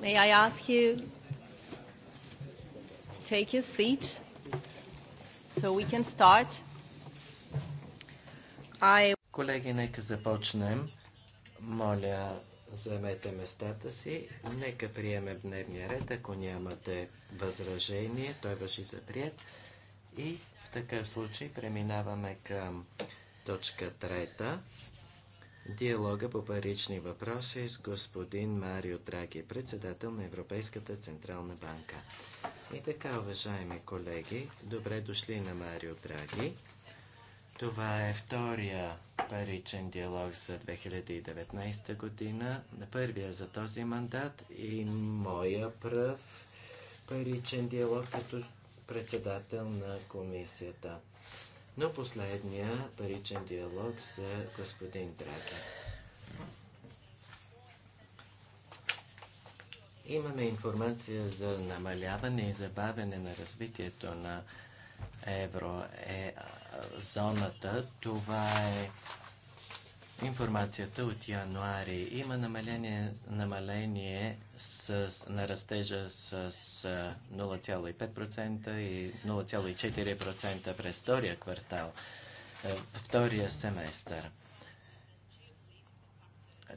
May I ask you to take your seat so we can start? I... Колеги, нека започнем. Моля, заемете местата си. Нека приемем дневния ред, ако нямате възражение. Той въжи за прият. И в такъв случай преминаваме към точка трета диалога по парични въпроси с господин Марио Драги, председател на Европейската Централна банка. И така, уважаеми колеги, добре дошли на Марио Драги. Това е втория паричен диалог за 2019 година, първия за този мандат и моя пръв паричен диалог като председател на комисията. Но последния паричен диалог за господин Драки. Имаме информация за намаляване и забавяне на развитието на еврозоната. Е, Това е информацията от януари. Има намаление, намаление с, на растежа с, с 0,5% и 0,4% през втория квартал, втория семестър.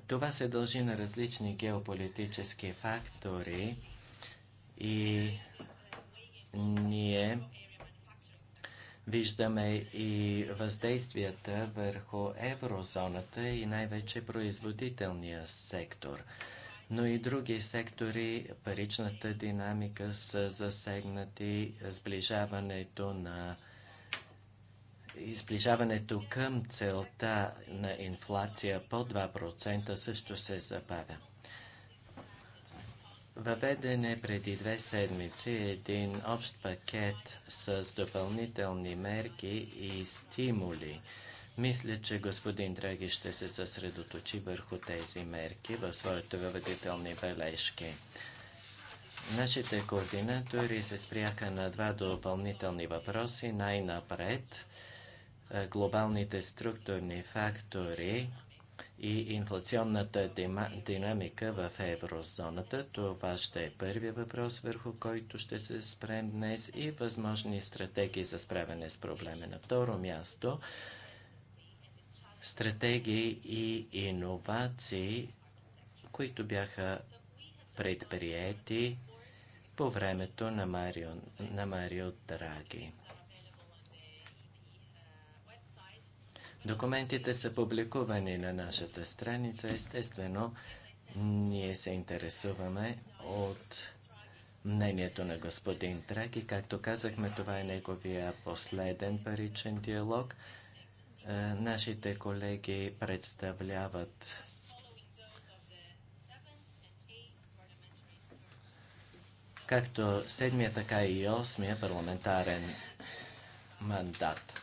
Това се дължи на различни геополитически фактори и ние виждаме и въздействията върху еврозоната и най-вече производителния сектор – но и други сектори, паричната динамика са засегнати, сближаването на изближаването към целта на инфлация по 2% също се забавя. Въведен е преди две седмици един общ пакет с допълнителни мерки и стимули – мисля, че господин Драги ще се съсредоточи върху тези мерки в своите въведителни бележки. Нашите координатори се спряха на два допълнителни въпроси. Най-напред е, глобалните структурни фактори и инфлационната динамика в еврозоната. Това ще е първият въпрос, върху който ще се спрем днес и възможни стратегии за справяне с проблеми. На второ място стратегии и иновации, които бяха предприяти по времето на Марио, на Марио Драги. Документите са публикувани на нашата страница. Естествено, ние се интересуваме от мнението на господин Драги. Както казахме, това е неговия последен паричен диалог – е, нашите колеги представляват както седмия, така и осмия парламентарен мандат.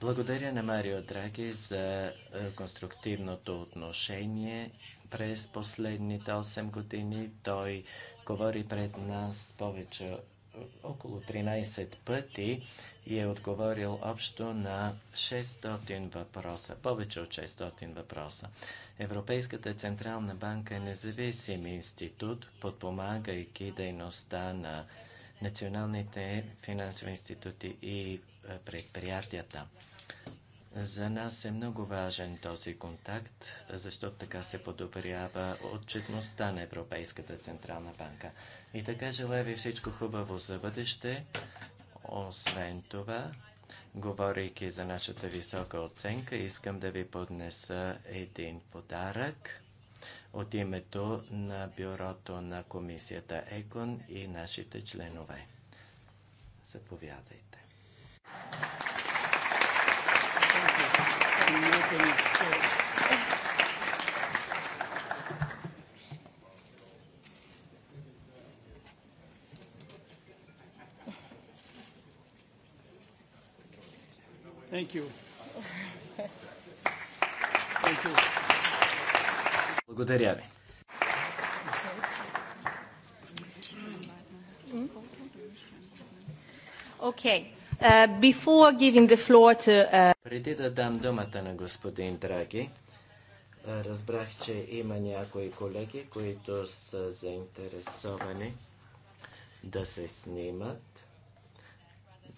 Благодаря на Марио Драги за е, конструктивното отношение през последните 8 години. Той говори пред нас повече около 13 пъти и е отговорил общо на 600 въпроса, повече от 600 въпроса. Европейската Централна банка е независим институт, подпомагайки дейността на националните финансови институти и е, предприятията. За нас е много важен този контакт, защото така се подобрява отчетността на Европейската Централна банка. И така желая ви всичко хубаво за бъдеще. Освен това, говорейки за нашата висока оценка, искам да ви поднеса един подарък от името на бюрото на комисията ЕКОН и нашите членове. Заповядайте. Thank you. Thank you. Благодаря ви. Okay. Uh, before giving the floor to uh... Преди да дам думата на господин Драги, разбрах, че има някои колеги, които са заинтересовани да се снимат.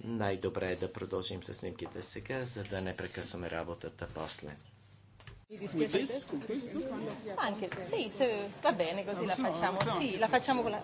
Най-добре е да продължим със снимките сега, за да не прекъсваме работата после. Anche, sì, va bene così la facciamo. Sì, la facciamo con la...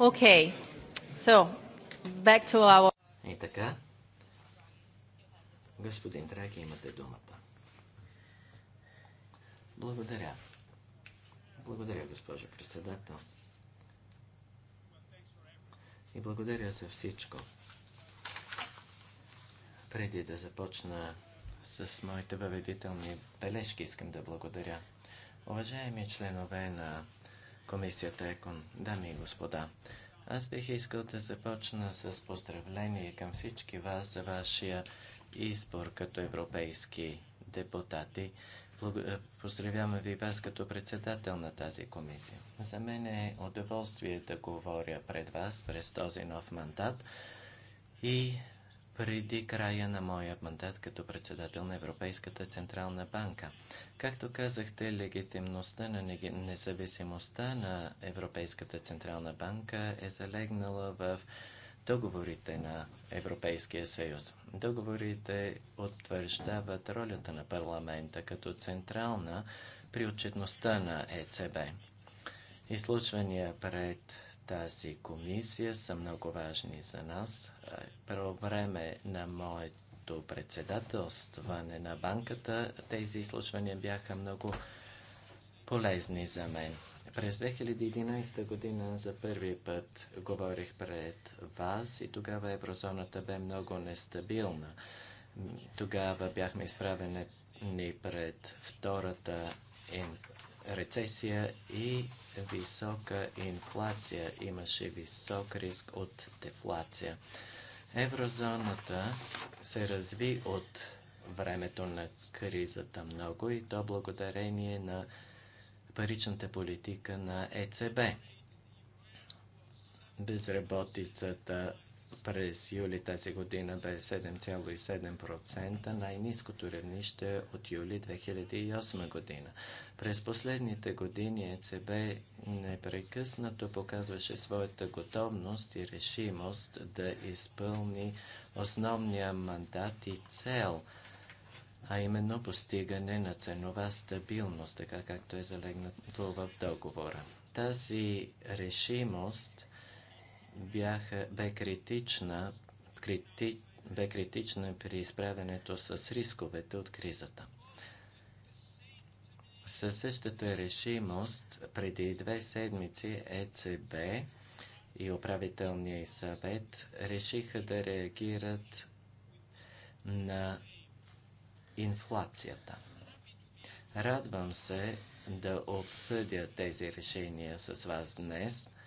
Okay. So, back to our... И така. Господин Драги, имате думата. Благодаря. Благодаря, госпожо председател. И благодаря за всичко. Преди да започна с моите въведителни бележки, искам да благодаря. Уважаеми членове на комисията ЕКОН. Дами и господа, аз бих искал да започна с поздравление към всички вас за вашия избор като европейски депутати. Е, поздравяваме ви вас като председател на тази комисия. За мен е удоволствие да говоря пред вас през този нов мандат и преди края на моя мандат като председател на Европейската Централна банка. Както казахте, легитимността на независимостта на Европейската Централна банка е залегнала в договорите на Европейския съюз. Договорите утвърждават ролята на парламента като централна при отчетността на ЕЦБ. Изслушвания пред тази комисия са много важни за нас по време на моето председателстване на банката тези изслушвания бяха много полезни за мен. През 2011 година за първи път говорих пред вас и тогава еврозоната бе много нестабилна. Тогава бяхме изправени пред втората рецесия и висока инфлация. Имаше висок риск от дефлация. Еврозоната се разви от времето на кризата много и то благодарение на паричната политика на ЕЦБ. Безработицата през юли тази година бе 7,7%, най-низкото равнище от юли 2008 година. През последните години ЕЦБ непрекъснато показваше своята готовност и решимост да изпълни основния мандат и цел, а именно постигане на ценова стабилност, така както е залегнато в договора. Тази решимост – бяха, бе критична, крити, бе критична при изправянето с рисковете от кризата. Със същата решимост преди две седмици ЕЦБ и управителния съвет решиха да реагират на инфлацията. Радвам се да обсъдя тези решения с вас днес –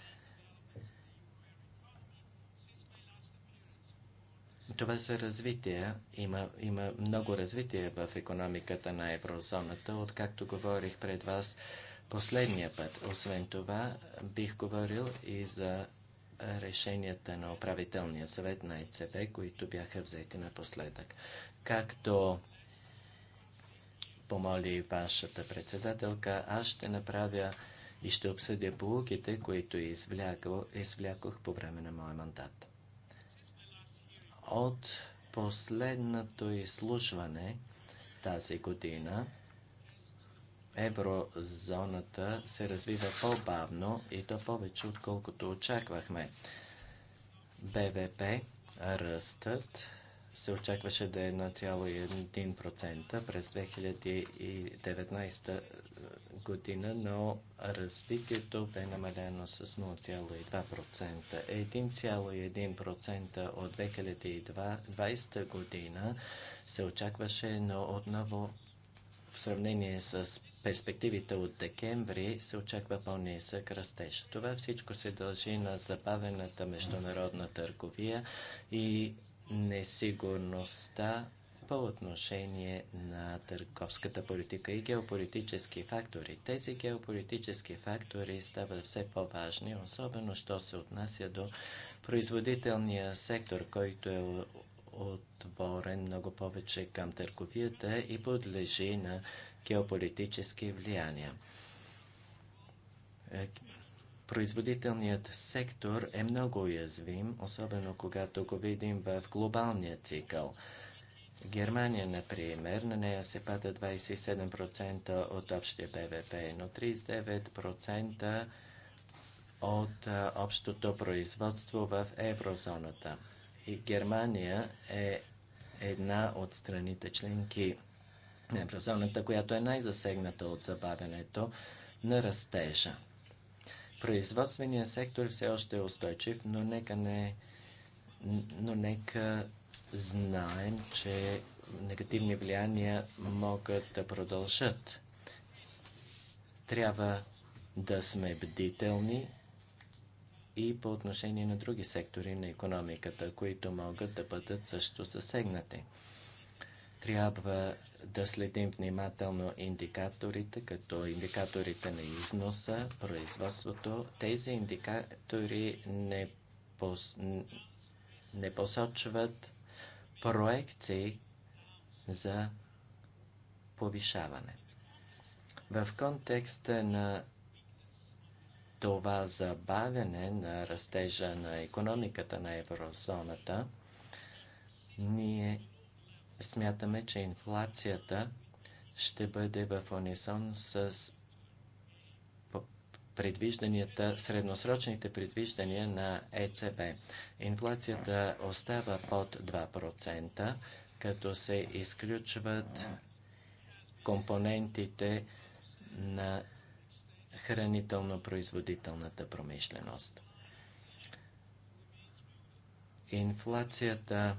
Това са развития. Има, има много развитие в економиката на еврозоната, откакто говорих пред вас последния път. Освен това, бих говорил и за решенията на управителния съвет на ЕЦБ, които бяха взети напоследък. Както помоли вашата председателка, аз ще направя и ще обсъдя полуките, които е извлякох по време на моя мандат. От последното изслушване тази година еврозоната се развива по-бавно и то повече отколкото очаквахме. БВП ръстът се очакваше да е 1,1% през 2019 година, но развитието бе намалено с 0,2%. 1,1% от 2020 година се очакваше, но отново в сравнение с перспективите от декември се очаква по-нисък растеж. Това всичко се дължи на забавената международна търговия и несигурността по отношение на търговската политика и геополитически фактори. Тези геополитически фактори стават все по-важни, особено що се отнася до производителния сектор, който е отворен много повече към търговията и подлежи на геополитически влияния. Е, производителният сектор е много уязвим, особено когато го видим в глобалния цикъл – Германия, например, на нея се пада 27% от общия БВП, но 39% от общото производство в еврозоната. И Германия е една от страните членки на еврозоната, която е най-засегната от забавянето на растежа. Производственият сектор все още е устойчив, но нека не но нека знаем, че негативни влияния могат да продължат. Трябва да сме бдителни и по отношение на други сектори на економиката, които могат да бъдат също засегнати. Трябва да следим внимателно индикаторите, като индикаторите на износа, производството. Тези индикатори не, пос... не посочват проекции за повишаване. В контекста на това забавяне на растежа на економиката на еврозоната, ние смятаме, че инфлацията ще бъде в унисон с предвижданията, средносрочните предвиждания на ЕЦБ. Инфлацията остава под 2%, като се изключват компонентите на хранително-производителната промишленост. Инфлацията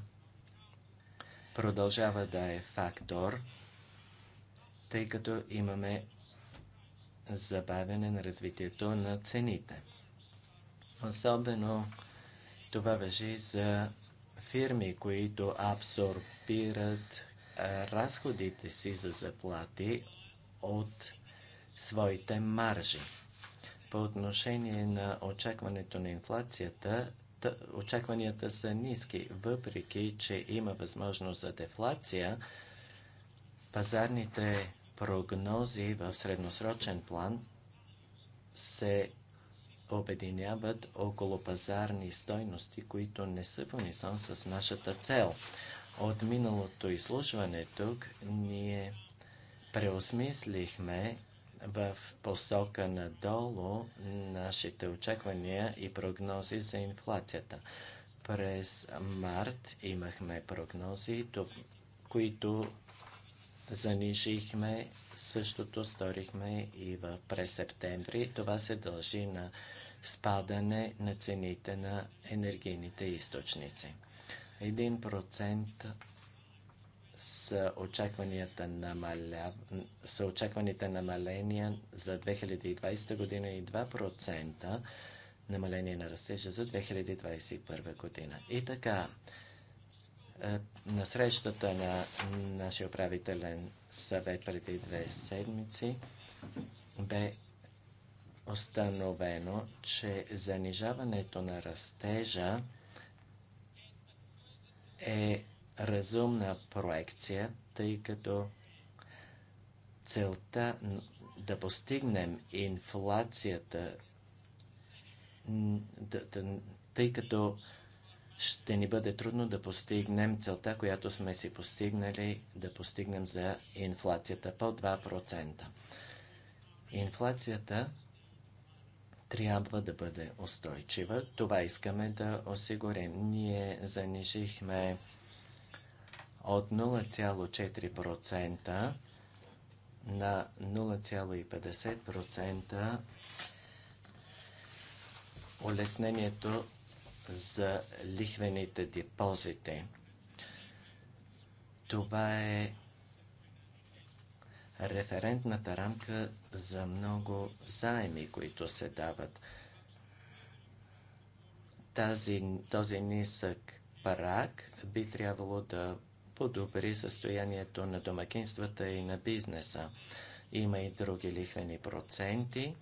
продължава да е фактор, тъй като имаме забавяне на развитието на цените. Особено това въжи за фирми, които абсорбират разходите си за заплати от своите маржи. По отношение на очакването на инфлацията, очакванията са ниски, въпреки че има възможност за дефлация, пазарните прогнози в средносрочен план се обединяват около пазарни стойности, които не са в унисон с нашата цел. От миналото изслушване тук ние преосмислихме в посока надолу нашите очаквания и прогнози за инфлацията. През март имахме прогнози, които занижихме, същото сторихме и в, през септември. Това се дължи на спадане на цените на енергийните източници. процент с очакванията намаля... са очакваните намаления за 2020 година и 2% намаление на растежа за 2021 година. И така, е, на срещата на нашия управителен съвет преди две седмици бе установено, че занижаването на растежа е разумна проекция, тъй като целта да постигнем инфлацията, тъй като ще ни бъде трудно да постигнем целта, която сме си постигнали да постигнем за инфлацията по 2%. Инфлацията трябва да бъде устойчива. Това искаме да осигурим. Ние занижихме от 0,4% на 0,50% улеснението за лихвените депозити. Това е референтната рамка за много заеми, които се дават. Тази, този нисък прак би трябвало да подобри състоянието на домакинствата и на бизнеса. Има и други лихвени проценти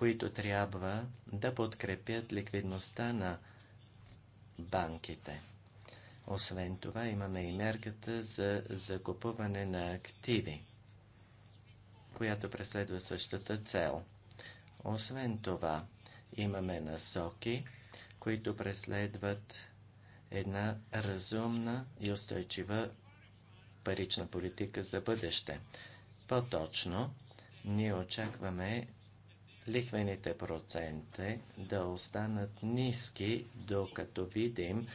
които трябва да подкрепят ликвидността на банките. Освен това имаме и мерката за закупуване на активи, която преследва същата цел. Освен това имаме насоки, които преследват една разумна и устойчива парична политика за бъдеще. По-точно, ние очакваме лихвените проценти да останат ниски, докато видим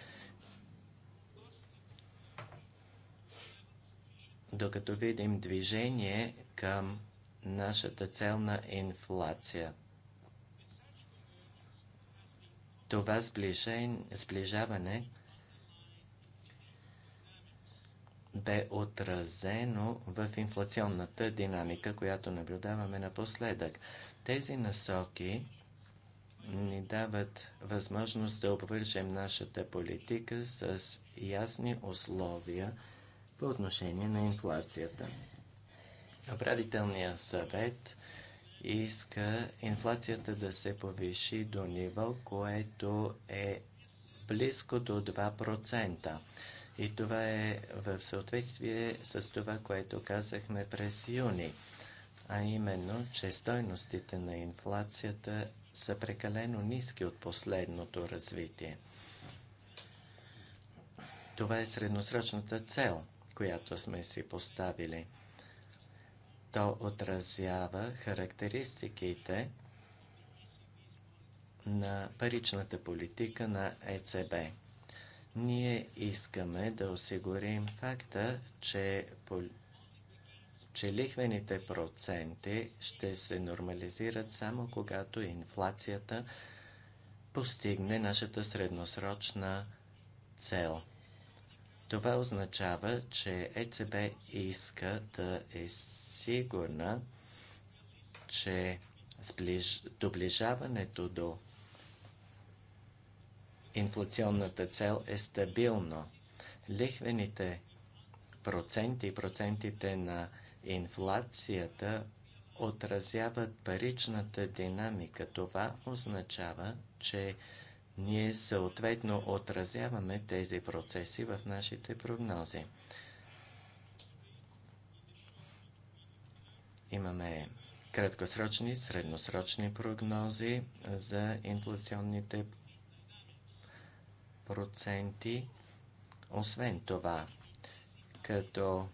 докато видим движение към нашата цел на инфлация. Това сближаване бе отразено в инфлационната динамика, която наблюдаваме напоследък. Тези насоки ни дават възможност да обвържем нашата политика с ясни условия по отношение на инфлацията. Управителният съвет иска инфлацията да се повиши до ниво, което е близко до 2%. И това е в съответствие с това, което казахме през юни а именно, че стойностите на инфлацията са прекалено ниски от последното развитие. Това е средносрочната цел, която сме си поставили. То отразява характеристиките на паричната политика на ЕЦБ. Ние искаме да осигурим факта, че че лихвените проценти ще се нормализират само когато инфлацията постигне нашата средносрочна цел. Това означава, че ЕЦБ иска да е сигурна, че сближ... доближаването до инфлационната цел е стабилно. Лихвените проценти и процентите на инфлацията отразяват паричната динамика. Това означава, че ние съответно отразяваме тези процеси в нашите прогнози. Имаме краткосрочни, средносрочни прогнози за инфлационните проценти. Освен това, като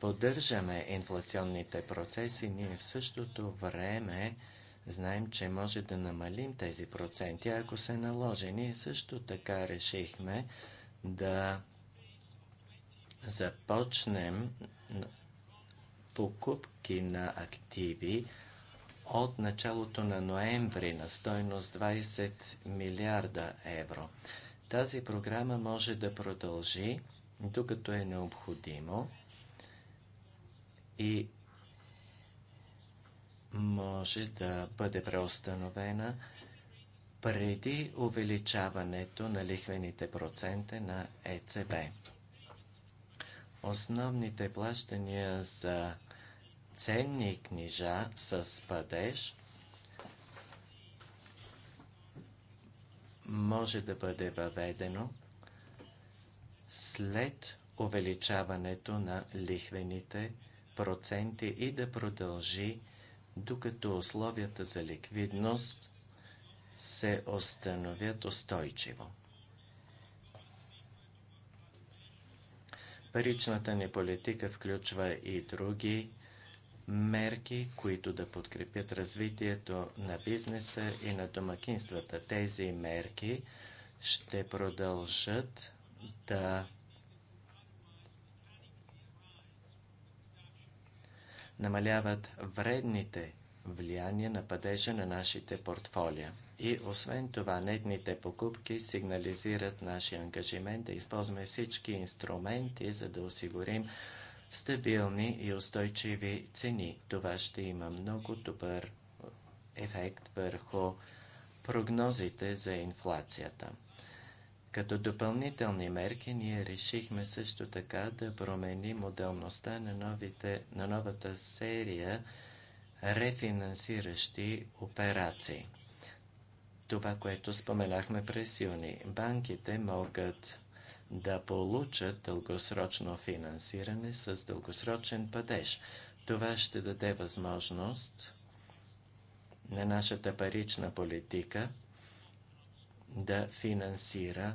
поддържаме инфлационните процеси, ние в същото време знаем, че може да намалим тези проценти, ако се наложи. Ние също така решихме да започнем покупки на активи от началото на ноември на стойност 20 милиарда евро. Тази програма може да продължи, докато е необходимо и може да бъде преустановена преди увеличаването на лихвените проценти на ЕЦБ. Основните плащания за ценни книжа с падеж може да бъде въведено след увеличаването на лихвените проценти проценти и да продължи, докато условията за ликвидност се установят устойчиво. Паричната ни политика включва и други мерки, които да подкрепят развитието на бизнеса и на домакинствата. Тези мерки ще продължат да намаляват вредните влияния на падежа на нашите портфолия. И освен това, нетните покупки сигнализират нашия ангажимент да използваме всички инструменти, за да осигурим стабилни и устойчиви цени. Това ще има много добър ефект върху прогнозите за инфлацията. Като допълнителни мерки ние решихме също така да променим моделността на, новите, на новата серия рефинансиращи операции. Това, което споменахме през юни. Банките могат да получат дългосрочно финансиране с дългосрочен падеж. Това ще даде възможност на нашата парична политика да финансира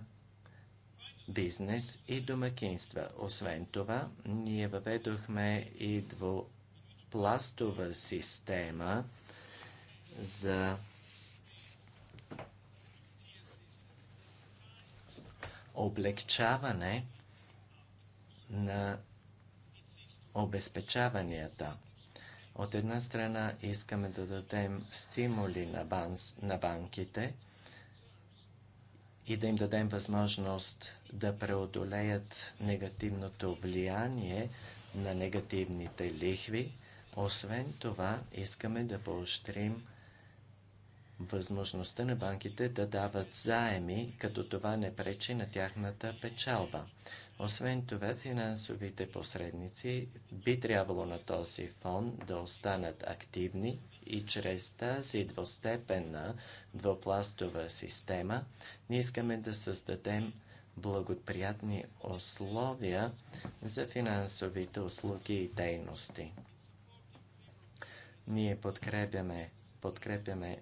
бизнес и домакинства. Освен това, ние въведохме и двупластова система за облегчаване на обезпечаванията. От една страна искаме да дадем стимули на, на банките – и да им дадем възможност да преодолеят негативното влияние на негативните лихви. Освен това, искаме да поощрим възможността на банките да дават заеми, като това не пречи на тяхната печалба. Освен това, финансовите посредници би трябвало на този фон да останат активни и чрез тази двустепенна двопластова система ние искаме да създадем благоприятни условия за финансовите услуги и дейности. Ние подкрепяме, подкрепяме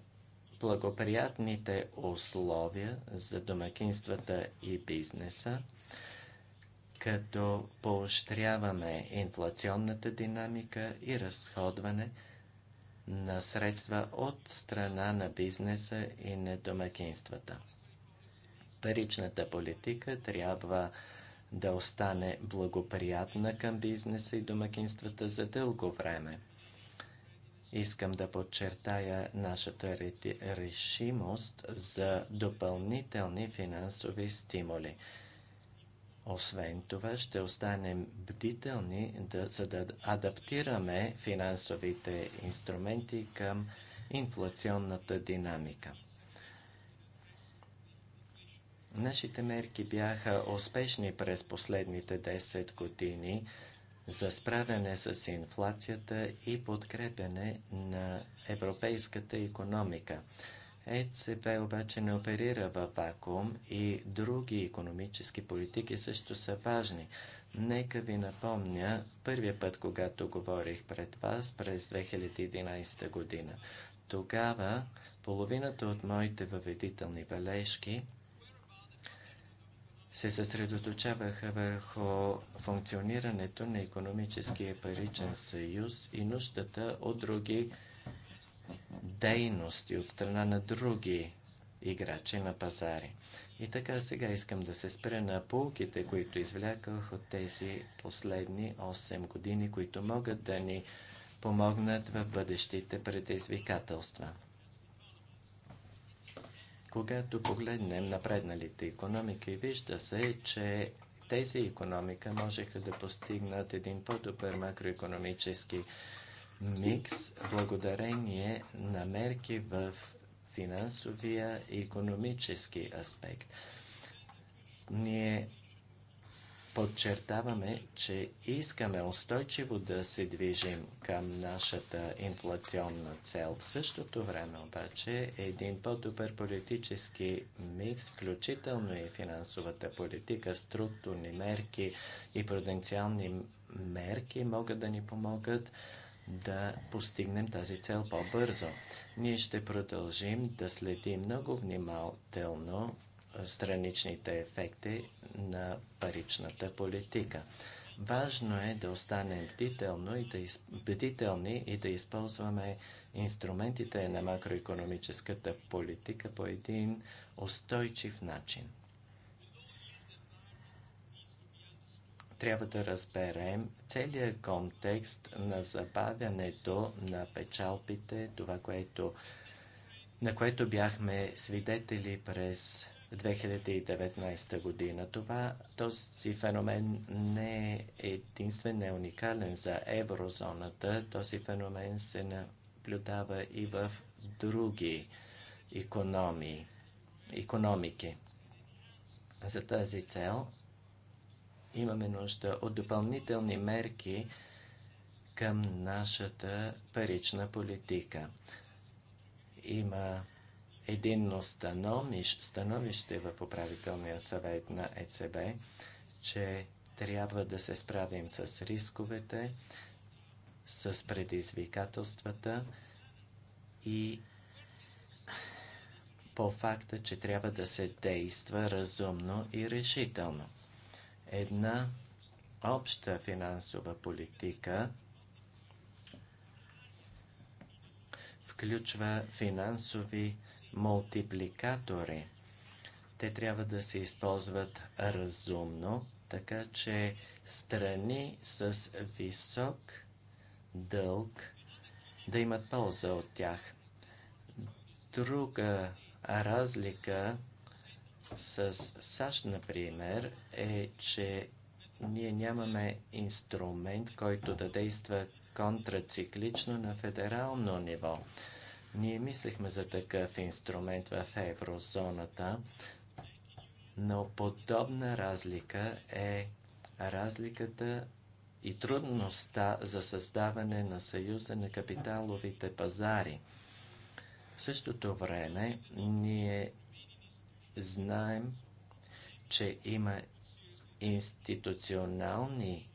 благоприятните условия за домакинствата и бизнеса, като поощряваме инфлационната динамика и разходване – на средства от страна на бизнеса и на домакинствата. Паричната политика трябва да остане благоприятна към бизнеса и домакинствата за дълго време. Искам да подчертая нашата решимост за допълнителни финансови стимули – освен това, ще останем бдителни, да, за да адаптираме финансовите инструменти към инфлационната динамика. Нашите мерки бяха успешни през последните 10 години за справяне с инфлацията и подкрепяне на европейската економика. ЕЦБ обаче не оперира в вакуум и други економически политики също са важни. Нека ви напомня първия път, когато говорих пред вас през 2011 година. Тогава половината от моите въведителни бележки се съсредоточаваха върху функционирането на економическия паричен съюз и нуждата от други дейности от страна на други играчи на пазари. И така сега искам да се спре на полките, които извляках от тези последни 8 години, които могат да ни помогнат в бъдещите предизвикателства. Когато погледнем напредналите економики, вижда се, че тези економика можеха да постигнат един по-добър макроекономически микс благодарение на мерки в финансовия и економически аспект. Ние подчертаваме, че искаме устойчиво да се движим към нашата инфлационна цел. В същото време обаче един по-добър политически микс, включително и финансовата политика, структурни мерки и пруденциални мерки могат да ни помогат да постигнем тази цел по-бързо. Ние ще продължим да следим много внимателно страничните ефекти на паричната политика. Важно е да останем бдително и да из... бдителни и да използваме инструментите на макроекономическата политика по един устойчив начин. трябва да разберем целият контекст на забавянето на печалбите, това, което, на което бяхме свидетели през 2019 година. Това, този феномен не е единствен, не е уникален за еврозоната. Този феномен се наблюдава и в други економии, економики. За тази цел имаме нужда от допълнителни мерки към нашата парична политика. Има единно становище в управителния съвет на ЕЦБ, че трябва да се справим с рисковете, с предизвикателствата и по факта, че трябва да се действа разумно и решително една обща финансова политика включва финансови мултипликатори. Те трябва да се използват разумно, така че страни с висок дълг да имат полза от тях. Друга разлика с САЩ, например, е, че ние нямаме инструмент, който да действа контрациклично на федерално ниво. Ние мислехме за такъв инструмент в еврозоната, но подобна разлика е разликата и трудността за създаване на съюза на капиталовите пазари. В същото време ние знаем, че има институционални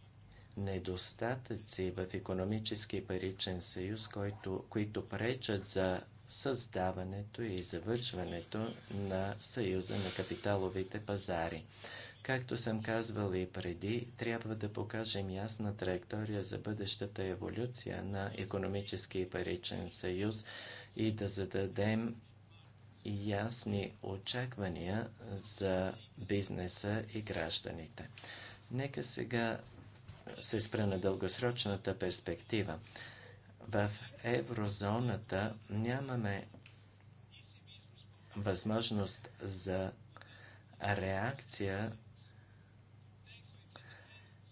недостатъци в економически паричен съюз, който, които пречат за създаването и завършването на съюза на капиталовите пазари. Както съм казвал и преди, трябва да покажем ясна траектория за бъдещата еволюция на економически и паричен съюз и да зададем ясни очаквания за бизнеса и гражданите. Нека сега се спра на дългосрочната перспектива. В еврозоната нямаме възможност за реакция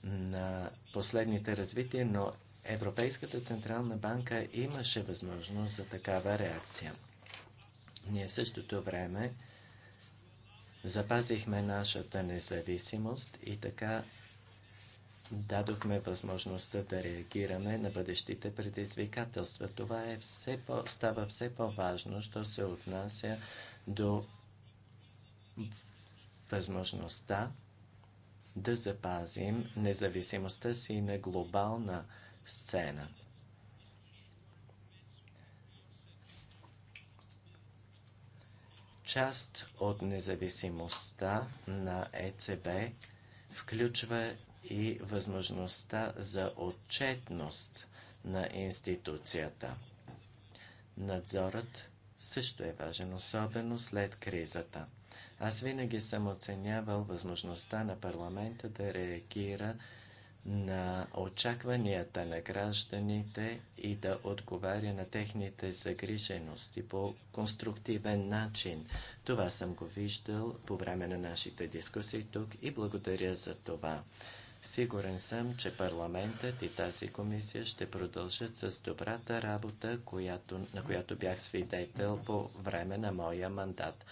на последните развития, но Европейската Централна банка имаше възможност за такава реакция. Ние в същото време запазихме нашата независимост и така дадохме възможността да реагираме на бъдещите предизвикателства. Това е все по, става все по-важно, що се отнася до възможността да запазим независимостта си на глобална сцена – Част от независимостта на ЕЦБ включва и възможността за отчетност на институцията. Надзорът също е важен, особено след кризата. Аз винаги съм оценявал възможността на парламента да реагира на очакванията на гражданите и да отговаря на техните загрижености по конструктивен начин. Това съм го виждал по време на нашите дискусии тук и благодаря за това. Сигурен съм, че парламентът и тази комисия ще продължат с добрата работа, която, на която бях свидетел по време на моя мандат.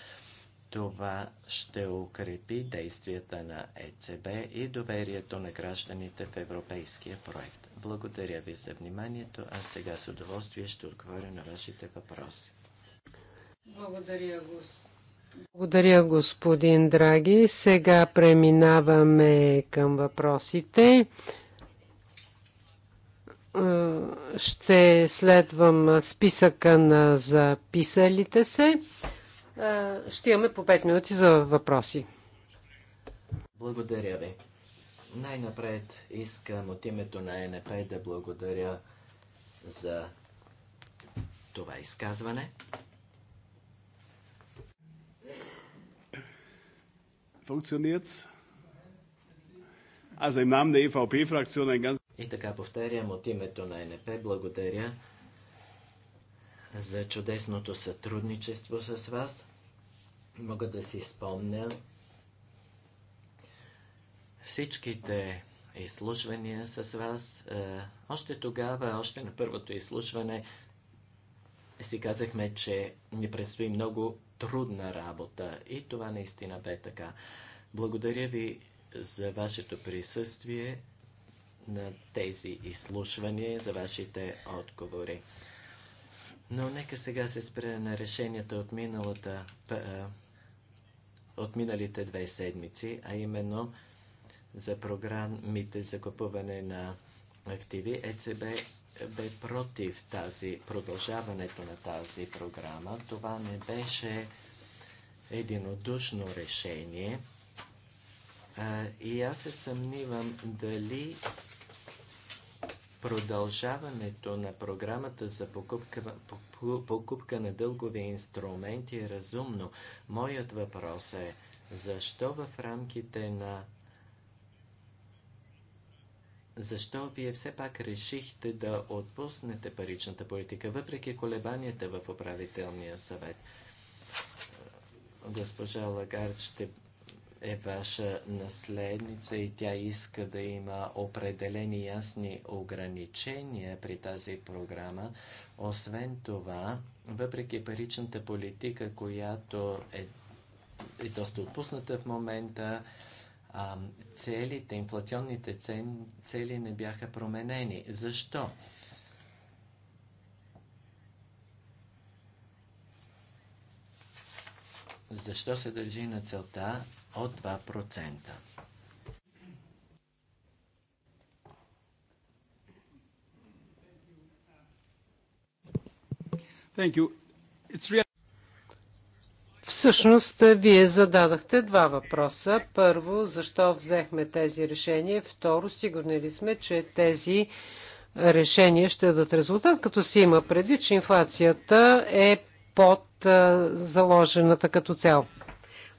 Това ще укрепи действията на ЕЦБ и доверието на гражданите в европейския проект. Благодаря ви за вниманието, а сега с удоволствие ще отговоря на вашите въпроси. Благодаря, господин. Благодаря, господин Драги. Сега преминаваме към въпросите. Е, ще следвам списъка на записалите се. Ще имаме по 5 минути за въпроси. Благодаря ви. Най-напред искам от името на НП да благодаря за това изказване. Функционират. Аз имам на ИВП фракция на И така повтарям от името на НП. Благодаря за чудесното сътрудничество с вас. Мога да си спомня всичките изслушвания с вас. Е, още тогава, още на първото изслушване, си казахме, че ни предстои много трудна работа и това наистина бе така. Благодаря ви за вашето присъствие на тези изслушвания, за вашите отговори. Но нека сега се спре на решенията от, миналата, от миналите две седмици, а именно за програмите за купуване на активи. ЕЦБ бе против тази, продължаването на тази програма. Това не беше единодушно решение. А, и аз се съмнивам дали Продължаването на програмата за покупка, покупка на дългови инструменти е разумно. Моят въпрос е, защо в рамките на защо вие все пак решихте да отпуснете паричната политика, въпреки колебанията в управителния съвет? Госпожа Лагард ще е ваша наследница и тя иска да има определени ясни ограничения при тази програма. Освен това, въпреки паричната политика, която е, е доста отпусната в момента, целите, инфлационните цели не бяха променени. Защо? Защо се държи на целта от 2%. Всъщност, е, вие зададахте два въпроса. Първо, защо взехме тези решения? Второ, сигурни ли сме, че тези решения ще дадат резултат, като се има предвид, че инфлацията е под е, заложената като цяло.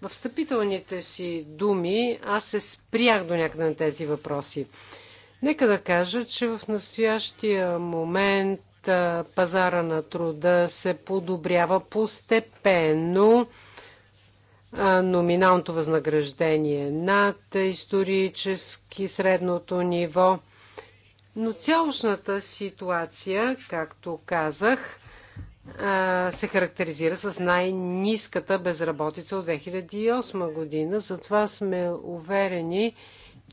В встъпителните си думи аз се спрях до някъде на тези въпроси. Нека да кажа, че в настоящия момент пазара на труда се подобрява постепенно. Номиналното възнаграждение е над исторически средното ниво. Но цялостната ситуация, както казах, се характеризира с най-низката безработица от 2008 година. Затова сме уверени,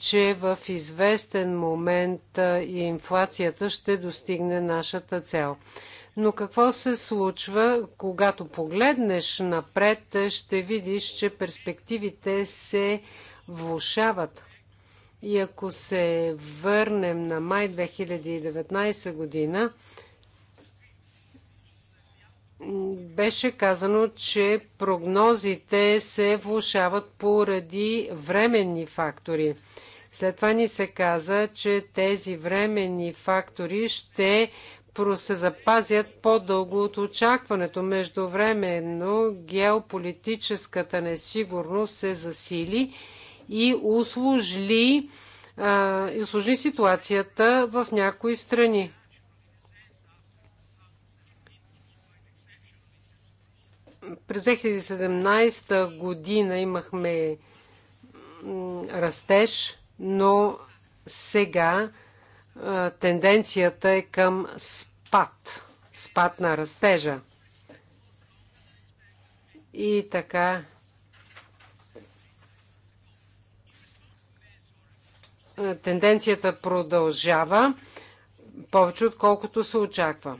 че в известен момент инфлацията ще достигне нашата цел. Но какво се случва, когато погледнеш напред, ще видиш, че перспективите се влушават. И ако се върнем на май 2019 година, беше казано, че прогнозите се влушават поради временни фактори. След това ни се каза, че тези временни фактори ще се запазят по-дълго от очакването. Междувременно геополитическата несигурност се засили и услужли, а, услужли ситуацията в някои страни. През 2017 година имахме растеж, но сега тенденцията е към спад, спад на растежа. И така. Тенденцията продължава повече, отколкото се очаква.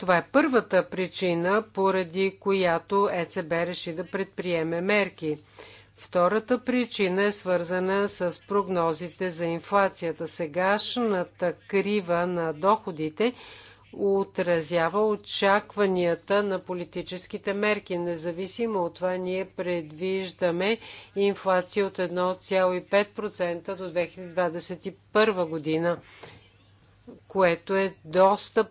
Това е първата причина, поради която ЕЦБ реши да предприеме мерки. Втората причина е свързана с прогнозите за инфлацията. Сегашната крива на доходите отразява очакванията на политическите мерки. Независимо от това, ние предвиждаме инфлация от 1,5% до 2021 година, което е доста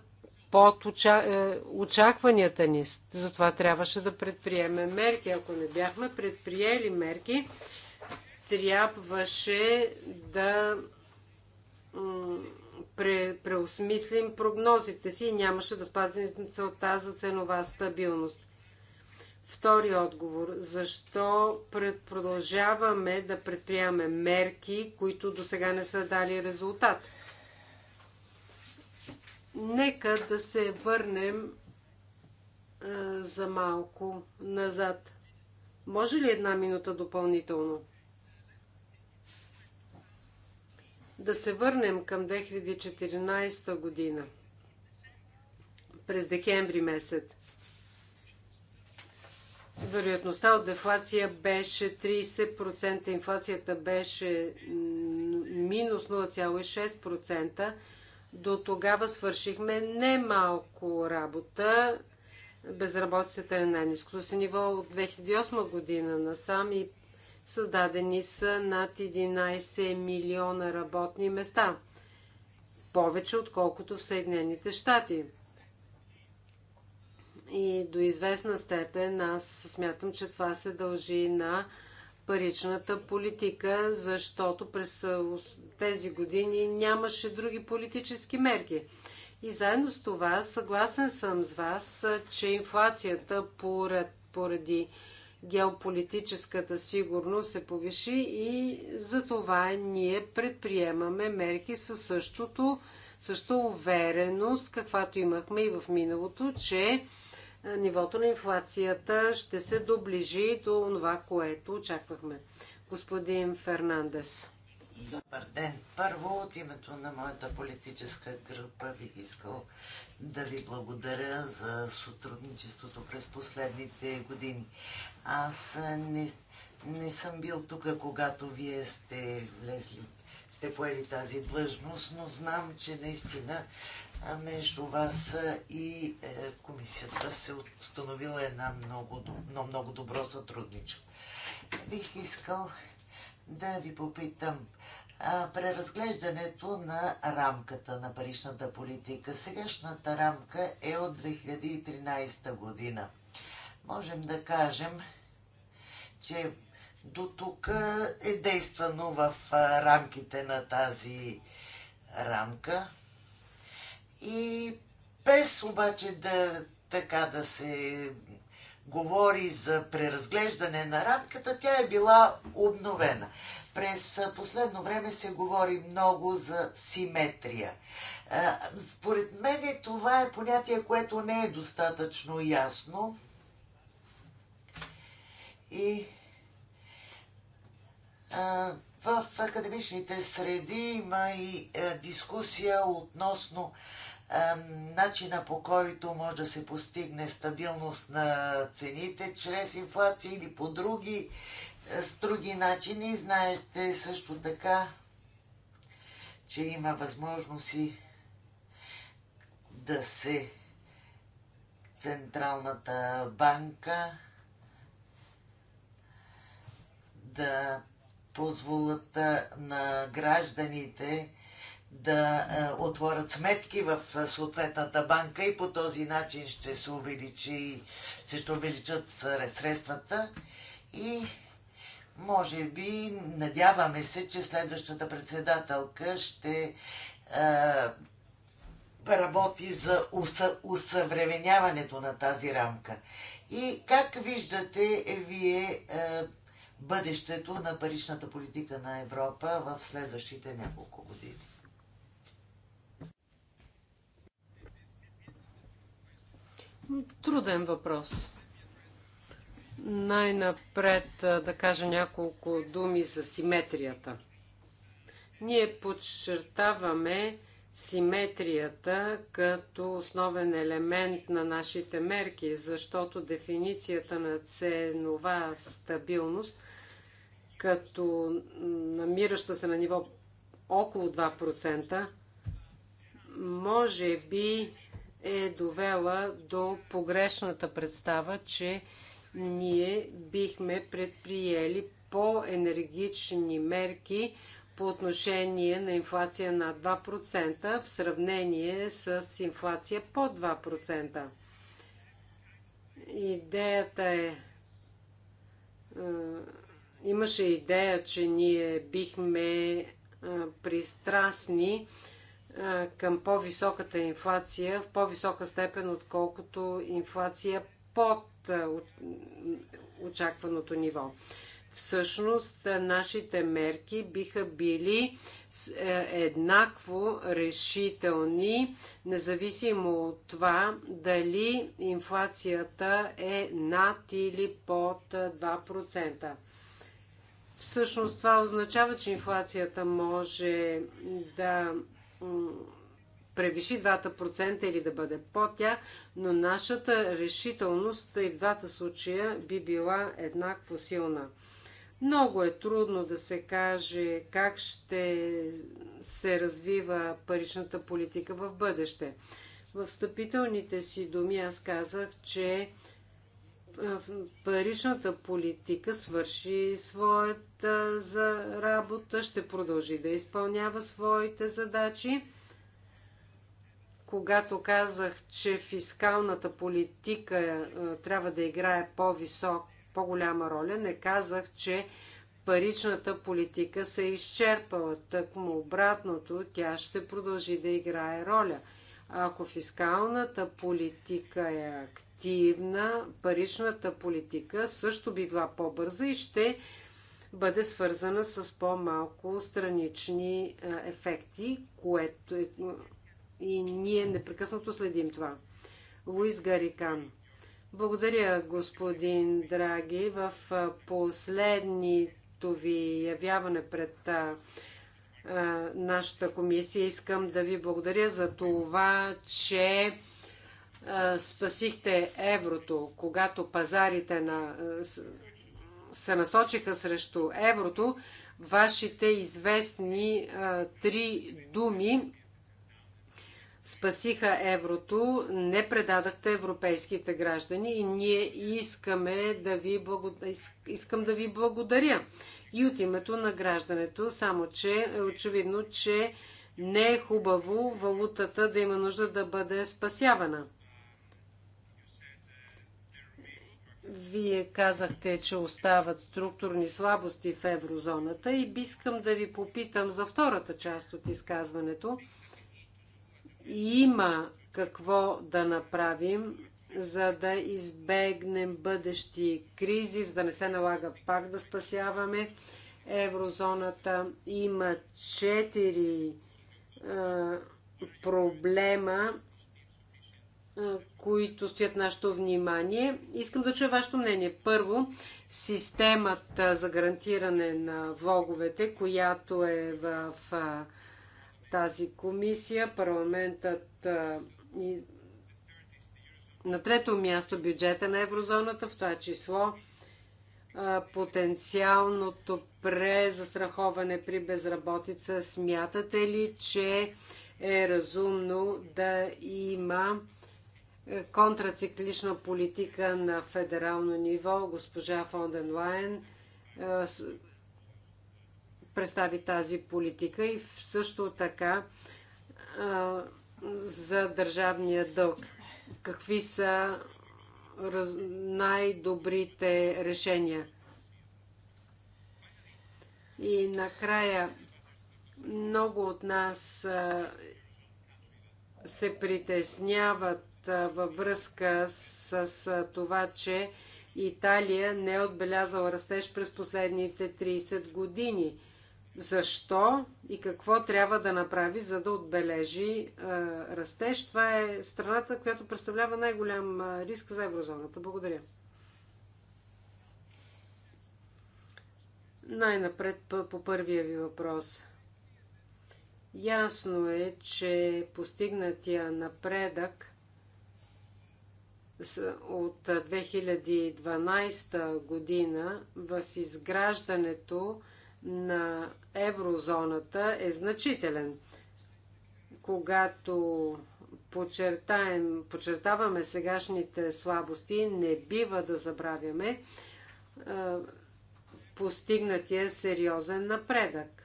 под е, очакванията ни. Затова трябваше да предприемем мерки. Ако не бяхме предприели мерки, трябваше да пре, преосмислим прогнозите си и нямаше да спазим целта за ценова стабилност. Втори отговор. Защо продължаваме да предприемаме мерки, които до сега не са дали резултат? Нека да се върнем а, е, за малко назад. Може ли една минута допълнително? Да се върнем към 2014 година. През декември месец. Вероятността от дефлация беше 30%, инфлацията беше минус 0,6%. До тогава свършихме немалко работа. Безработицата е най-низкото си ниво от 2008 година насам и създадени са над 11 милиона работни места. Повече отколкото в Съединените щати. И до известна степен аз смятам, че това се дължи на паричната политика, защото през тези години нямаше други политически мерки. И заедно с това съгласен съм с вас, че инфлацията поради геополитическата сигурност се повиши и за това ние предприемаме мерки със същото, също увереност, каквато имахме и в миналото, че нивото на инфлацията ще се доближи до това, което очаквахме. Господин Фернандес. Добър ден. Първо от името на моята политическа група бих искал да ви благодаря за сотрудничеството през последните години. Аз не, не съм бил тук, когато вие сте влезли, сте поели тази длъжност, но знам, че наистина между вас и е, комисията се установила една много, много добро сътрудничество. Бих искал да ви попитам преразглеждането на рамката на паричната политика. Сегашната рамка е от 2013 година. Можем да кажем, че до тук е действано в рамките на тази рамка. И без обаче да така да се говори за преразглеждане на рамката, тя е била обновена. През последно време се говори много за симетрия. Според мен е, това е понятие, което не е достатъчно ясно. И в академичните среди има и дискусия относно начина по който може да се постигне стабилност на цените чрез инфлация или по други, е, с други начини. Знаете също така, че има възможности да се Централната банка да позволят на гражданите да е, отворят сметки в е, съответната банка и по този начин ще се, увеличи, ще увеличат е, средствата и може би, надяваме се, че следващата председателка ще работи за усъвременяването на тази рамка. И как виждате вие е, бъдещето на паричната политика на Европа в следващите няколко години? труден въпрос. Най-напред да кажа няколко думи за симетрията. Ние подчертаваме симетрията като основен елемент на нашите мерки, защото дефиницията на ценова стабилност като намираща се на ниво около 2%, може би е довела до погрешната представа, че ние бихме предприели по-енергични мерки по отношение на инфлация на 2% в сравнение с инфлация по 2%. Идеята е. Имаше идея, че ние бихме пристрастни към по-високата инфлация в по-висока степен, отколкото инфлация под очакваното ниво. Всъщност, нашите мерки биха били е, еднакво решителни, независимо от това дали инфлацията е над или под 2%. Всъщност това означава, че инфлацията може да превиши 2% или да бъде под тях, но нашата решителност и в двата случая би била еднакво силна. Много е трудно да се каже как ще се развива паричната политика в бъдеще. В встъпителните си думи аз казах, че паричната политика свърши своята за работа, ще продължи да изпълнява своите задачи. Когато казах, че фискалната политика е, трябва да играе по-висок, по-голяма роля, не казах, че паричната политика се е изчерпала. Тъкмо обратното, тя ще продължи да играе роля. Ако фискалната политика е активна, ефективна паричната политика също би била по-бърза и ще бъде свързана с по-малко странични ефекти, което е... и ние непрекъснато следим това. Луис Гарикан. Благодаря, господин Драги. В последнито ви явяване пред нашата комисия искам да ви благодаря за това, че спасихте еврото, когато пазарите на, се насочиха срещу еврото, вашите известни а, три думи спасиха еврото, не предадахте европейските граждани и ние искаме да ви благод... искам да ви благодаря. И от името на граждането, само че е очевидно, че не е хубаво валутата да има нужда да бъде спасявана. Вие казахте, че остават структурни слабости в еврозоната и искам да ви попитам за втората част от изказването. Има какво да направим, за да избегнем бъдещи кризи, за да не се налага пак да спасяваме еврозоната. Има четири е, проблема, които стоят нашето внимание. Искам да чуя вашето мнение. Първо, системата за гарантиране на влоговете, която е в тази комисия, парламентът и на трето място бюджета на еврозоната, в това число потенциалното презастраховане при безработица. Смятате ли, че е разумно да има контрациклична политика на федерално ниво. Госпожа Фонден Лайен представи тази политика и също така за държавния дълг. Какви са най-добрите решения? И накрая много от нас се притесняват във връзка с, с това, че Италия не е отбелязала растеж през последните 30 години. Защо и какво трябва да направи, за да отбележи а, растеж? Това е страната, която представлява най-голям риск за еврозоната. Благодаря. Най-напред по първия ви въпрос. Ясно е, че постигнатия напредък от 2012 година в изграждането на еврозоната е значителен. Когато подчертаем, подчертаваме сегашните слабости, не бива да забравяме постигнатия сериозен напредък.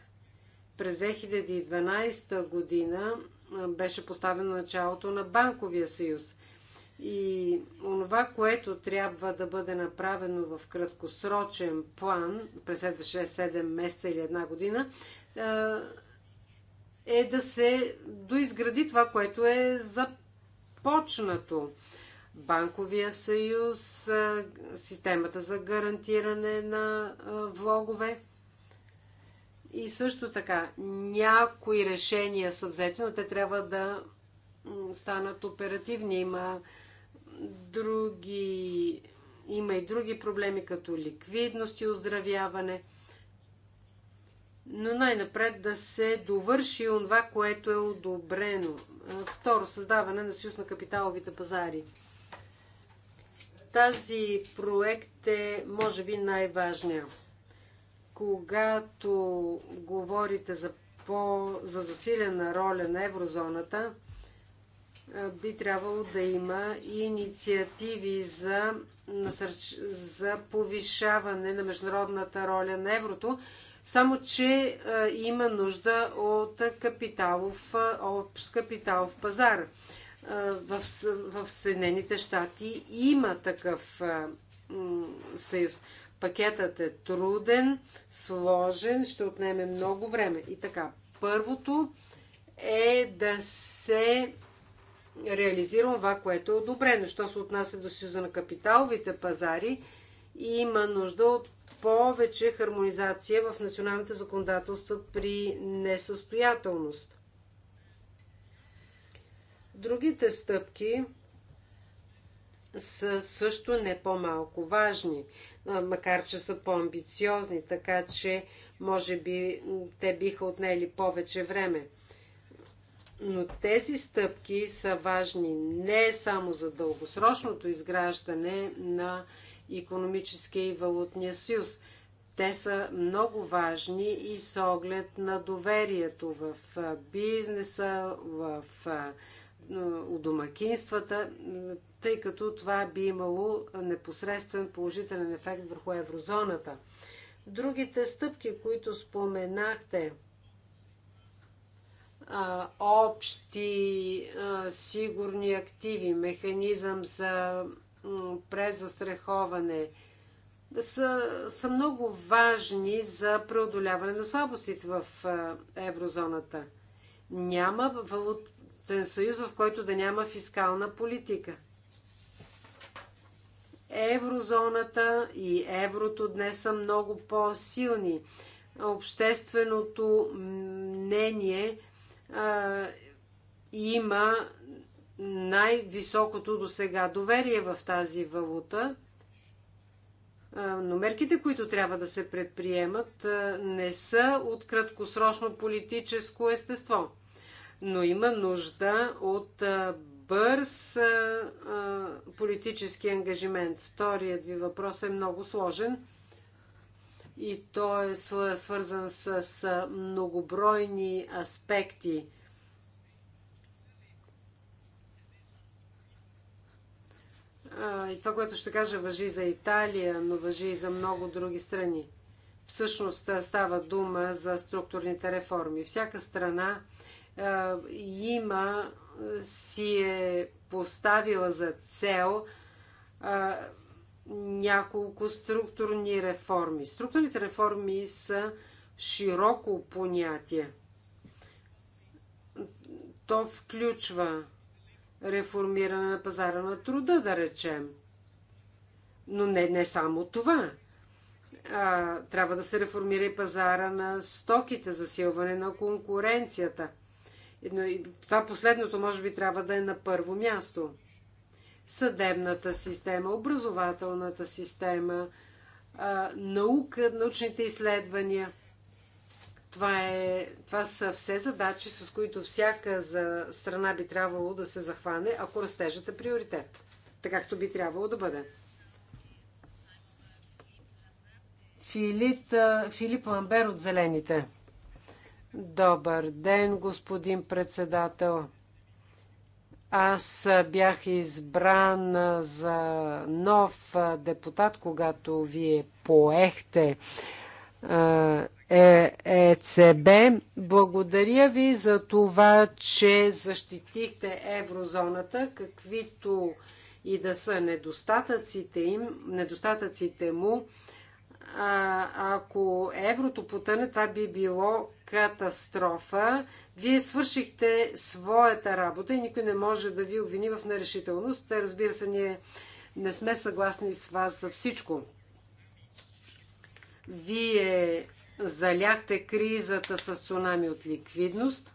През 2012 година беше поставено началото на Банковия съюз – и онова, което трябва да бъде направено в краткосрочен план, през следващите 6-7 месеца или една година, е да се доизгради това, което е започнато. Банковия съюз, системата за гарантиране на влогове. И също така, някои решения са взети, но те трябва да станат оперативни. Има други, има и други проблеми, като ликвидност и оздравяване. Но най-напред да се довърши това, което е одобрено. Второ, създаване на съюз на капиталовите пазари. Тази проект е, може би, най важния Когато говорите за, по, за засилена роля на еврозоната, би трябвало да има и инициативи за, за повишаване на международната роля на еврото, само че има нужда от капиталов, общ капиталов пазар. в, в Съединените щати има такъв съюз. Пакетът е труден, сложен, ще отнеме много време. И така, първото е да се реализира това, което е одобрено. Що се отнася до Съюза на капиталовите пазари, има нужда от повече хармонизация в националните законодателства при несъстоятелност. Другите стъпки са също не по-малко важни, макар че са по-амбициозни, така че може би те биха отнели повече време. Но тези стъпки са важни не само за дългосрочното изграждане на економическия и валутния съюз. Те са много важни и с оглед на доверието в бизнеса, в у домакинствата, тъй като това би имало непосредствен положителен ефект върху еврозоната. Другите стъпки, които споменахте – а, общи а, сигурни активи, механизъм за презастраховане са, са много важни за преодоляване на слабостите в а, еврозоната. Няма валутен съюз, в който да няма фискална политика. Еврозоната и еврото днес са много по-силни. Общественото мнение – има най-високото до сега доверие в тази валута. Но мерките, които трябва да се предприемат, не са от краткосрочно политическо естество. Но има нужда от бърз политически ангажимент. Вторият ви въпрос е много сложен и той е свързан с многобройни аспекти. И това, което ще кажа, въжи за Италия, но въжи и за много други страни. Всъщност става дума за структурните реформи. Всяка страна има си е поставила за цел няколко структурни реформи. Структурните реформи са широко понятие. То включва реформиране на пазара на труда, да речем. Но не, не само това. А, трябва да се реформира и пазара на стоките, засилване на конкуренцията. Но и това последното, може би, трябва да е на първо място съдебната система, образователната система, наука, научните изследвания. Това, е, това са все задачи, с които всяка за страна би трябвало да се захване, ако растежът е приоритет. Така както би трябвало да бъде. Филит, Филип Ламбер от Зелените. Добър ден, господин председател. Аз бях избран за нов депутат, когато вие поехте е, ЕЦБ. Благодаря ви за това, че защитихте еврозоната, каквито и да са недостатъците им, недостатъците му а, ако еврото потъне, това би било катастрофа. Вие свършихте своята работа и никой не може да ви обвини в нерешителност. Разбира се, ние не сме съгласни с вас за всичко. Вие заляхте кризата с цунами от ликвидност.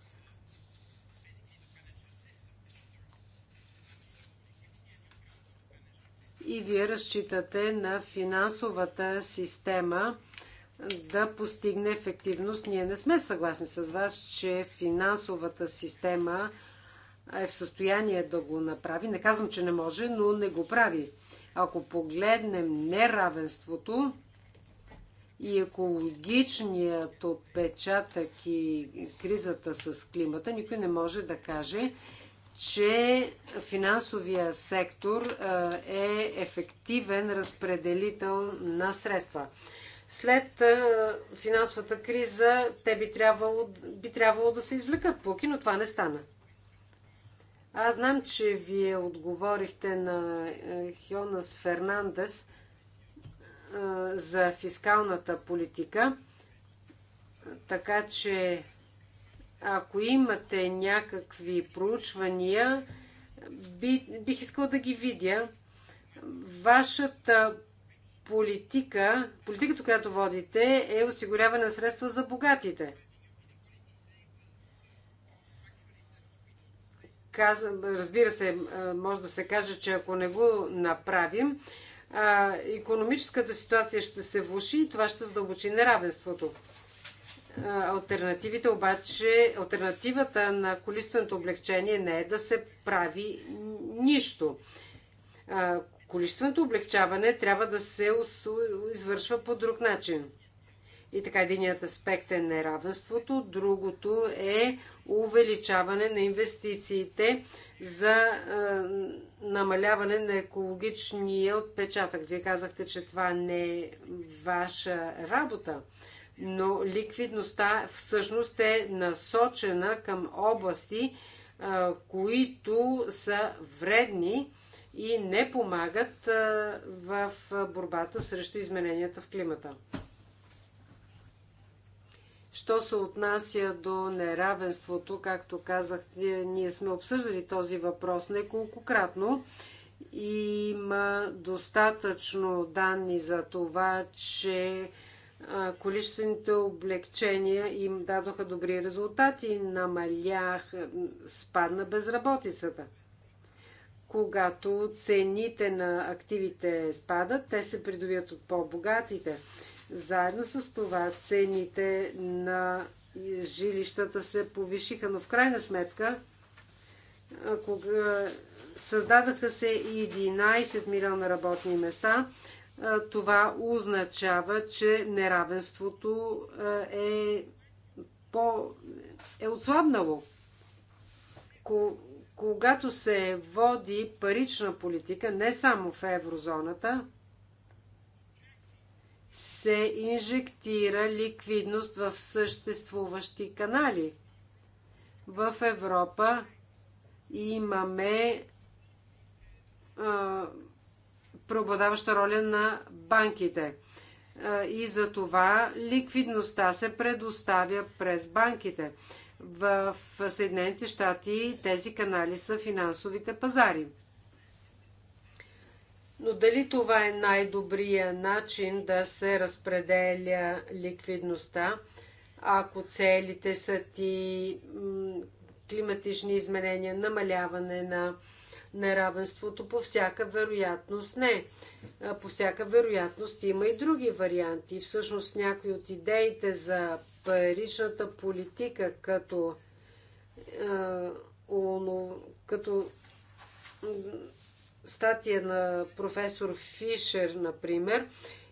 и вие разчитате на финансовата система да постигне ефективност. Ние не сме съгласни с вас, че финансовата система е в състояние да го направи. Не казвам, че не може, но не го прави. Ако погледнем неравенството и екологичният отпечатък и кризата с климата, никой не може да каже, че финансовия сектор е ефективен разпределител на средства. След финансовата криза те би трябвало, би трябвало да се извлекат пуки, но това не стана. Аз знам, че вие отговорихте на Хионас Фернандес за фискалната политика, така че ако имате някакви проучвания, би, бих искал да ги видя. Вашата политика, политиката, която водите, е осигуряване на средства за богатите. разбира се, може да се каже, че ако не го направим, економическата ситуация ще се влуши и това ще задълбочи неравенството. Альтернативите обаче, альтернативата на количественото облегчение не е да се прави нищо. Количественото облегчаване трябва да се извършва по друг начин. И така, единият аспект е неравенството, другото е увеличаване на инвестициите за е, намаляване на екологичния отпечатък. Вие казахте, че това не е ваша работа. Е, но ликвидността всъщност е насочена към области, които са вредни и не помагат в борбата срещу измененията в климата. Що се отнася до неравенството, както казах, ние сме обсъждали този въпрос неколкократно. Има достатъчно данни за това, че количествените облегчения им дадоха добри резултати, намалях, спадна безработицата. Когато цените на активите спадат, те се придобиват от по-богатите. Заедно с това цените на жилищата се повишиха, но в крайна сметка кога създадаха се 11 милиона работни места, това означава, че неравенството е, по, е отслабнало. Когато се води парична политика, не само в еврозоната, се инжектира ликвидност в съществуващи канали. В Европа имаме преобладаваща роля на банките. Е, и за това ликвидността се предоставя през банките. В Съединените щати тези канали са финансовите пазари. Но дали това е най-добрия начин да се разпределя ликвидността, ако целите са ти климатични изменения, намаляване на неравенството? По всяка вероятност не. По всяка вероятност има и други варианти. Всъщност някои от идеите за паричната политика като, като статия на професор Фишер, например,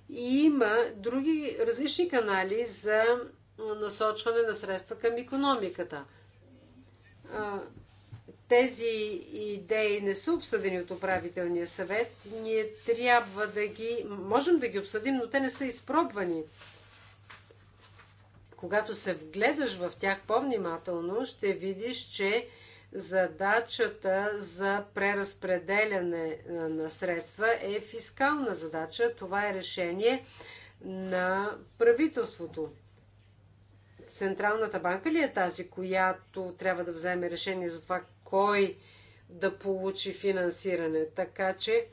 и има други различни канали за насочване на средства към економиката тези идеи не са обсъдени от управителния съвет. Ние трябва да ги... Можем да ги обсъдим, но те не са изпробвани. Когато се вгледаш в тях по-внимателно, ще видиш, че задачата за преразпределяне на средства е фискална задача. Това е решение на правителството. Централната банка ли е тази, която трябва да вземе решение за това кой да получи финансиране. Така че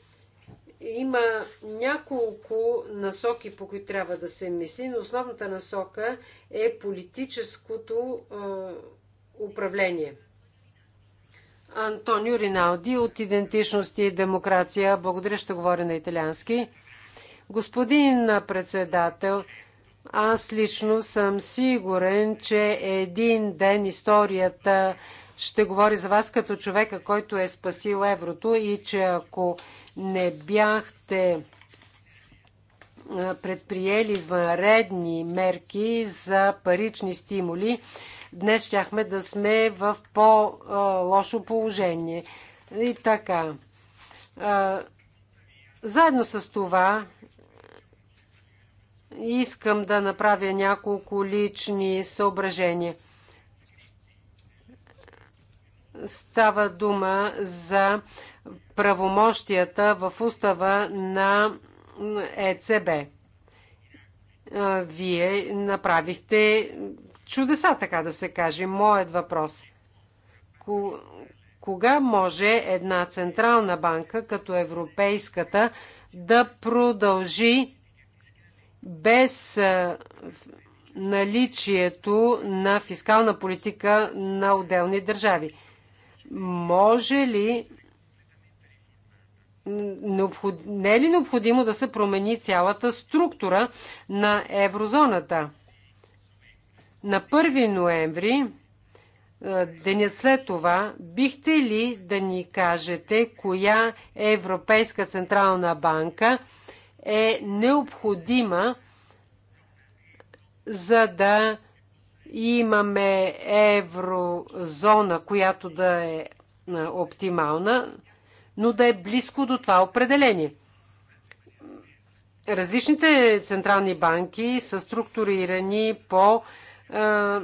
има няколко насоки, по които трябва да се мисли, но основната насока е политическото е, управление. Антонио Риналди от Идентичност и демокрация. Благодаря, ще говоря на италиански. Господин председател, аз лично съм сигурен, че един ден историята ще говори за вас като човека, който е спасил еврото и че ако не бяхте предприели извънредни мерки за парични стимули, днес щяхме да сме в по-лошо положение. И така. Заедно с това искам да направя няколко лични съображения. Става дума за правомощията в устава на ЕЦБ. Вие направихте чудеса, така да се каже. Моят въпрос. Кога може една централна банка, като Европейската, да продължи без наличието на фискална политика на отделни държави? Може ли не е ли необходимо да се промени цялата структура на еврозоната? На 1 ноември, е, деня след това, бихте ли да ни кажете коя Европейска централна банка е необходима за да имаме еврозона, която да е оптимална, но да е близко до това определение. Различните централни банки са структурирани по а,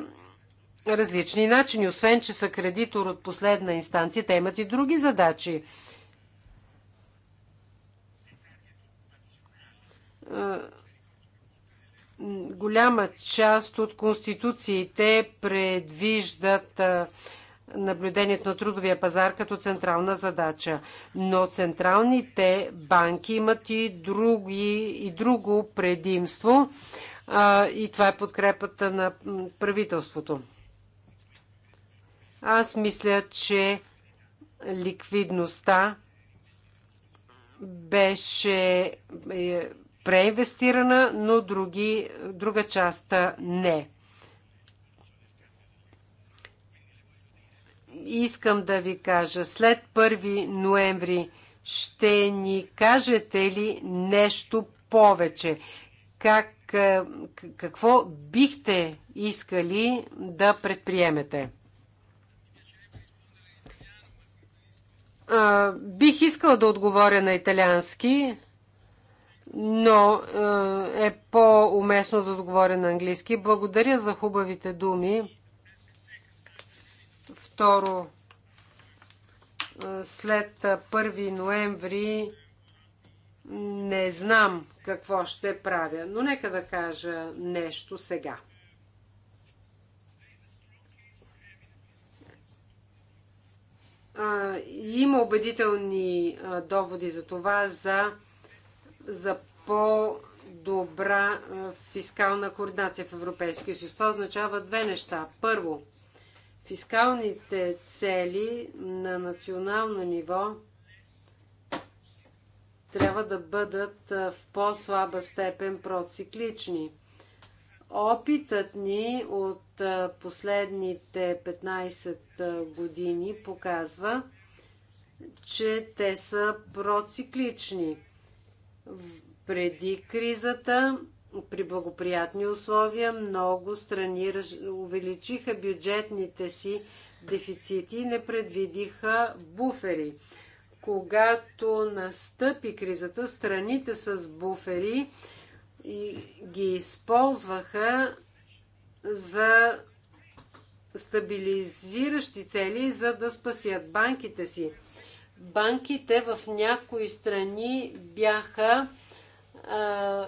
различни начини. Освен, че са кредитор от последна инстанция, те имат и други задачи. А, голяма част от конституциите предвиждат наблюдението на трудовия пазар като централна задача. Но централните банки имат и, други, и друго предимство и това е подкрепата на правителството. Аз мисля, че ликвидността беше е, преинвестирана, но други, друга част не. Искам да ви кажа, след 1 ноември ще ни кажете ли нещо повече? Как, какво бихте искали да предприемете? бих искала да отговоря на италиански но е, е по-уместно да отговоря на английски. Благодаря за хубавите думи. Второ, е, след 1 е, ноември не знам какво ще правя, но нека да кажа нещо сега. Има убедителни доводи за това, за за по-добра фискална координация в Европейския съюз. Това означава две неща. Първо, фискалните цели на национално ниво трябва да бъдат в по-слаба степен проциклични. Опитът ни от последните 15 години показва, че те са проциклични. Преди кризата, при благоприятни условия, много страни увеличиха бюджетните си дефицити и не предвидиха буфери. Когато настъпи кризата, страните с буфери ги използваха за стабилизиращи цели, за да спасят банките си банките в някои страни бяха а,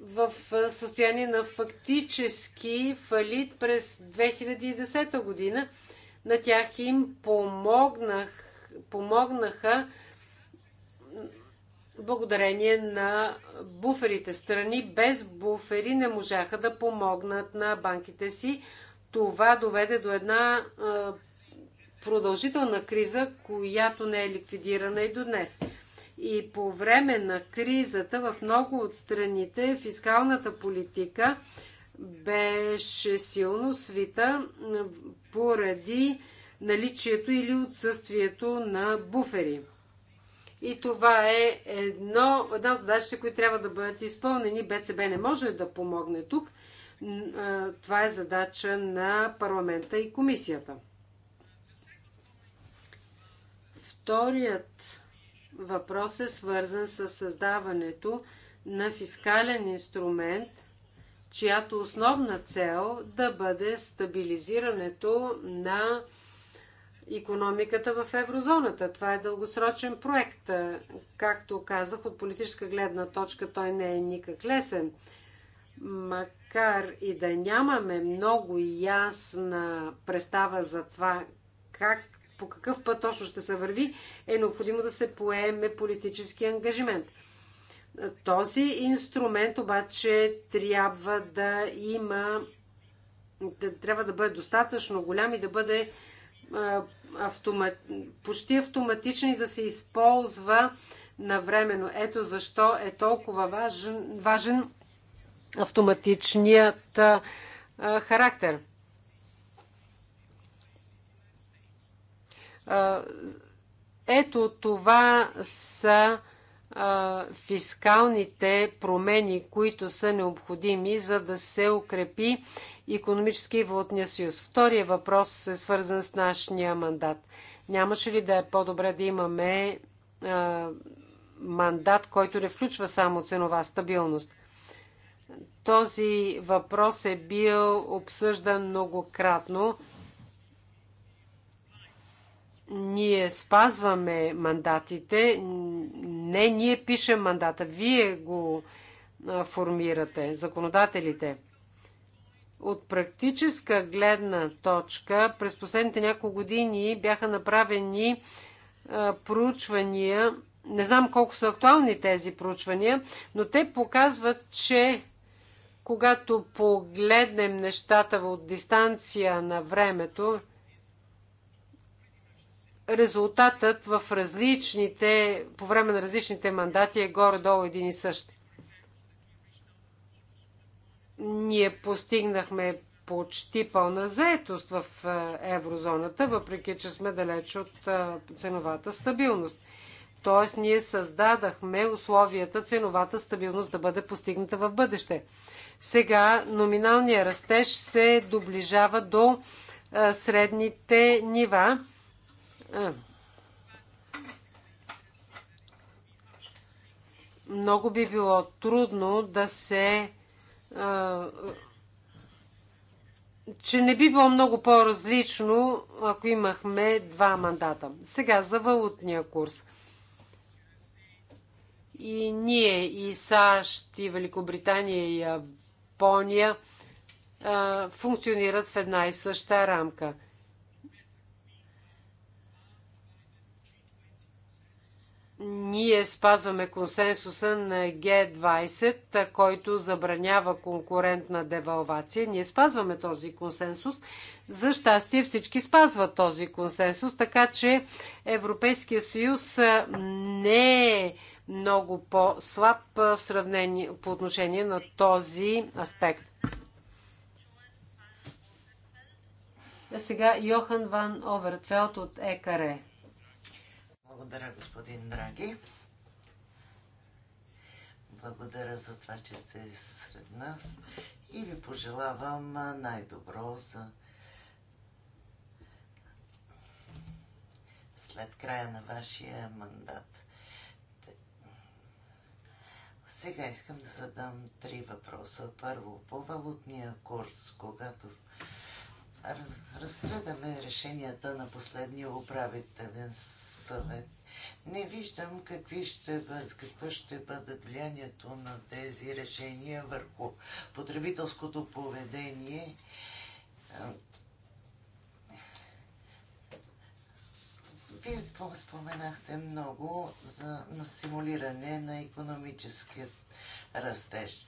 в състояние на фактически фалит през 2010 година. На тях им помогнах, помогнаха благодарение на буферите. Страни без буфери не можаха да помогнат на банките си. Това доведе до една а, продължителна криза, която не е ликвидирана и до днес. И по време на кризата в много от страните фискалната политика беше силно свита поради наличието или отсъствието на буфери. И това е едно, една от задачите, които трябва да бъдат изпълнени. БЦБ не може да помогне тук. Това е задача на парламента и комисията. Вторият въпрос е свързан с създаването на фискален инструмент, чиято основна цел да бъде стабилизирането на економиката в еврозоната. Това е дългосрочен проект. Както казах, от политическа гледна точка той не е никак лесен. Макар и да нямаме много ясна представа за това как по какъв път точно ще се върви, е необходимо да се поеме политически ангажимент. Този инструмент обаче трябва да има, да, трябва да бъде достатъчно голям и да бъде а, автомат, почти автоматичен и да се използва навременно. Ето защо е толкова важен, важен автоматичният а, характер. Ето това са фискалните промени, които са необходими, за да се укрепи економически и валутния съюз. Втория въпрос е свързан с нашия мандат. Нямаше ли да е по-добре да имаме мандат, който не включва само ценова стабилност? Този въпрос е бил обсъждан многократно ние спазваме мандатите, не ние пишем мандата, вие го формирате, законодателите. От практическа гледна точка, през последните няколко години бяха направени проучвания, не знам колко са актуални тези проучвания, но те показват, че когато погледнем нещата от дистанция на времето, резултатът в различните, по време на различните мандати е горе-долу един и същ. Ние постигнахме почти пълна заетост в е, еврозоната, въпреки че сме далеч от е, ценовата стабилност. Тоест, ние създадахме условията ценовата стабилност да бъде постигната в бъдеще. Сега номиналният растеж се доближава до е, средните нива много би било трудно да се. А, че не би било много по-различно, ако имахме два мандата. Сега за валутния курс. И ние, и САЩ, и Великобритания, и Япония функционират в една и съща рамка – ние спазваме консенсуса на Г20, който забранява конкурентна девалвация. Ние спазваме този консенсус. За щастие всички спазват този консенсус, така че Европейския съюз не е много по-слаб в сравнение по отношение на този аспект. А сега Йохан Ван Овертфелд от ЕКАРЕ. Благодаря, господин Драги. Благодаря за това, че сте сред нас и ви пожелавам най-добро за след края на вашия мандат. Сега искам да задам три въпроса. Първо, по валутния курс, когато раз, разгледаме решенията на последния управителен съвет. Не виждам какви ще бъдат, какво ще бъдат влиянието на тези решения върху потребителското поведение. Вие споменахте много за на симулиране на економическия растеж.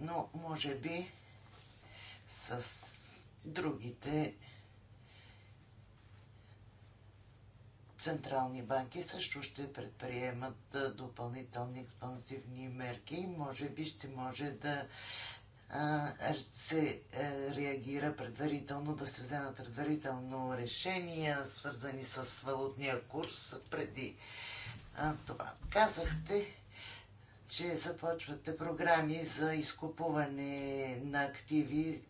Но може би с другите централни банки също ще предприемат допълнителни експансивни мерки и може би ще може да се е, реагира предварително, да се вземат предварително решения, свързани с валутния курс преди това. Казахте, че започвате програми за изкупуване на активи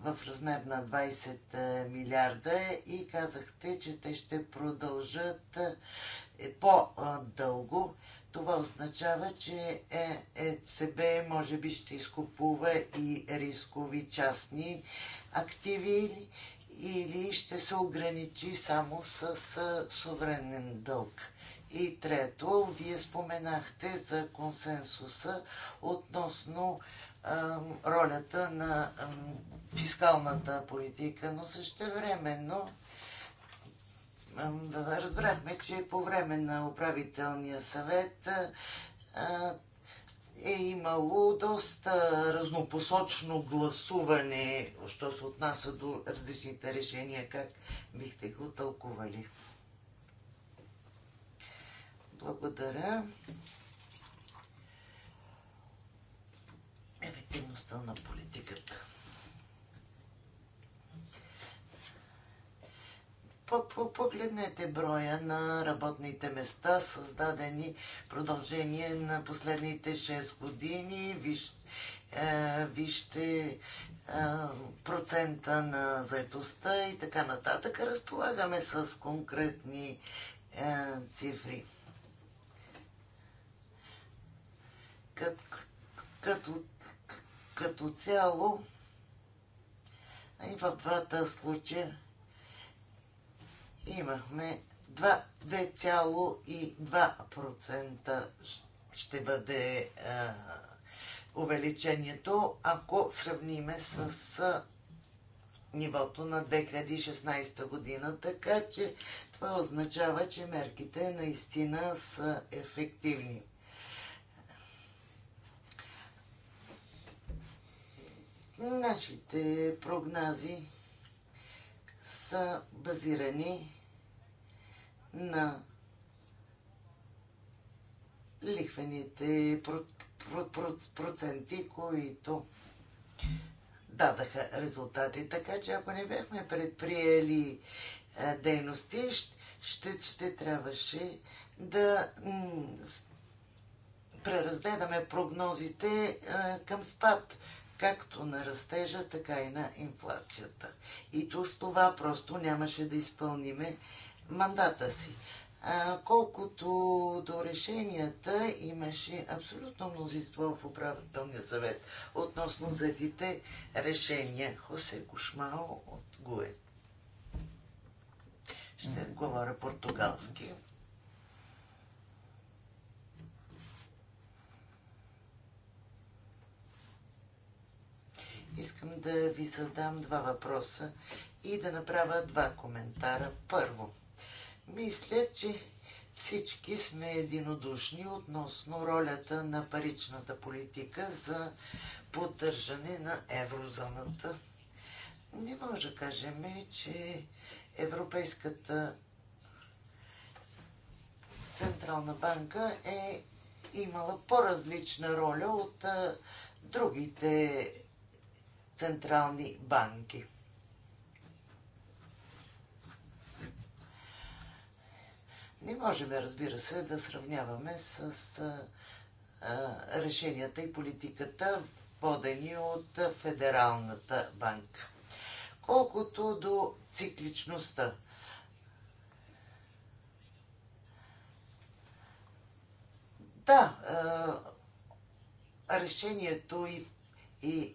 в размер на 20 е, милиарда и казахте, че те ще продължат е, по-дълго. Това означава, че е, ЕЦБ може би ще изкупува и рискови частни активи или ще се ограничи само с суверенен дълг. И трето, вие споменахте за консенсуса относно ролята на фискалната политика, но също да разбрахме, че по време на управителния съвет е имало доста разнопосочно гласуване, що се отнася до различните решения. Как бихте го тълкували? Благодаря. Ефективността на политиката. Погледнете броя на работните места, създадени продължение на последните 6 години. Е, вижте е, процента на заетостта и така нататък. Разполагаме с конкретни е, цифри. като цяло и в двата случая имахме 2,2% ще бъде а, увеличението, ако сравниме с а, нивото на 2016 година. Така че това означава, че мерките наистина са ефективни. Нашите прогнози са базирани на лихвените проценти, които дадаха резултати. Така че ако не бяхме предприели е, дейности, ще, ще трябваше да преразгледаме прогнозите е, към спад, както на растежа, така и на инфлацията. И то с това просто нямаше да изпълниме мандата си. колкото до решенията, имаше абсолютно мнозинство в управителния съвет относно взетите решения. Хосе Кошмао от ГУЕ. Ще говоря португалски. Искам да ви задам два въпроса и да направя два коментара. Първо – мисля, че всички сме единодушни относно ролята на паричната политика за поддържане на еврозоната. Не може да кажем, че Европейската Централна банка е имала по-различна роля от другите централни банки. Не можем, разбира се, да сравняваме с решенията и политиката, подени от Федералната банка. Колкото до цикличността, Да, решението и и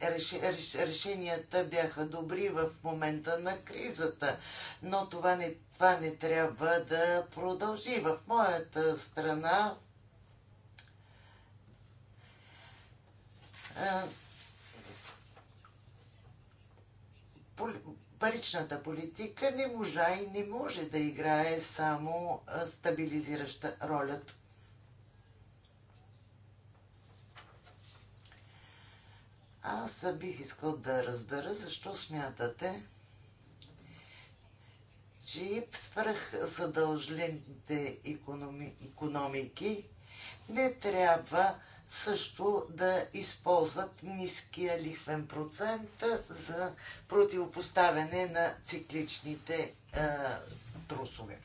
решенията бяха добри в момента на кризата, но това не, това не трябва да продължи. В моята страна паричната политика не можа и не може да играе само стабилизираща роля. Аз бих искал да разбера защо смятате, че свръх задължените економи, економики не трябва също да използват ниския лихвен процент за противопоставяне на цикличните е, трусове.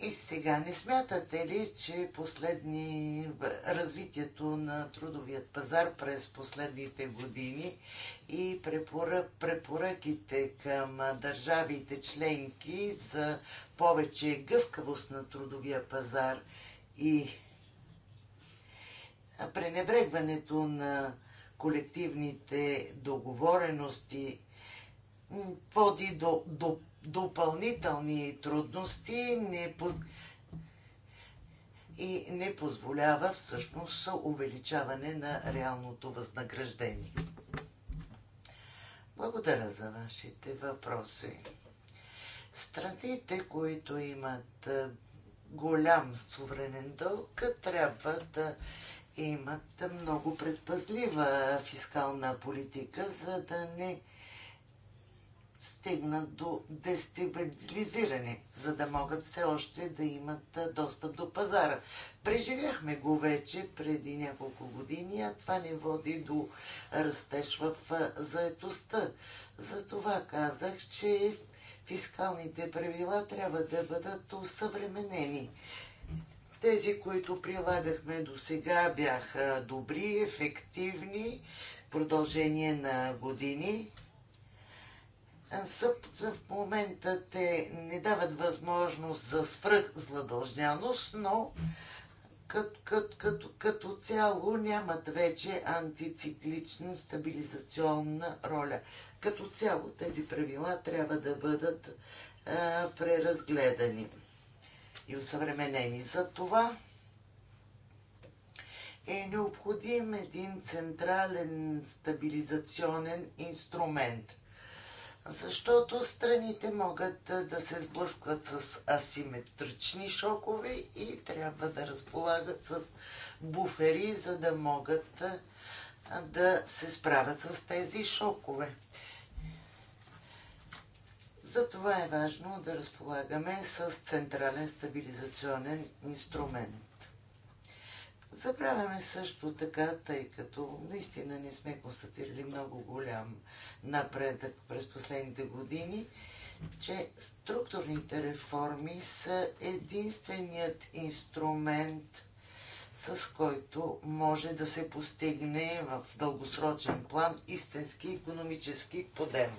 И сега, не смятате ли, че последни развитието на трудовият пазар през последните години и препорък, препоръките към държавите членки за повече гъвкавост на трудовия пазар и пренебрегването на колективните договорености води до, до допълнителни трудности не по... и не позволява всъщност увеличаване на реалното възнаграждение. Благодаря за вашите въпроси. Страните, които имат голям суверенен дълг, трябва да имат много предпазлива фискална политика, за да не стигнат до дестабилизиране, за да могат все още да имат достъп до пазара. Преживяхме го вече преди няколко години, а това не води до растеж в заетостта. Затова казах, че фискалните правила трябва да бъдат усъвременени. Тези, които прилагахме до сега, бяха добри, ефективни, продължение на години съд в момента те не дават възможност за свръхзадължняност, но като, като, като, като цяло нямат вече антициклична стабилизационна роля. Като цяло тези правила трябва да бъдат а, преразгледани и усъвременени. За това е необходим един централен стабилизационен инструмент – защото страните могат да се сблъскват с асиметрични шокове и трябва да разполагат с буфери, за да могат да се справят с тези шокове. Затова е важно да разполагаме с централен стабилизационен инструмент. Забравяме също така, тъй като наистина не сме констатирали много голям напредък през последните години, че структурните реформи са единственият инструмент, с който може да се постигне в дългосрочен план истински економически подем.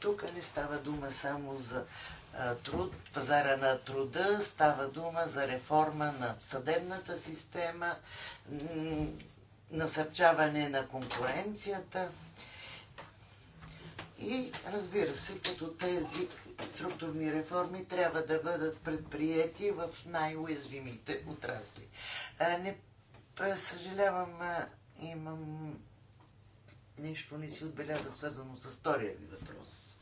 Тук не става дума само за труд, пазара на труда, става дума за реформа на съдебната система, насърчаване на конкуренцията. И разбира се, като тези структурни реформи трябва да бъдат предприяти в най-уязвимите отрасли. Не съжалявам, имам нещо не си отбелязах, свързано с втория ви въпрос.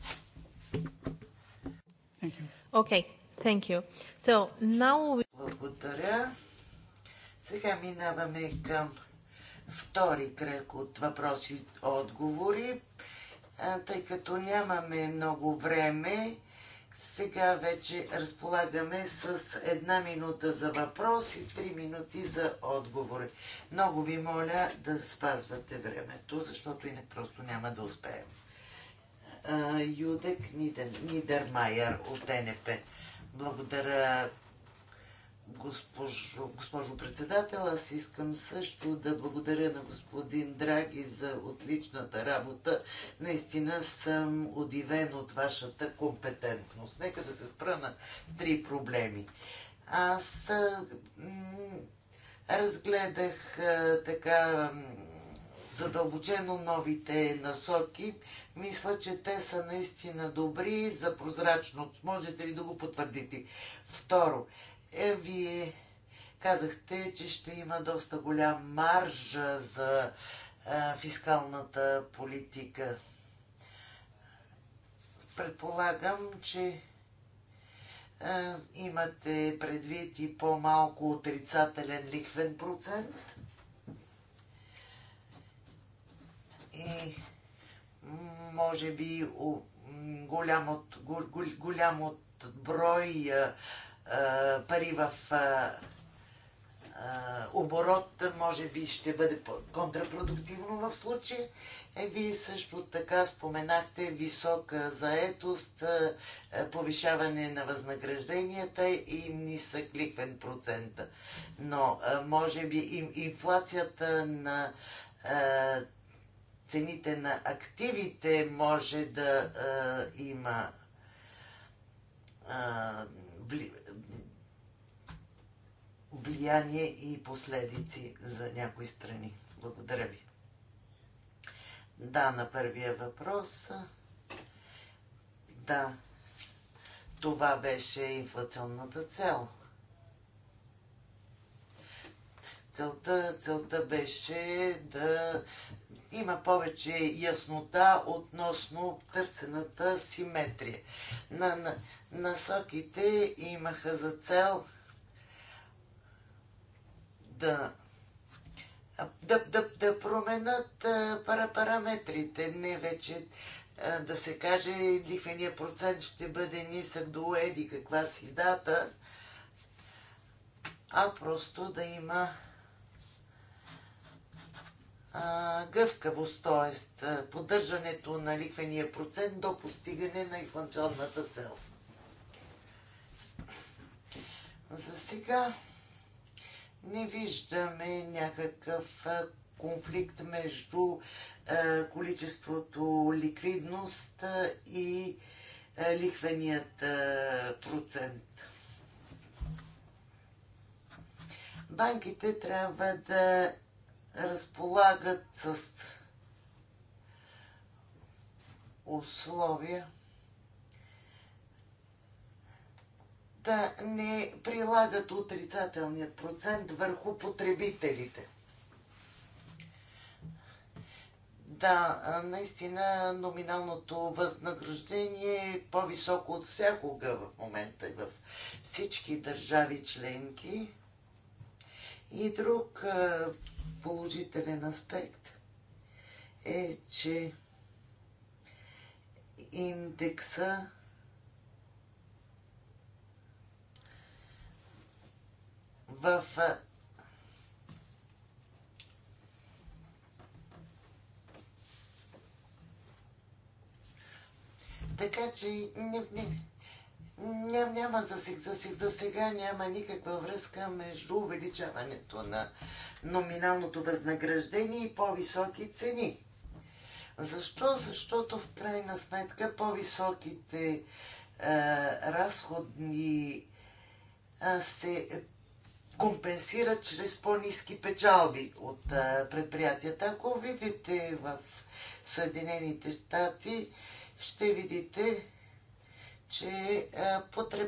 Thank you. Okay, thank you. So now we... Благодаря. Сега минаваме към втори кръг от въпроси и отговори. Тъй като нямаме много време, сега вече разполагаме с една минута за въпрос и три минути за отговори. Много ви моля да спазвате времето, защото и не просто няма да успеем. Юдек Нидермайер от НП. Благодаря, госпожо, госпожо председател. Аз искам също да благодаря на господин Драги за отличната работа. Наистина съм удивен от вашата компетентност. Нека да се спра на три проблеми. Аз разгледах така задълбочено новите насоки мисля, че те са наистина добри за прозрачност. Можете ли да го потвърдите? Второ, е, вие казахте, че ще има доста голям марж за а, е, фискалната политика. Предполагам, че а, е, имате предвид и по-малко отрицателен ликвен процент. И може би голям от, голям от брой пари в оборот, може би ще бъде контрапродуктивно в случая. Е, вие също така споменахте висока заетост, повишаване на възнагражденията и нисък ликвен процент. Но може би инфлацията на цените на активите може да а, има а, влияние и последици за някои страни. Благодаря ви. Да, на първия въпрос. Да, това беше инфлационната цел. Целта, целта беше да има повече яснота относно търсената симетрия. На, на, насоките имаха за цел да да, да, да променят параметрите, не вече да се каже лихвения процент ще бъде нисък до еди каква си дата, а просто да има гъвкавост, т.е. поддържането на ликвения процент до постигане на инфлационната цел. За сега не виждаме някакъв конфликт между количеството ликвидност и ликвеният процент. Банките трябва да разполагат с условия да не прилагат отрицателният процент върху потребителите. Да, наистина номиналното възнаграждение е по-високо от всякога в момента в всички държави членки. И друг положителен аспект е, че индекса в Така че не, не, няма за сега, за сега няма никаква връзка между увеличаването на номиналното възнаграждение и по-високи цени. Защо? Защото в крайна сметка по-високите е, разходни а, се компенсират чрез по-низки печалби от а, предприятията. Ако видите в Съединените щати, ще видите, че е,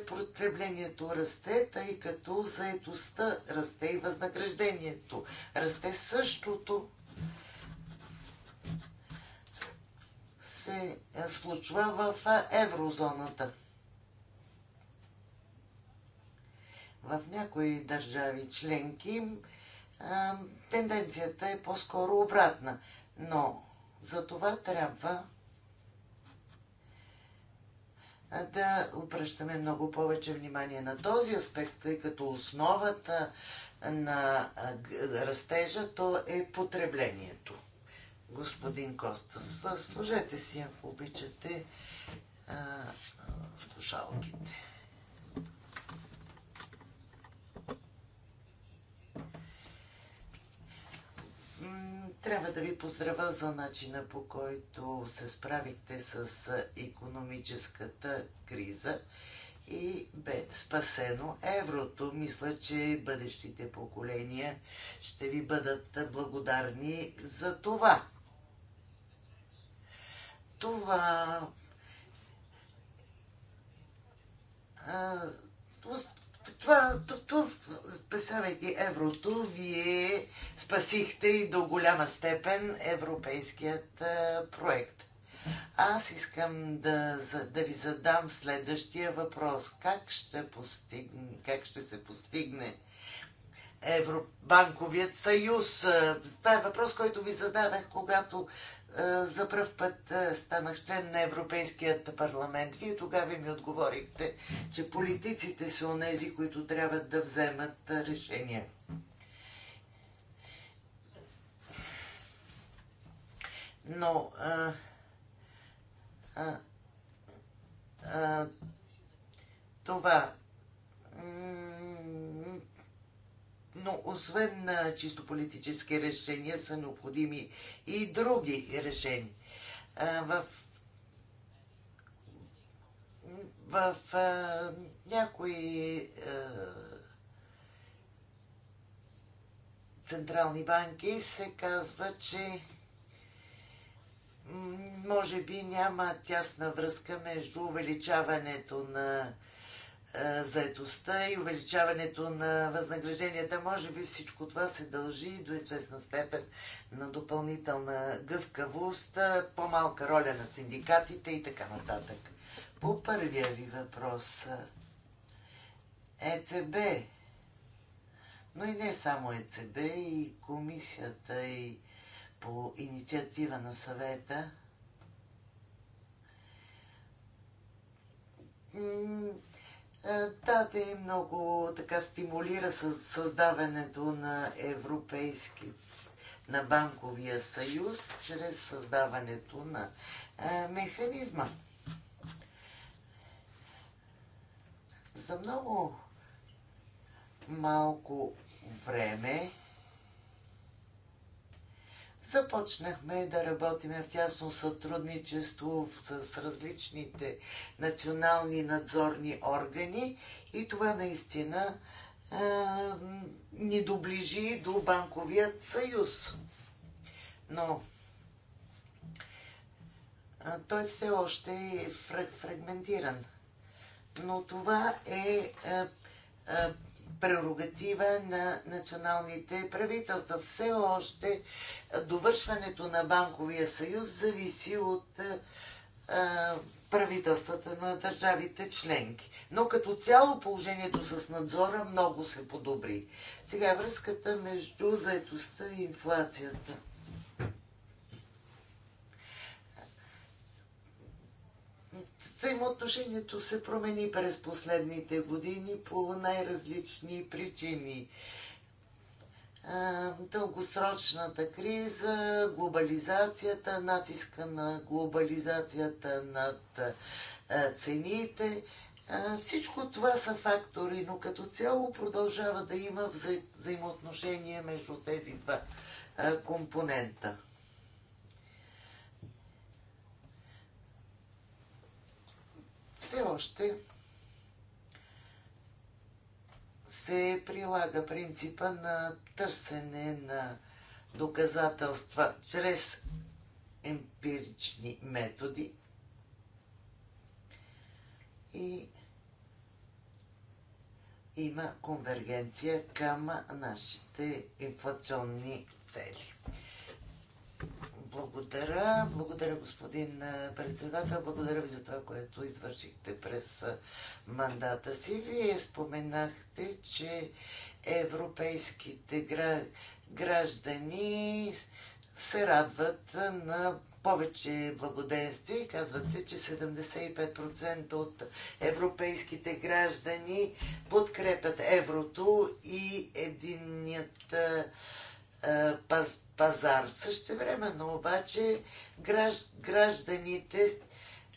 потреблението расте, тъй като заедостта расте и възнаграждението расте същото се е, случва в е, еврозоната. В някои държави членки тенденцията е по-скоро обратна, но за това трябва да обръщаме много повече внимание на този аспект, тъй като основата на растежа то е потреблението. Господин Костас, служете си, ако обичате, слушалките. Трябва да ви поздравя за начина по който се справихте с економическата криза и бе спасено еврото. Мисля, че бъдещите поколения ще ви бъдат благодарни за това. Това това, това, спасявайки еврото, вие спасихте и до голяма степен европейският а, проект. Аз искам да, да ви задам следващия въпрос. Как ще, постигне, как ще се постигне Евробанковият съюз? Това е въпрос, който ви зададах, когато е, за пръв път е, станах член на Европейският парламент. Вие тогава ми отговорихте, че политиците са онези, които трябва да вземат е, решения. Но а, а, а, това но освен на чисто политически решения са необходими и други решения. В, в, в някои централни банки се казва, че може би няма тясна връзка между увеличаването на е, заедостта и увеличаването на възнагражденията. Може би всичко това се дължи до известна степен на допълнителна гъвкавост, е, по-малка роля на синдикатите и така нататък. По първия ви въпрос, е, ЕЦБ, но и не само ЕЦБ, и комисията, и по инициатива на съвета, е, и много така стимулира създаването на европейски на банковия съюз чрез създаването на е, механизма. За много малко време Започнахме да работим в тясно сътрудничество с различните национални надзорни органи и това наистина е, ни доближи до банковият съюз. Но той все още е фрагментиран. Но това е, е, е прерогатива на националните правителства. Все още довършването на банковия съюз зависи от правителствата на държавите членки. Но като цяло положението с надзора много се подобри. Сега връзката между заетостта и инфлацията. Взаимоотношението се промени през последните години по най-различни причини. Дългосрочната криза, глобализацията, натиска на глобализацията над цените. Всичко това са фактори, но като цяло продължава да има вза... взаимоотношение между тези два компонента. все още се прилага принципа на търсене на доказателства чрез емпирични методи и има конвергенция към нашите инфлационни цели. Благодаря. Благодаря, господин председател. Благодаря ви за това, което извършихте през мандата си. Вие споменахте, че европейските граждани се радват на повече благоденствие и казвате, че 75% от европейските граждани подкрепят еврото и единният паз, пазар. Също времено обаче гражданите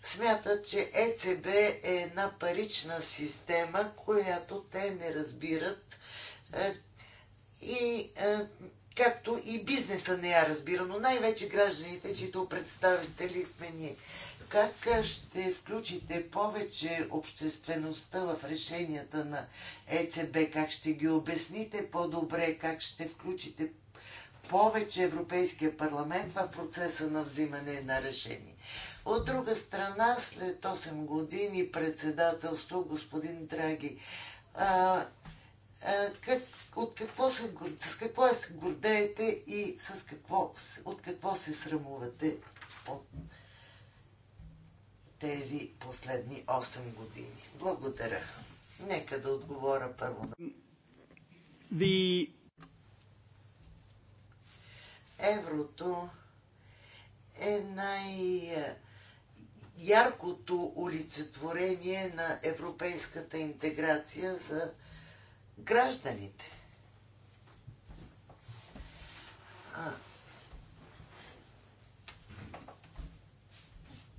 смятат, че ЕЦБ е една парична система, която те не разбират е, и е, както и бизнеса не я разбира, но най-вече гражданите, чието представители сме ние. Как е, ще включите повече обществеността в решенията на ЕЦБ? Как ще ги обясните по-добре? Как ще включите повече Европейския парламент в процеса на взимане на решение. От друга страна, след 8 години председателство, господин Драги, а, а, как, от какво се, с какво е се гордеете и с какво, от какво се срамувате от тези последни 8 години? Благодаря. Нека да отговоря първо. The еврото е най-яркото олицетворение на европейската интеграция за гражданите.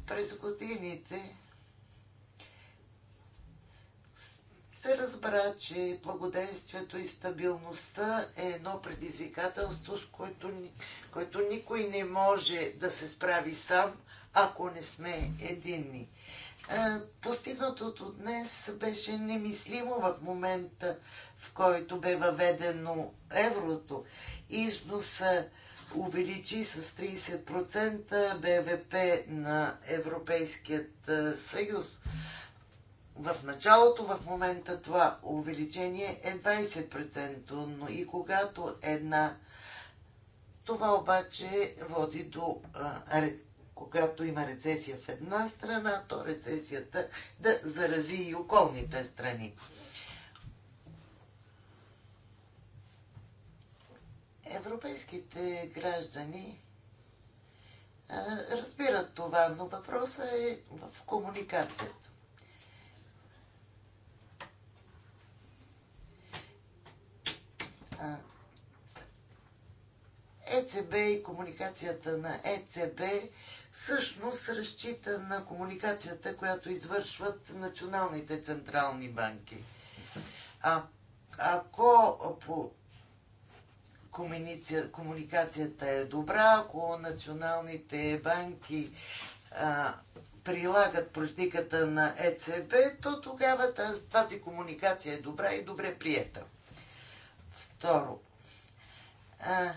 през годините се разбра, че благоденствието и стабилността е едно предизвикателство, с което, което никой не може да се справи сам, ако не сме единни. Е, постигнатото днес беше немислимо в момента, в който бе въведено еврото. Износа увеличи с 30% БВП на Европейският е, съюз в началото, в момента това увеличение е 20%, но и когато една това обаче води до а, когато има рецесия в една страна, то рецесията да зарази и околните страни. Европейските граждани а, разбират това, но въпросът е в комуникацията. ЕЦБ и комуникацията на ЕЦБ всъщност разчита на комуникацията, която извършват националните централни банки. А, ако по комуникацията е добра, ако националните банки а, прилагат политиката на ЕЦБ, то тогава тази, тази комуникация е добра и добре приета. Второ, а,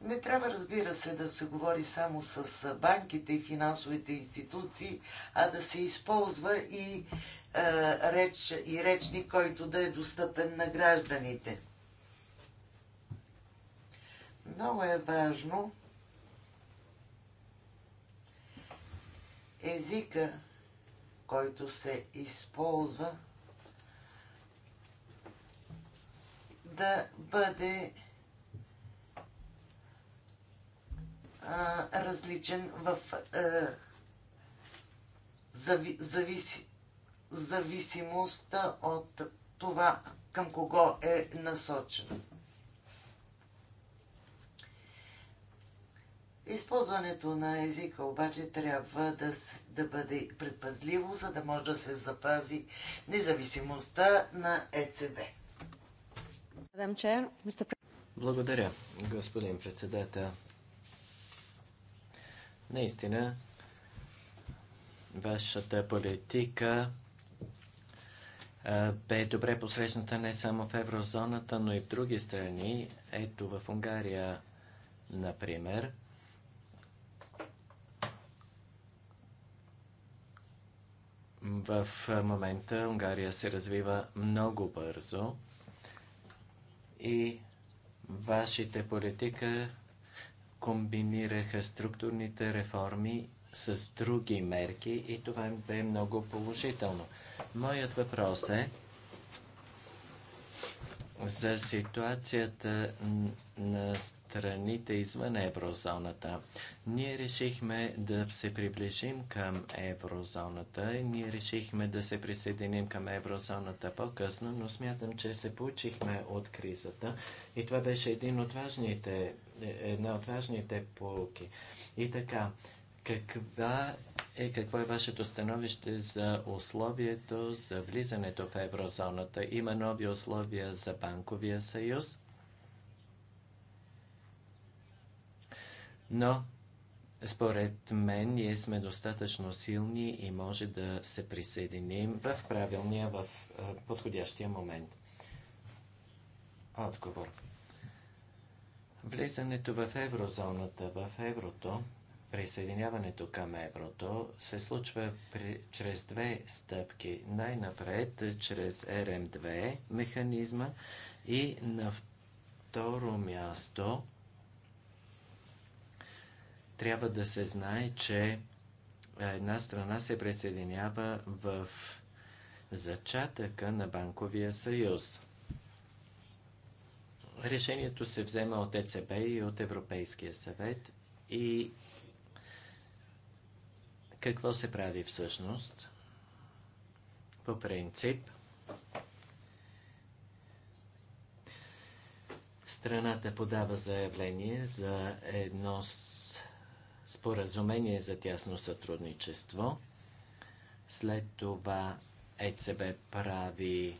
не трябва, разбира се, да се говори само с банките и финансовите институции, а да се използва и а, реч, и речник, който да е достъпен на гражданите. Много е важно езика, който се използва да бъде а, различен в а, зави, зависи, зависимост от това към кого е насочен. Използването на езика обаче трябва да, да бъде предпазливо, за да може да се запази независимостта на ЕЦБ. Благодаря, господин председател. Наистина, вашата политика бе добре посрещната не само в еврозоната, но и в други страни. Ето в Унгария, например. В момента Унгария се развива много бързо и вашите политика комбинираха структурните реформи с други мерки и това бе много положително. Моят въпрос е за ситуацията на страните извън еврозоната. Ние решихме да се приближим към еврозоната. Ние решихме да се присъединим към еврозоната по-късно, но смятам, че се получихме от кризата и това беше един от важните, е, една от важните полуки. И така, каква е, какво е вашето становище за условието за влизането в еврозоната? Има нови условия за банковия съюз, но според мен ние сме достатъчно силни и може да се присъединим в правилния, в подходящия момент. Отговор. Влизането в еврозоната, в еврото, присъединяването към еврото се случва при, чрез две стъпки. Най-напред чрез РМ2 механизма и на второ място трябва да се знае, че една страна се присъединява в зачатъка на банковия съюз. Решението се взема от ЕЦБ и от Европейския съвет и какво се прави всъщност? По принцип, страната подава заявление за едно споразумение за тясно сътрудничество. След това ЕЦБ прави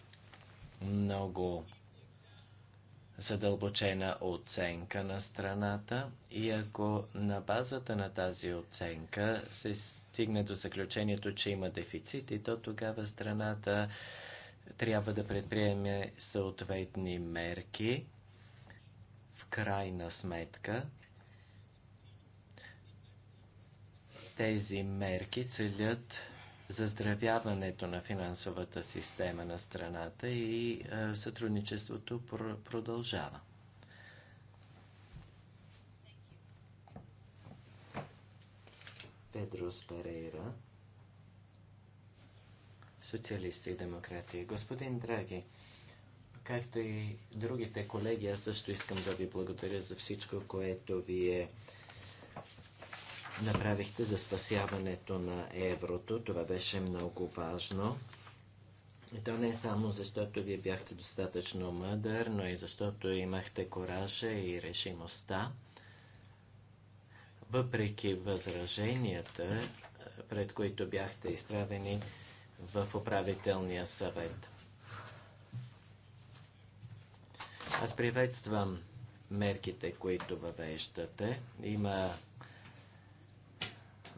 много задълбочена оценка на страната и ако на базата на тази оценка се стигне до заключението, че има дефицит, и то тогава страната трябва да предприеме съответни мерки. В крайна сметка, тези мерки целят заздравяването на финансовата система на страната и е, сътрудничеството продължава. Педрос Перейра, социалисти и демократи. Господин Драги, както и другите колеги, аз също искам да ви благодаря за всичко, което вие е направихте за спасяването на еврото. Това беше много важно. И то не е само защото вие бяхте достатъчно мъдър, но и защото имахте коража и решимостта. Въпреки възраженията, е, пред които бяхте изправени в управителния съвет. Аз приветствам мерките, които въвеждате. Има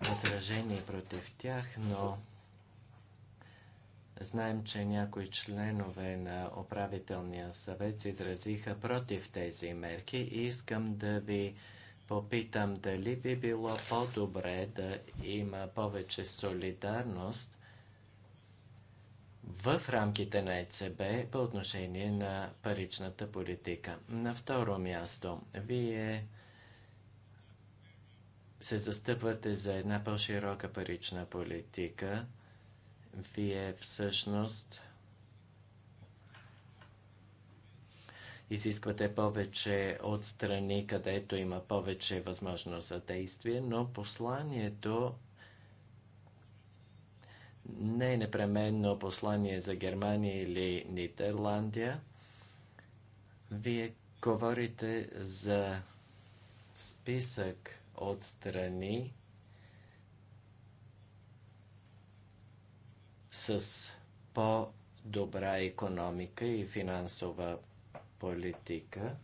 възражение против тях, но знаем, че някои членове на управителния съвет се изразиха против тези мерки и искам да ви попитам дали би било по-добре да има повече солидарност в рамките на ЕЦБ по отношение на паричната политика. На второ място, вие се застъпвате за една по-широка парична политика, вие всъщност изисквате повече от страни, където има повече възможност за действие, но посланието не е непременно послание за Германия или Нидерландия. Вие говорите за списък отстрани с по-добра економика и финансова политика,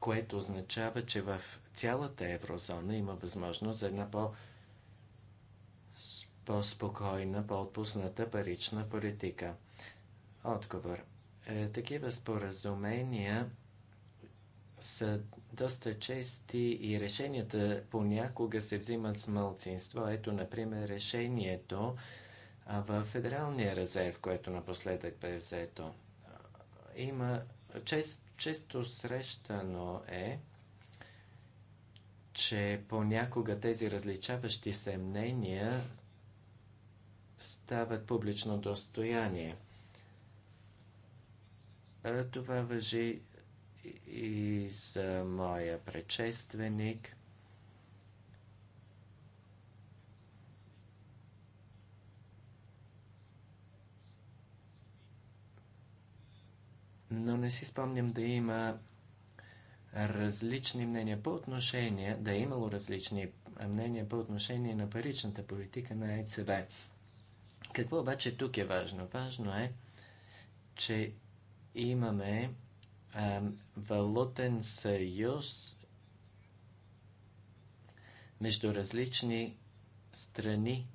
което означава, че в цялата еврозона има възможност за една по- по-спокойна, по-отпусната парична политика. Отговор. Е, такива споразумения са доста чести и решенията понякога се взимат с мълцинство. Ето, например, решението в Федералния резерв, което напоследък бе взето. Има чест, често срещано е, че понякога тези различаващи се мнения стават публично достояние. Това въжи и за моя предшественик. Но не си спомням да има различни мнения по отношение, да е имало различни мнения по отношение на паричната политика на ЕЦБ. Какво обаче тук е важно? Важно е, че имаме валутен съюз между различни страни.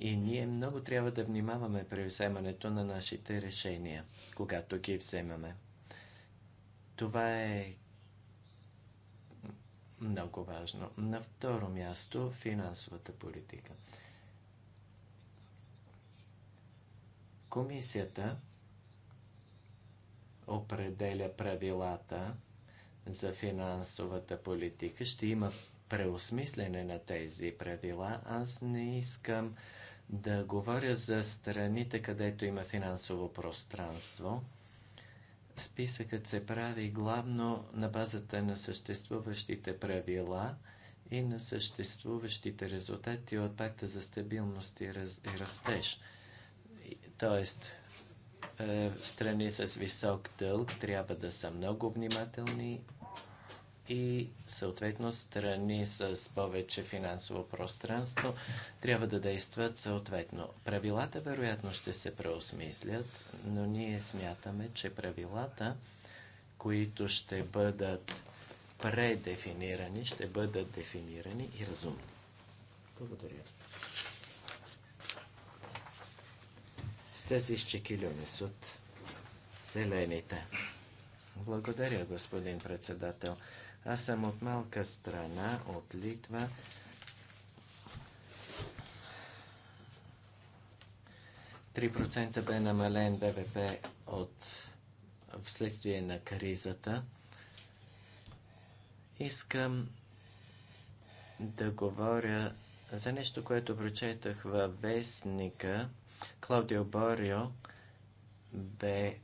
И ние много трябва да внимаваме при вземането на нашите решения, когато ги вземаме. Това е много важно. На второ място финансовата политика. Комисията определя правилата за финансовата политика. Ще има преосмислене на тези правила. Аз не искам да говоря за страните, където има финансово пространство. Списъкът се прави главно на базата на съществуващите правила и на съществуващите резултати от пакта за стабилност и, раз... и растеж. Тоест, е, страни с висок дълг трябва да са много внимателни и съответно страни с повече финансово пространство трябва да действат съответно. Правилата вероятно ще се преосмислят, но ние смятаме, че правилата, които ще бъдат предефинирани, ще бъдат дефинирани и разумни. Благодаря. тези Чекилюнис от селените. Благодаря, господин председател. Аз съм от малка страна, от Литва. Три процента бе намален БВП от вследствие на кризата. Искам да говоря за нещо, което прочетах във вестника – Клаудио Борио бе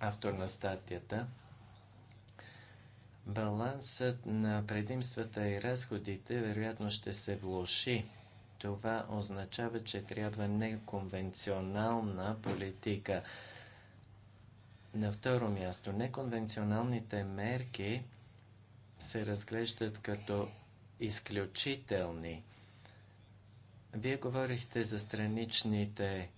автор на статията. Балансът на предимствата и разходите вероятно ще се влоши. Това означава, че трябва неконвенционална политика. На второ място, неконвенционалните мерки се разглеждат като изключителни. Вие говорихте за страничните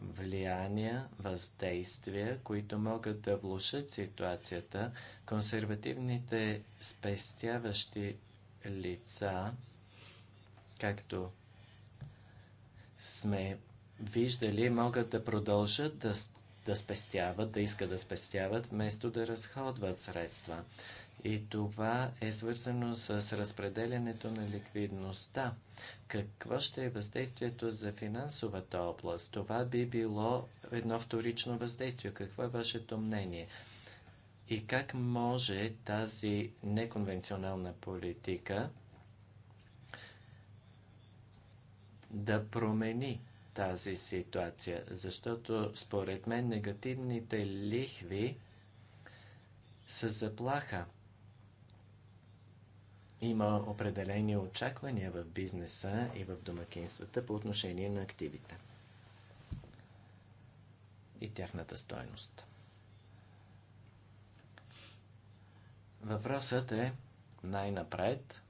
влияния, въздействия, които могат да влушат ситуацията. Консервативните спестяващи лица, както сме виждали, могат да продължат да, да спестяват, да искат да спестяват, вместо да разходват средства. И това е свързано с разпределянето на ликвидността. Какво ще е въздействието за финансовата област? Това би било едно вторично въздействие. Какво е вашето мнение? И как може тази неконвенционална политика да промени тази ситуация? Защото според мен негативните лихви са заплаха има определени очаквания в бизнеса и в домакинствата по отношение на активите и тяхната стойност. Въпросът е най-напред,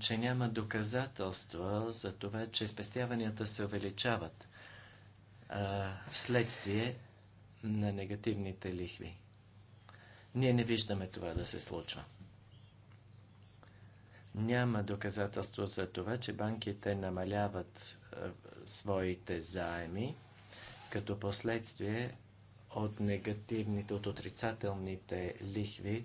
че няма доказателства за това, че спестяванията се увеличават а, вследствие на негативните лихви. Ние не виждаме това да се случва. Няма доказателство за това, че банките намаляват е, своите заеми като последствие от негативните, от отрицателните лихви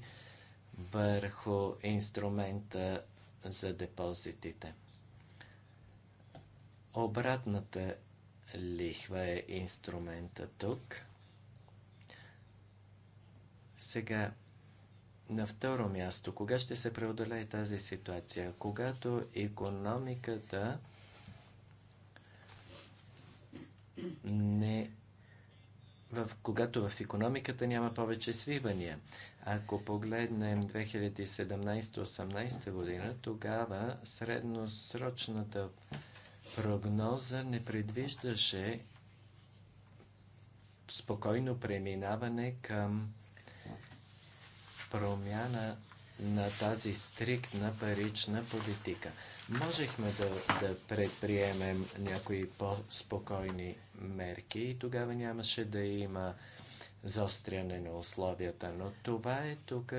върху инструмента за депозитите. Обратната лихва е инструмента тук. Сега на второ място, кога ще се преодолее тази ситуация? Когато економиката не в, когато в економиката няма повече свивания. Ако погледнем 2017-18 година, тогава средносрочната прогноза не предвиждаше спокойно преминаване към промяна на тази стриктна парична политика. Можехме да, да предприемем някои по-спокойни мерки и тогава нямаше да има заостряне на условията, но това е тук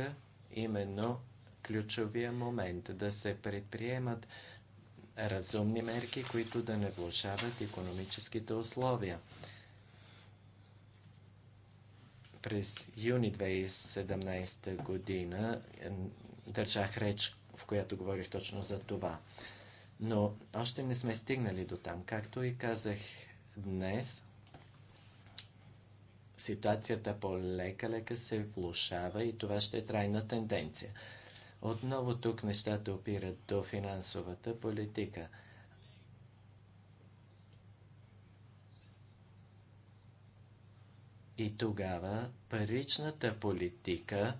именно ключовия момент да се предприемат разумни мерки, които да не влушават економическите условия. През юни 2017 година е, държах реч, в която говорих точно за това. Но още не сме стигнали до там. Както и казах днес, ситуацията по-лека-лека се влушава и това ще е трайна тенденция. Отново тук нещата опират до финансовата политика – И тогава паричната политика,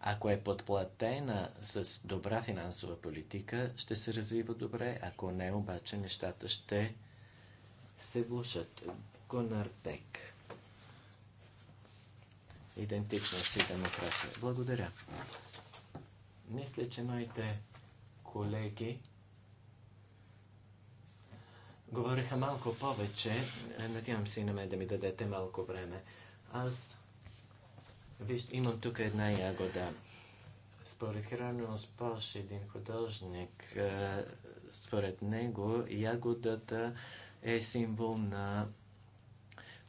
ако е подплатена с добра финансова политика, ще се развива добре, ако не, обаче нещата ще се влушат. Бек. Идентичност си демокрация. Благодаря. Мисля, че моите колеги говориха малко повече. Е, надявам се и на мен да ми дадете малко време. Аз виж, имам тук една ягода. Според Херониус Пош, един художник, е, според него ягодата е символ на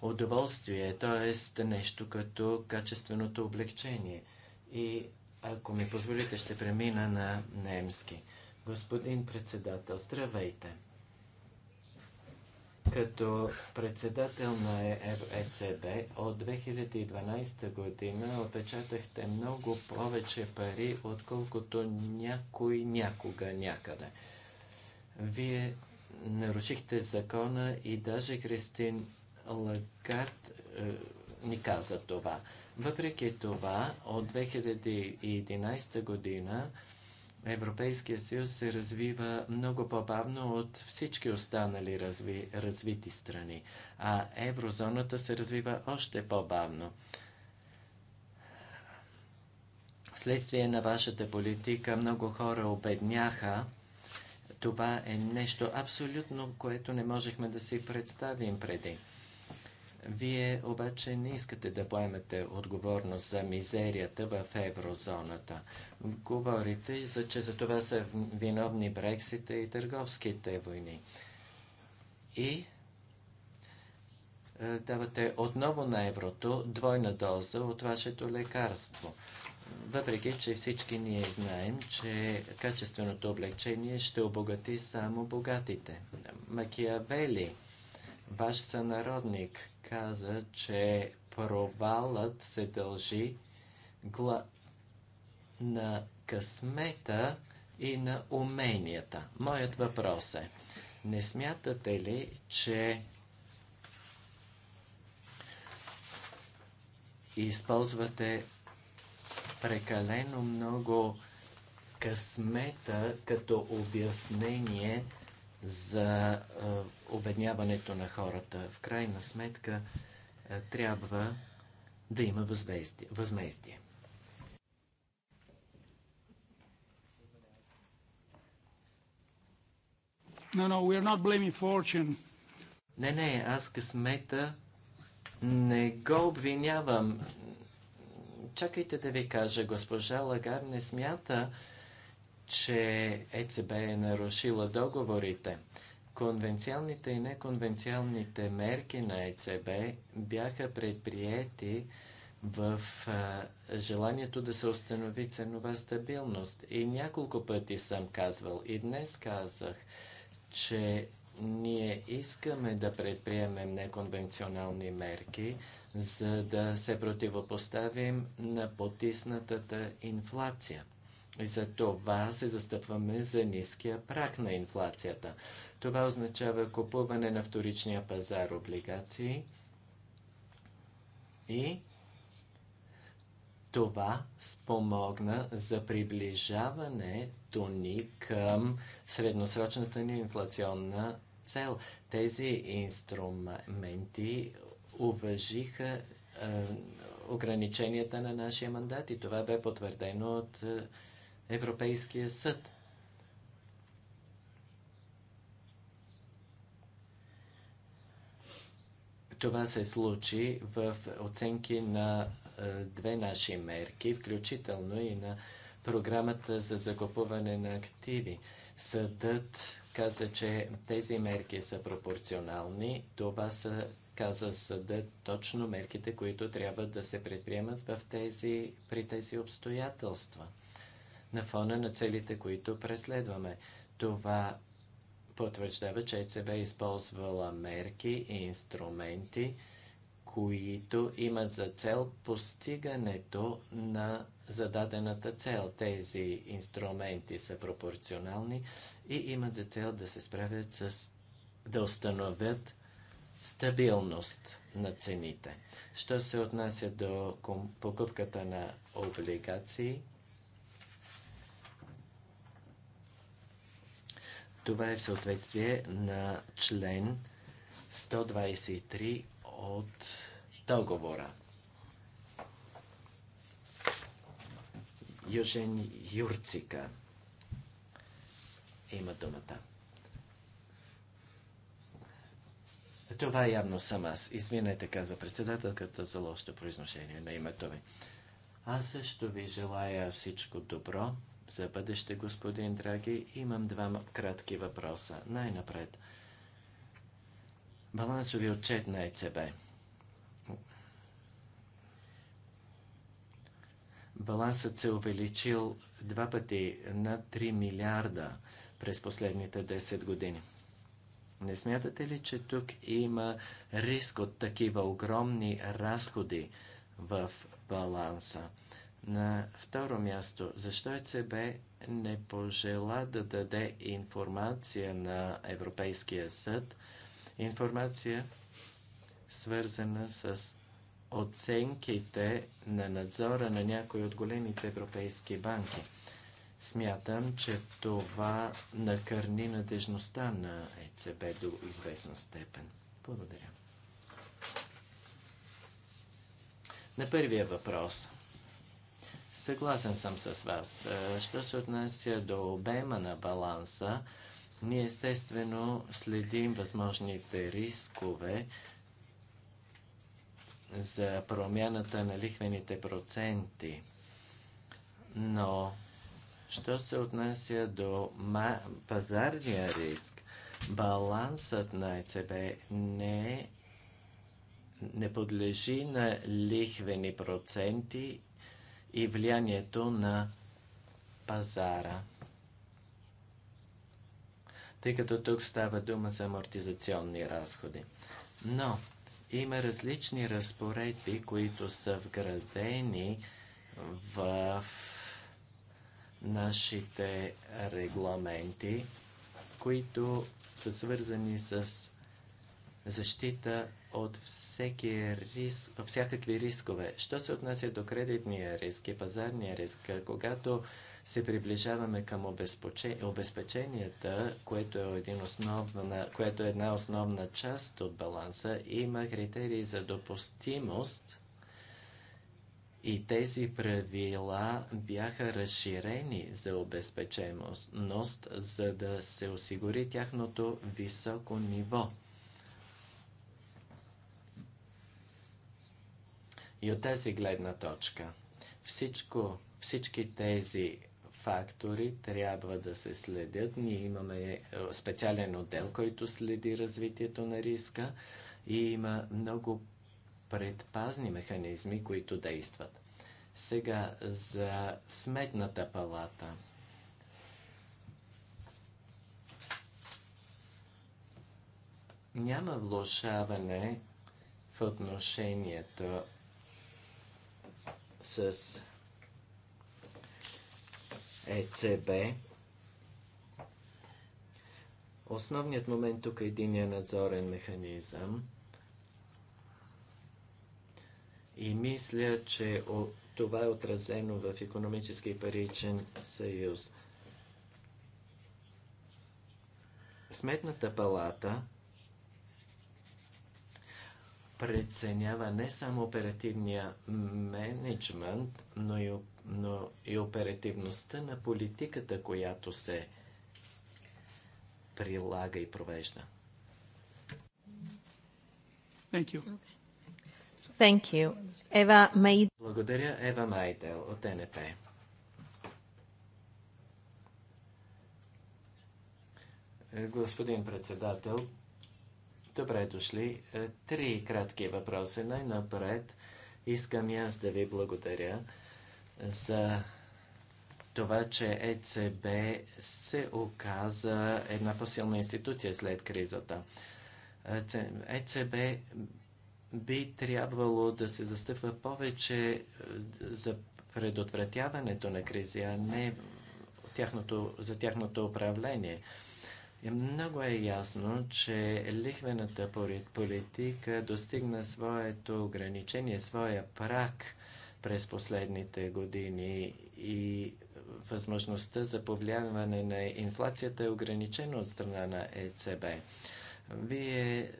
удоволствие, т.е. нещо като качественото облегчение. И ако ми позволите, ще премина на немски. Господин председател, здравейте! Като председател на ЕЦБ е от 2012 година отпечатахте много повече пари, отколкото някой някога някъде. Вие нарушихте закона и даже Кристин Лагард е, ни каза това. Въпреки това, от 2011 година Европейския съюз се развива много по-бавно от всички останали разви, развити страни, а еврозоната се развива още по-бавно. Вследствие на вашата политика много хора обедняха. Това е нещо абсолютно, което не можехме да си представим преди. Вие обаче не искате да поемете отговорност за мизерията в еврозоната. Говорите, че за това са виновни Брексите и търговските войни. И е, давате отново на еврото двойна доза от вашето лекарство. Въпреки, че всички ние знаем, че качественото облегчение ще обогати само богатите. Макиавели – ваш сънародник каза, че провалът се дължи гла... на късмета и на уменията. Моят въпрос е, не смятате ли, че използвате прекалено много късмета като обяснение за обедняването на хората. В крайна сметка е, трябва да има възмездие. No, no, we are not blaming fortune. Не, не, аз късмета не го обвинявам. Чакайте да ви кажа, госпожа Лагар не смята, че ЕЦБ е нарушила договорите конвенциалните и неконвенциалните мерки на ЕЦБ бяха предприяти в а, желанието да се установи ценова стабилност. И няколко пъти съм казвал, и днес казах, че ние искаме да предприемем неконвенционални мерки, за да се противопоставим на потиснатата инфлация. За това се застъпваме за ниския прак на инфлацията. Това означава купуване на вторичния пазар облигации и това спомогна за приближаването ни към средносрочната ни инфлационна цел. Тези инструменти уважиха е, ограниченията на нашия мандат и това бе потвърдено от е, Европейския съд. Това се случи в оценки на е, две наши мерки, включително и на програмата за закупуване на активи. Съдът каза, че тези мерки са пропорционални. Това са, каза съдът, точно мерките, които трябва да се предприемат в тези, при тези обстоятелства на фона на целите, които преследваме. Това потвърждава, че ЕЦБ е използвала мерки и инструменти, които имат за цел постигането на зададената цел. Тези инструменти са пропорционални и имат за цел да се справят с да установят стабилност на цените. Що се отнася до покупката на облигации, Това е в съответствие на член 123 от договора. Южен Юрцика има думата. Това явно съм аз. Извинете, казва председателката за лошото произношение на името ми. Аз също ви желая всичко добро за бъдеще, господин Драги. Имам два кратки въпроса. Най-напред. Балансови отчет на ЕЦБ. Балансът се увеличил два пъти на 3 милиарда през последните 10 години. Не смятате ли, че тук има риск от такива огромни разходи в баланса? На второ място, защо ЕЦБ не пожела да даде информация на Европейския съд, информация свързана с оценките на надзора на някои от големите европейски банки. Смятам, че това накърни надежността на ЕЦБ до известна степен. Благодаря. На първия въпрос – Съгласен съм с вас. Е, що се отнася до обема на баланса, ние естествено следим възможните рискове за промяната на лихвените проценти. Но, що се отнася до пазарния риск, балансът на ЕЦБ не, не подлежи на лихвени проценти и влиянието на пазара. Тъй като тук става дума за амортизационни разходи. Но има различни разпоредби, които са вградени в нашите регламенти, които са свързани с защита от всеки рис, всякакви рискове. Що се отнася до кредитния риск и пазарния риск, когато се приближаваме към обезпеченията, което е, един основна, което е една основна част от баланса, има критерии за допустимост и тези правила бяха разширени за обезпеченост, за да се осигури тяхното високо ниво – И от тази гледна точка всичко, всички тези фактори трябва да се следят. Ние имаме е, специален отдел, който следи развитието на риска и има много предпазни механизми, които действат. Сега за сметната палата. Няма влушаване в отношението с ЕЦБ. Основният момент тук е единия надзорен механизъм. И мисля, че това е отразено в економически паричен съюз. Сметната палата преценява не само оперативния менеджмент, но и, но и оперативността на политиката, която се прилага и провежда. Thank you. Thank you. Eva Благодаря, Ева Майдел от НП. Господин председател, Добре дошли. Е, три кратки въпроси. Най-напред искам и аз да ви благодаря за това, че ЕЦБ се оказа една по-силна институция след кризата. ЕЦБ е би трябвало да се застъпва повече е, за предотвратяването на кризи, а не тяхното, за тяхното управление. Е, много е ясно, че лихвената политика достигна своето ограничение, своя прак през последните години и възможността за повлияване на инфлацията е ограничена от страна на ЕЦБ. Вие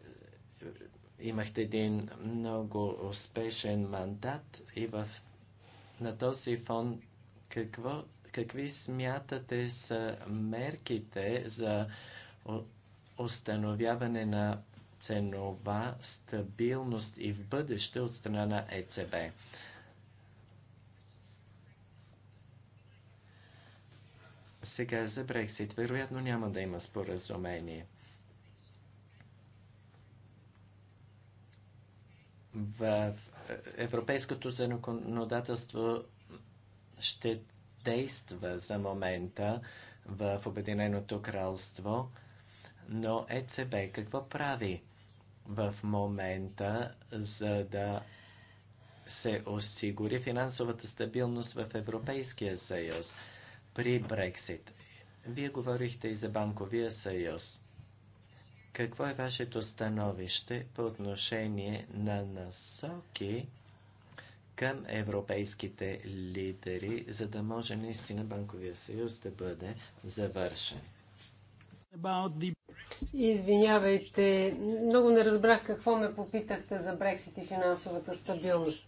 имахте един много успешен мандат и в, на този фон какво какви смятате са мерките за установяване на ценова стабилност и в бъдеще от страна на ЕЦБ? Сега за Брексит. Вероятно няма да има споразумение. В е, европейското законодателство ще действа за момента в Обединеното кралство, но ЕЦБ какво прави в момента, за да се осигури финансовата стабилност в Европейския съюз при Брексит? Вие говорихте и за банковия съюз. Какво е вашето становище по отношение на насоки, към европейските лидери, за да може наистина банковия съюз да бъде завършен. Извинявайте, много не разбрах какво ме попитахте за Брексит и финансовата стабилност.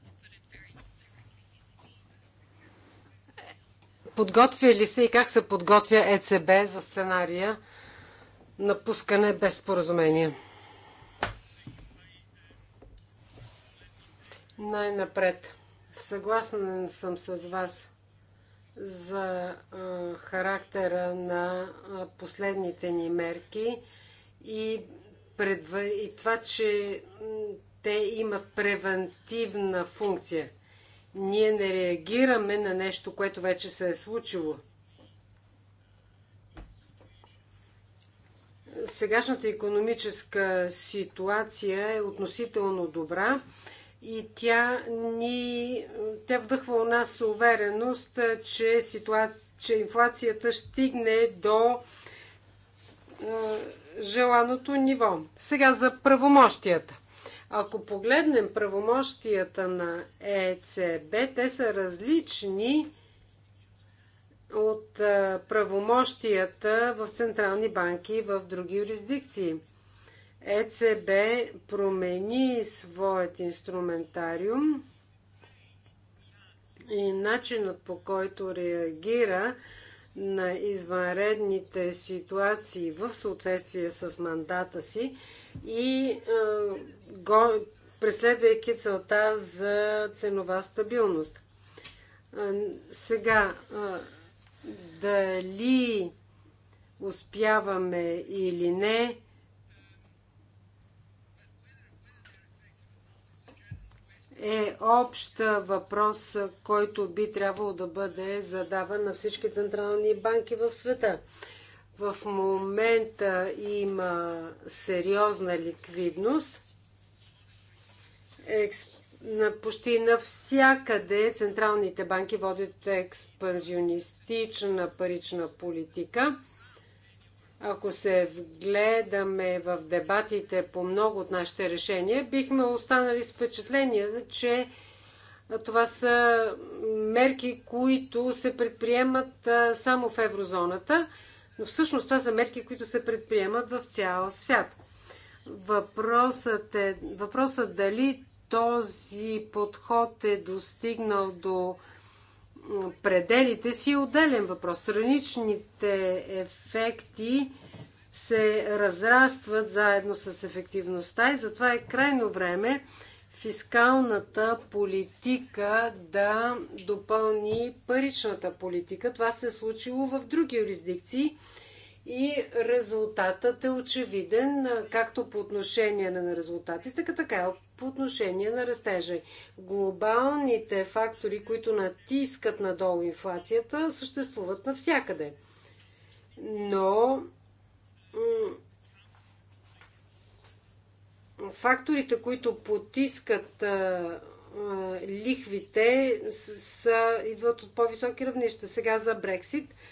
Подготвя ли се и как се подготвя ЕЦБ за сценария на пускане без споразумение? Най-напред. Съгласна съм с вас за характера на последните ни мерки и, предва... и това, че те имат превентивна функция. Ние не реагираме на нещо, което вече се е случило. Сегашната економическа ситуация е относително добра и тя ни, тя вдъхва у нас увереност, че, ситуация, че инфлацията стигне до е, желаното ниво. Сега за правомощията. Ако погледнем правомощията на ЕЦБ, те са различни от правомощията в централни банки и в други юрисдикции – ЕЦБ промени своят инструментариум и начинът по който реагира на извънредните ситуации в съответствие с мандата си и е, го, преследвайки целта за ценова стабилност. Е, сега, е, дали успяваме или не, е общ въпрос, който би трябвало да бъде задаван на всички централни банки в света. В момента има сериозна ликвидност. На почти навсякъде централните банки водят експанзионистична парична политика ако се вгледаме в дебатите по много от нашите решения, бихме останали с впечатление, че това са мерки, които се предприемат само в еврозоната, но всъщност това са мерки, които се предприемат в цял свят. Въпросът е въпросът дали този подход е достигнал до пределите си е отделен въпрос. Страничните ефекти се разрастват заедно с ефективността и затова е крайно време фискалната политика да допълни паричната политика. Това се е случило в други юрисдикции и резултатът е очевиден, както по отношение на резултатите, така и е, по отношение на растежа. Глобалните фактори, които натискат надолу инфлацията, съществуват навсякъде. Но факторите, които потискат лихвите, са, идват от по-високи равнища. Сега за Брексит –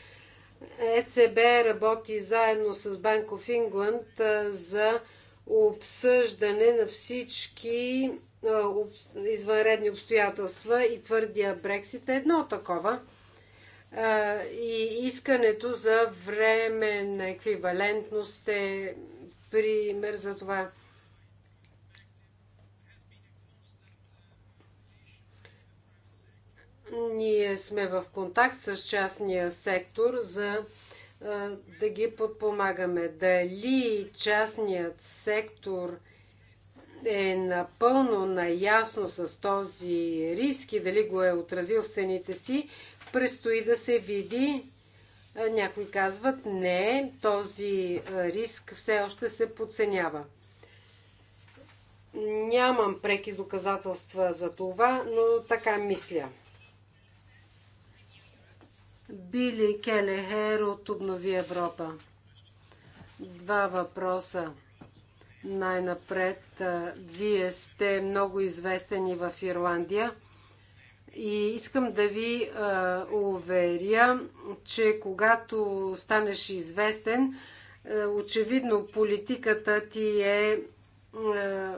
ЕЦБ работи заедно с Bank of England за обсъждане на всички извънредни обстоятелства и твърдия Брексит е едно такова. И искането за време на еквивалентност е пример за това. Ние сме в контакт с частния сектор за да ги подпомагаме. Дали частният сектор е напълно наясно с този риск и дали го е отразил в цените си, предстои да се види. Някои казват не, този риск все още се подценява. Нямам преки доказателства за това, но така мисля. Били Келехер от Обнови Европа. Два въпроса. Най-напред, вие сте много известени в Ирландия и искам да ви а, уверя, че когато станеш известен, а, очевидно политиката ти е а,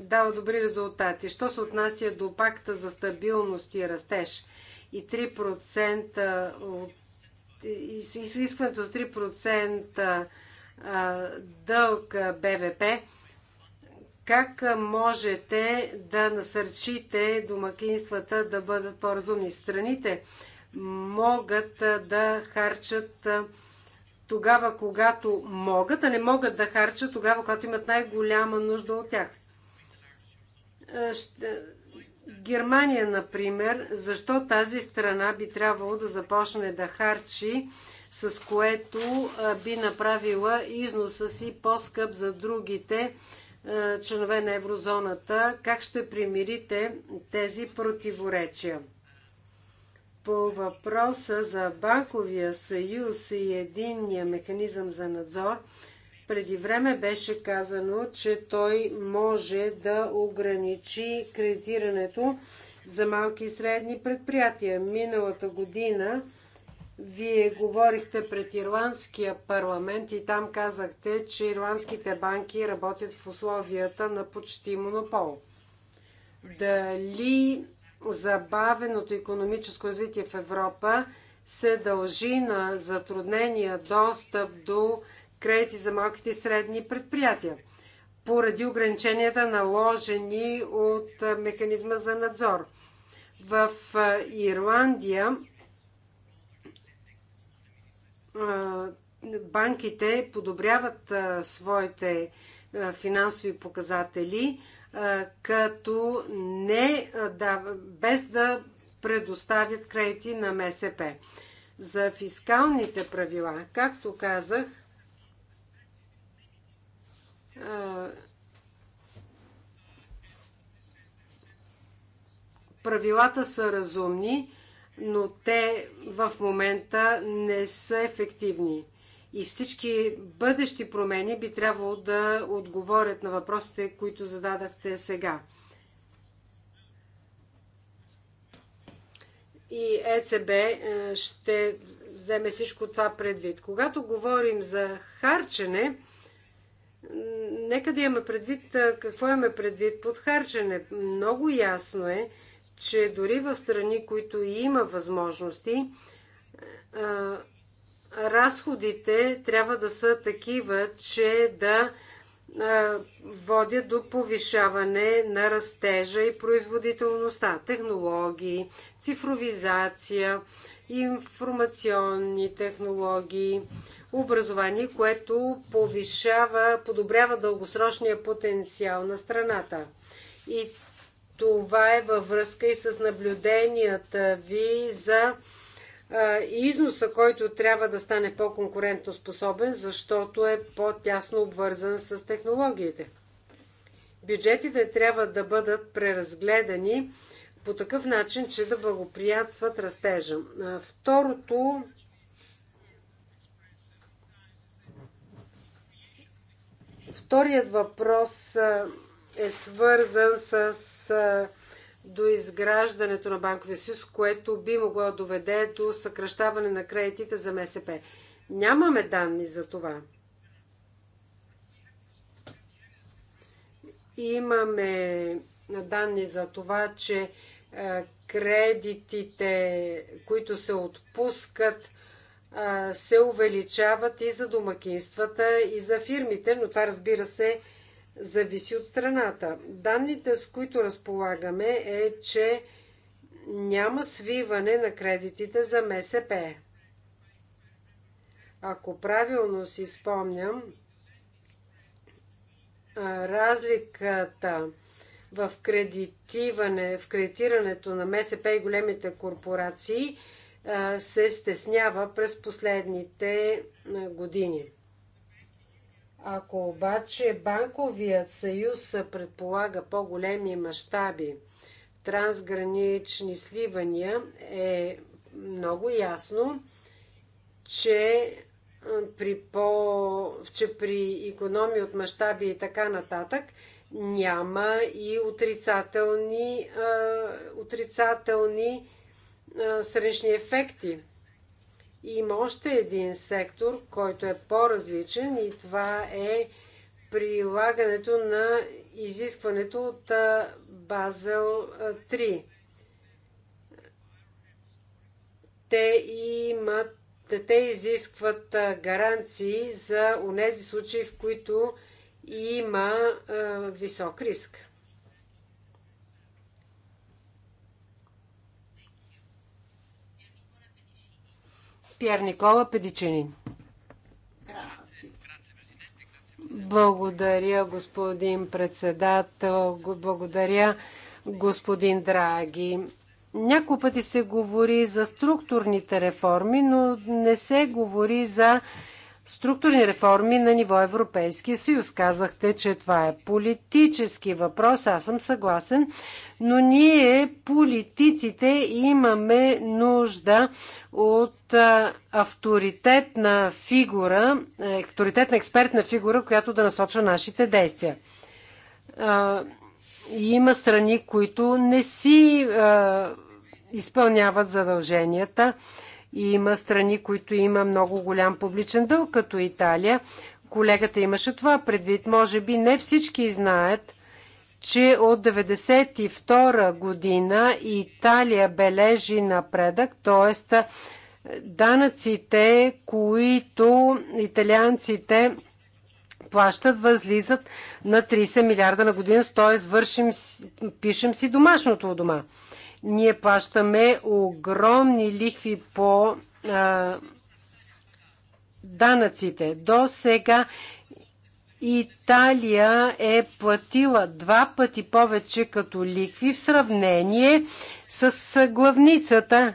дала добри резултати. Що се отнася до пакта за стабилност и растеж? и 3% от изискването с 3% дълг БВП, как можете да насърчите домакинствата да бъдат по-разумни? Страните могат да харчат тогава, когато могат, а не могат да харчат тогава, когато имат най-голяма нужда от тях. Германия, например, защо тази страна би трябвало да започне да харчи, с което би направила износа си по-скъп за другите членове на еврозоната. Как ще примирите тези противоречия? По въпроса за банковия съюз и единния механизъм за надзор – преди време беше казано, че той може да ограничи кредитирането за малки и средни предприятия. Миналата година вие говорихте пред Ирландския парламент и там казахте, че ирландските банки работят в условията на почти монопол. Дали забавеното економическо развитие в Европа се дължи на затруднения достъп до кредити за малките и средни предприятия поради ограниченията наложени от механизма за надзор. В Ирландия банките подобряват своите финансови показатели, като не, да, без да предоставят кредити на МСП. За фискалните правила, както казах, Правилата са разумни, но те в момента не са ефективни. И всички бъдещи промени би трябвало да отговорят на въпросите, които зададахте сега. и ЕЦБ е, ще вземе всичко това предвид. Когато говорим за харчене, нека да имаме предвид какво имаме предвид под харчене. Много ясно е, че дори в страни, които има възможности, разходите трябва да са такива, че да водят до повишаване на растежа и производителността. Технологии, цифровизация, информационни технологии, образование, което повишава, подобрява дългосрочния потенциал на страната. И това е във връзка и с наблюденията ви за а, износа, който трябва да стане по-конкурентоспособен, защото е по-тясно обвързан с технологиите. Бюджетите трябва да бъдат преразгледани по такъв начин, че да благоприятстват растежа. Второто Вторият въпрос е свързан с доизграждането на банковия съюз, което би могло да доведе до съкръщаване на кредитите за МСП. Нямаме данни за това. Имаме данни за това, че кредитите, които се отпускат, се увеличават и за домакинствата, и за фирмите, но това разбира се зависи от страната. Данните, с които разполагаме, е, че няма свиване на кредитите за МСП. Ако правилно си спомням, разликата в, кредитиране, в кредитирането на МСП и големите корпорации – се стеснява през последните години. Ако обаче банковият съюз предполага по-големи мащаби, трансгранични сливания, е много ясно, че при, по, че при економи от мащаби и така нататък няма и отрицателни, а, отрицателни странични ефекти. Има още един сектор, който е по-различен и това е прилагането на изискването от Базел 3. Те имат те изискват гаранции за унези случаи, в които има висок риск. Пьер Никола Педичини. Благодаря, господин председател. Благодаря, господин Драги. Няколко пъти се говори за структурните реформи, но не се говори за структурни реформи на ниво Европейския съюз. Казахте, че това е политически въпрос, аз съм съгласен, но ние, политиците, имаме нужда от авторитетна фигура, е, авторитетна експертна фигура, която да насочва нашите действия. Има страни, които не си изпълняват задълженията. И има страни, които има много голям публичен дълг, като Италия. Колегата имаше това предвид. Може би не всички знаят, че от 1992 година Италия бележи напредък, т.е. данъците, които италианците плащат, възлизат на 30 милиарда на година, т.е. вършим, пишем си домашното у дома. Ние плащаме огромни лихви по а, данъците. До сега Италия е платила два пъти повече като лихви в сравнение с главницата.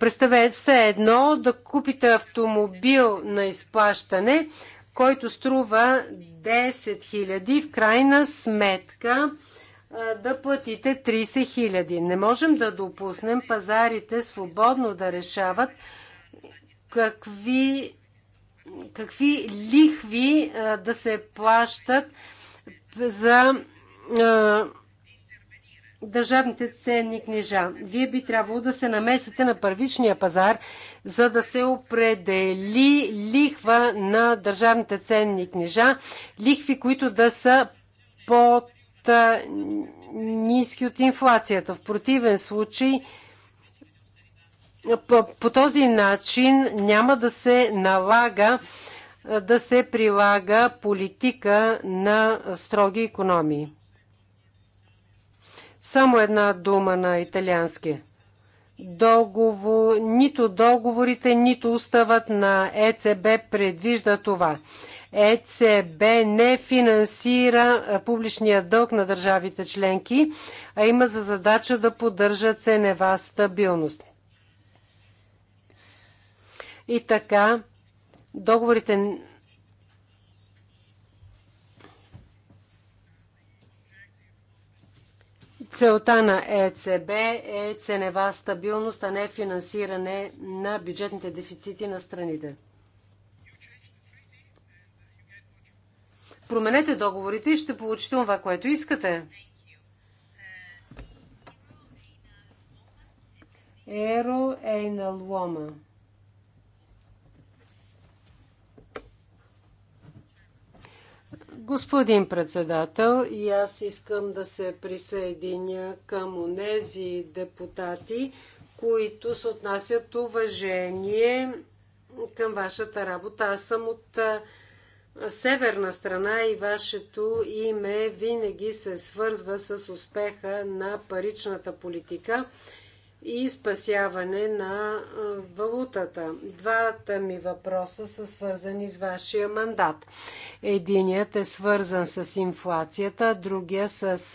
Представете все едно да купите автомобил на изплащане, който струва 10 000 в крайна сметка да платите 30 хиляди. Не можем да допуснем пазарите свободно да решават какви, какви лихви да се плащат за държавните ценни книжа. Вие би трябвало да се намесите на първичния пазар, за да се определи лихва на държавните ценни книжа, лихви, които да са под ниски от инфлацията. В противен случай по, по този начин няма да се налага да се прилага политика на строги економии. Само една дума на италиански. Договор, нито договорите, нито уставът на ЕЦБ предвижда това. ЕЦБ не финансира публичния дълг на държавите членки, а има за задача да поддържа ценева стабилност. И така, договорите Целта на ЕЦБ е ценева стабилност, а не финансиране на бюджетните дефицити на страните. променете договорите и ще получите това, което искате. Еро Ейнал Лома. Господин председател, и аз искам да се присъединя към онези депутати, които се отнасят уважение към вашата работа. Аз съм от северна страна и вашето име винаги се свързва с успеха на паричната политика и спасяване на валутата. Двата ми въпроса са свързани с вашия мандат. Единият е свързан с инфлацията, другия с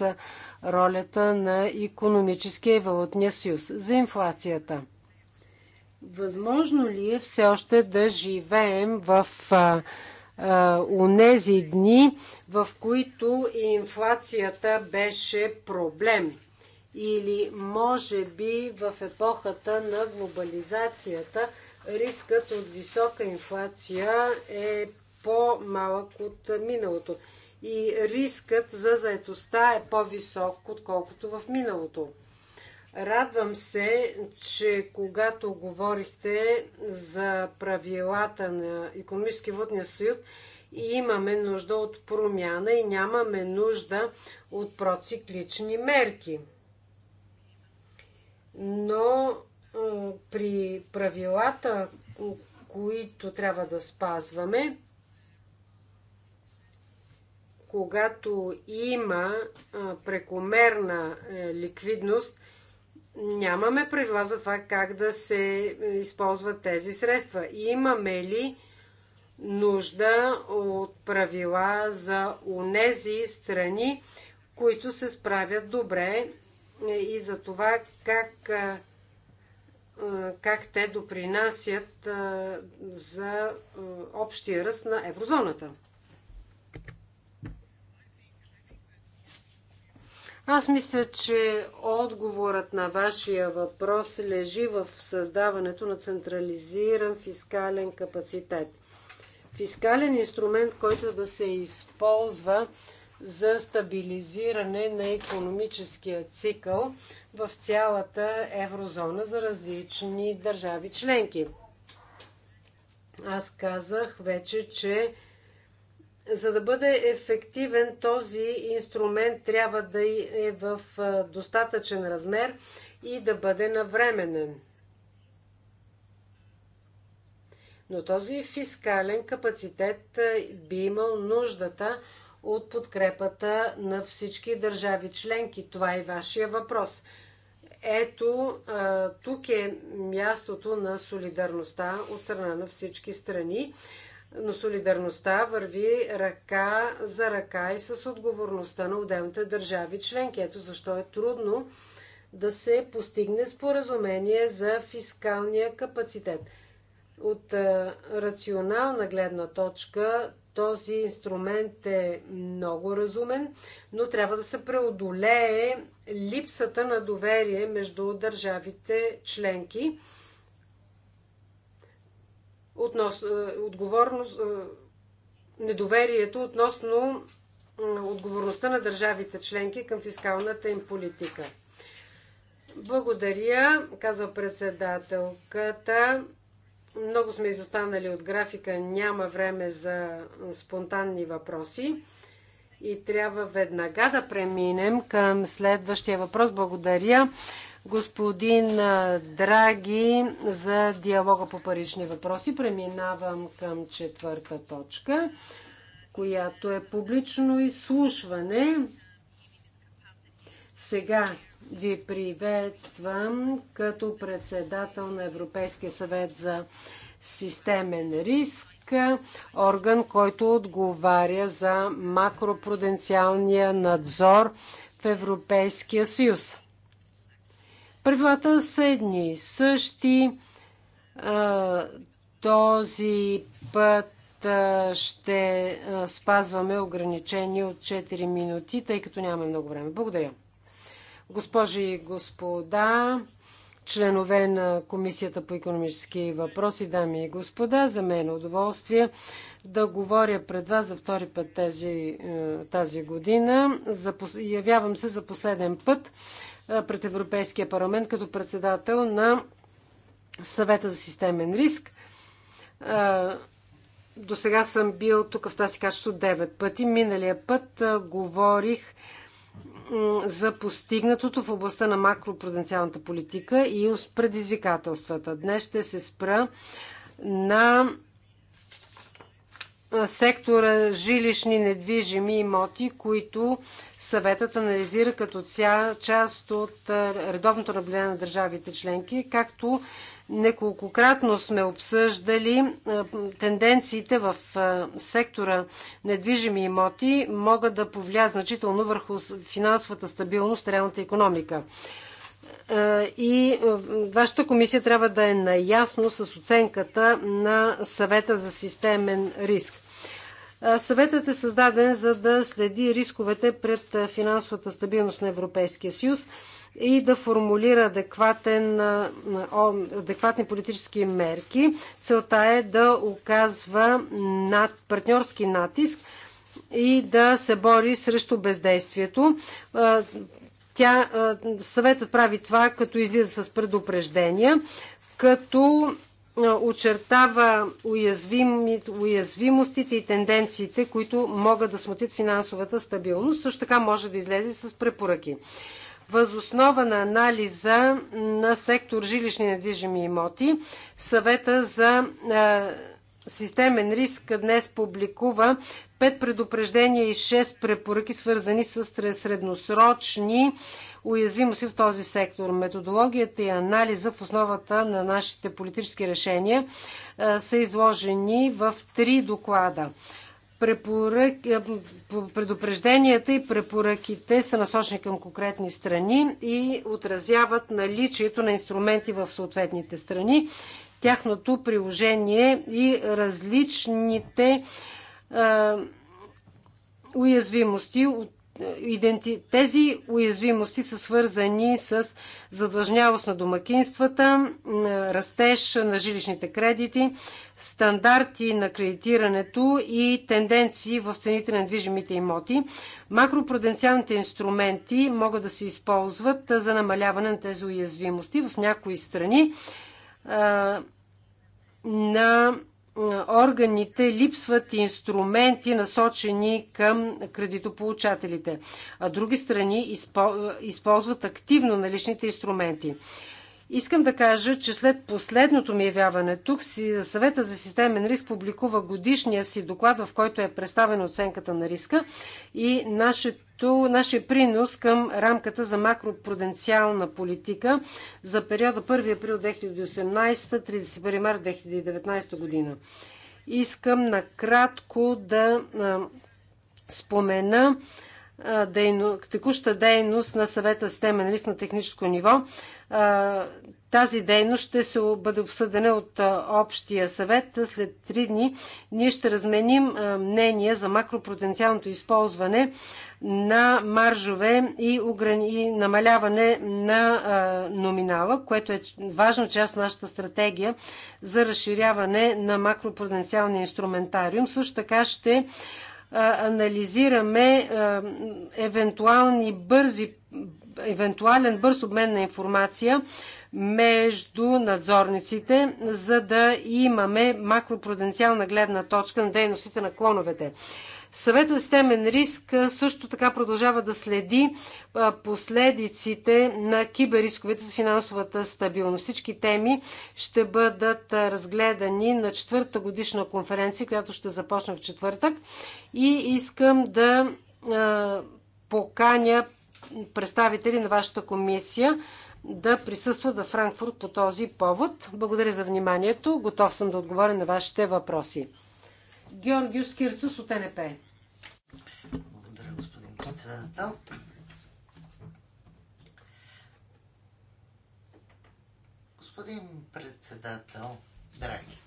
ролята на економическия и валутния съюз. За инфлацията. Възможно ли е все още да живеем в унези дни, в които инфлацията беше проблем. Или може би в епохата на глобализацията рискът от висока инфлация е по-малък от миналото. И рискът за заетостта е по-висок, отколкото в миналото. Радвам се, че когато говорихте за правилата на економически водния съюз, имаме нужда от промяна и нямаме нужда от проциклични мерки. Но при правилата, които трябва да спазваме, когато има прекомерна е, ликвидност, нямаме правила за това как да се е, използват тези средства. Имаме ли нужда от правила за унези страни, които се справят добре е, и за това как, е, как те допринасят за общия ръст на еврозоната? Аз мисля, че отговорът на вашия въпрос лежи в създаването на централизиран фискален капацитет. Фискален инструмент, който да се използва за стабилизиране на економическия цикъл в цялата еврозона за различни държави членки. Аз казах вече, че за да бъде ефективен този инструмент трябва да е в достатъчен размер и да бъде навременен. Но този фискален капацитет би имал нуждата от подкрепата на всички държави членки. Това е вашия въпрос. Ето, тук е мястото на солидарността от страна на всички страни но солидарността върви ръка за ръка и с отговорността на отделните държави членки. Ето защо е трудно да се постигне споразумение за фискалния капацитет. От е, рационална гледна точка този инструмент е много разумен, но трябва да се преодолее липсата на доверие между държавите членки относно, е, отговорност, е, недоверието относно е, отговорността на държавите членки към фискалната им политика. Благодаря, казва председателката. Много сме изостанали от графика, няма време за спонтанни въпроси и трябва веднага да преминем към следващия въпрос. Благодаря господин Драги за диалога по парични въпроси. Преминавам към четвърта точка, която е публично изслушване. Сега ви приветствам като председател на Европейския съвет за системен риск, орган, който отговаря за макропруденциалния надзор в Европейския съюз. Правилата са едни и същи. Този път ще спазваме ограничение от 4 минути, тъй като нямаме много време. Благодаря. Госпожи и господа, членове на Комисията по економически въпроси, дами и господа, за мен е удоволствие да говоря пред вас за втори път тази, е, тази година. Явявам се за последен път пред Европейския парламент като председател на съвета за системен риск. До сега съм бил тук в тази качество 9 пъти. Миналия път говорих за постигнатото в областта на макропруденциалната политика и предизвикателствата. Днес ще се спра на сектора жилищни недвижими имоти, които съветът анализира като ця, част от редовното наблюдение на държавите членки, както неколкократно сме обсъждали тенденциите в сектора недвижими имоти могат да повлияят значително върху финансовата стабилност, и реалната економика. Е, и е, вашата комисия трябва да е наясно с оценката на съвета за системен риск. Е, съветът е създаден за да следи рисковете пред финансовата стабилност на Европейския съюз и да формулира адекватен, адекватни политически мерки. Целта е да оказва над, партньорски натиск и да се бори срещу бездействието. Тя, е, съветът прави това, като излиза с предупреждения, като е, очертава уязвимостите и тенденциите, които могат да смутят финансовата стабилност. Също така може да излезе с препоръки. Възоснова на анализа на сектор жилищни недвижими имоти, съвета за е, системен риск днес публикува 5 предупреждения и 6 препоръки, свързани с средносрочни уязвимости в този сектор. Методологията и анализа в основата на нашите политически решения са изложени в три доклада. Препорък... Е, предупрежденията и препоръките са насочени към конкретни страни и отразяват наличието на инструменти в съответните страни тяхното приложение и различните а, уязвимости. Тези уязвимости са свързани с задлъжнявост на домакинствата, растеж на жилищните кредити, стандарти на кредитирането и тенденции в цените на движимите имоти. Макропруденциалните инструменти могат да се използват за намаляване на тези уязвимости. В някои страни на органите липсват инструменти насочени към кредитополучателите, а други страни използват активно наличните инструменти. Искам да кажа, че след последното ми явяване тук, съвета за системен риск публикува годишния си доклад, в който е представена оценката на риска и нашето също нашия принос към рамката за макропруденциална политика за периода 1 април 2018-31 март 2019 година. Искам накратко да спомена дейно, текуща дейност на съвета с темен на техническо ниво. Тази дейност ще се бъде обсъдена от Общия съвет. След три дни ние ще разменим мнение за макропотенциалното използване на маржове и, ограни... и намаляване на номинала, което е важна част от нашата стратегия за разширяване на макропотенциалния инструментариум. Също така ще анализираме евентуални бързи евентуален бърз обмен на информация между надзорниците, за да имаме макропруденциална гледна точка на дейностите на клоновете. Съветът системен риск също така продължава да следи последиците на киберрисковете с финансовата стабилност. Всички теми ще бъдат разгледани на четвърта годишна конференция, която ще започне в четвъртък. И искам да поканя представители на вашата комисия да присъстват във Франкфурт по този повод. Благодаря за вниманието. Готов съм да отговоря на вашите въпроси. Георгиус Кирцус от НП. Благодаря, господин председател. Господин председател, драги,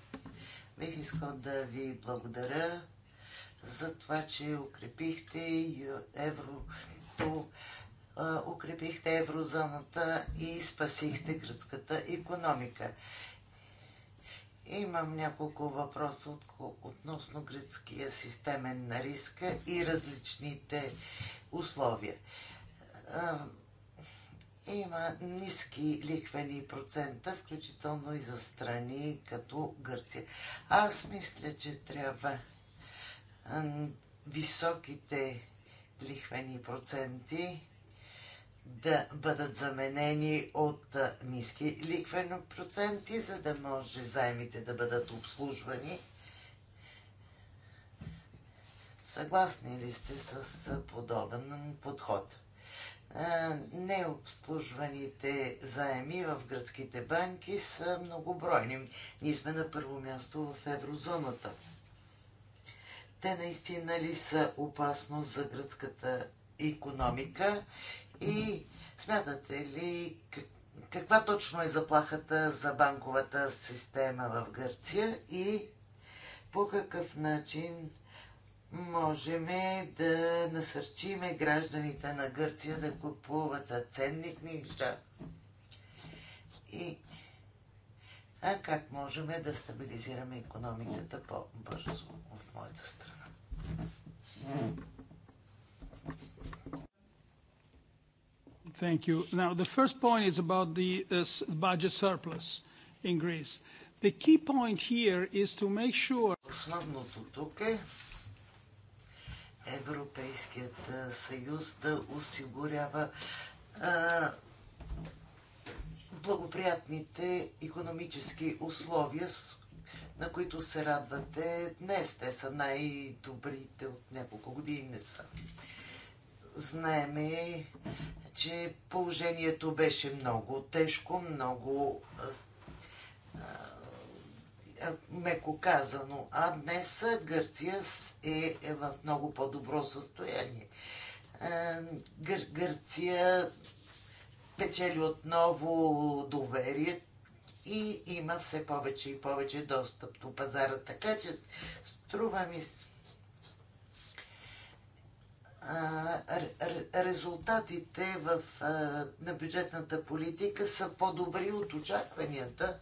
бих искал да ви благодаря за това, че укрепихте еврото укрепихте еврозоната и спасихте гръцката економика. Имам няколко въпроса относно гръцкия системен на риска и различните условия. Има ниски лихвени процента, включително и за страни като Гърция. Аз мисля, че трябва високите лихвени проценти да бъдат заменени от ниски ликвени проценти, за да може заемите да бъдат обслужвани. Съгласни ли сте с подобен подход? Необслужваните заеми в гръцките банки са многобройни. Ние сме на първо място в еврозоната. Те наистина ли са опасност за гръцката економика и смятате ли каква точно е заплахата за банковата система в Гърция и по какъв начин можем да насърчиме гражданите на Гърция да купуват ценни книжа? И а как можем да стабилизираме економиката по-бързо в моята страна? Thank you. Now, the first point is about the uh, budget surplus in Greece. The key point here is to make sure... Основното тук е Европейският съюз да осигурява благоприятните економически условия, на които се радвате днес. Те са най-добрите от няколко години не са знаеме, че положението беше много тежко, много меко казано. А днес Гърция е, е в много по-добро състояние. Гър, Гърция печели отново доверие и има все повече и повече достъп до пазара. Така че струва ми се резултатите в, на бюджетната политика са по-добри от очакванията.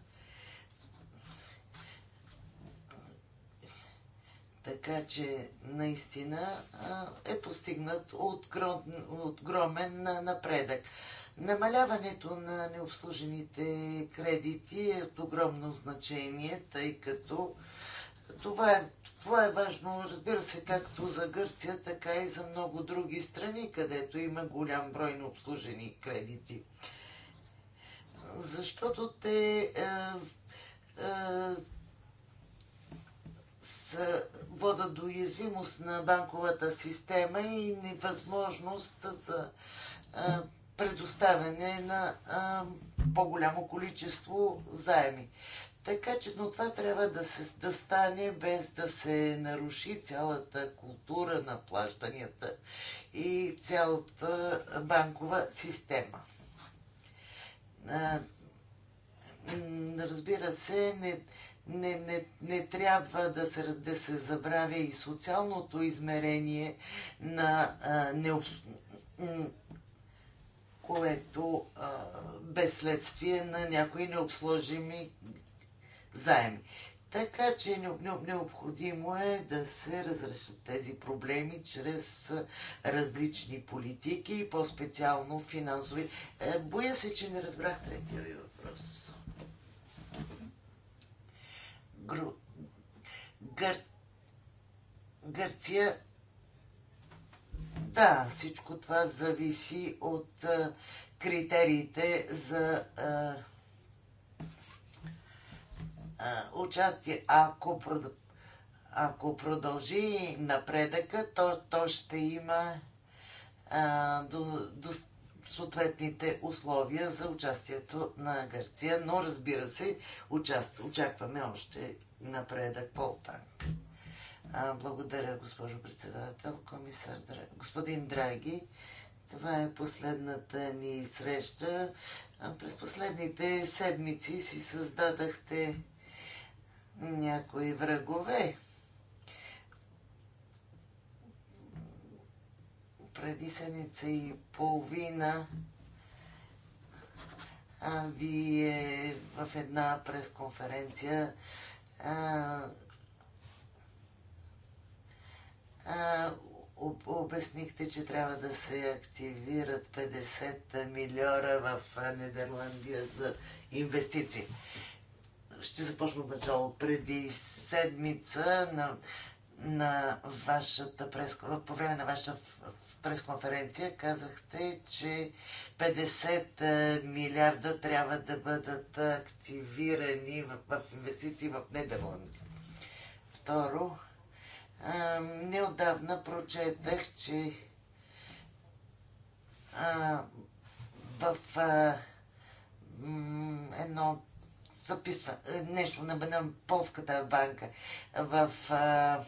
Така че наистина е постигнат огромен напредък. Намаляването на необслужените кредити е от огромно значение, тъй като това е, това е важно, разбира се, както за Гърция, така и за много други страни, където има голям брой на обслужени кредити. Защото те е, е, са, водят до уязвимост на банковата система и невъзможност за е, предоставяне на е, по-голямо количество заеми. Така че, но това трябва да, се, да стане без да се наруши цялата култура на плащанията и цялата банкова система. Разбира се, не, не, не, не трябва да се, да се забравя и социалното измерение на а, което а, без следствие на някои необслужими заеми. Така че необходимо е да се разрешат тези проблеми чрез различни политики и по-специално финансови. Е, боя се, че не разбрах третия ви въпрос. Гру... Гър... Гърция. Да, всичко това зависи от критериите за участие. Ако, ако продължи напредъка, то, то ще има а, до, до съответните условия за участието на Гърция, но разбира се, участ... очакваме още напредък по-танк. Благодаря, госпожо председател, комисар Господин Драги, това е последната ни среща. През последните седмици си създадахте някои врагове. Преди седмица и половина а, вие в една пресконференция а, а, обяснихте, че трябва да се активират 50 милиора в Нидерландия за инвестиции ще започна от начало. Преди седмица на, на вашата прес, по време на вашата пресконференция казахте, че 50 е, милиарда трябва да бъдат активирани в, в инвестиции в Нидерландия. Второ, а, е, неодавна прочетах, че а, е, в а, едно записва е, нещо на, на Полската банка в а,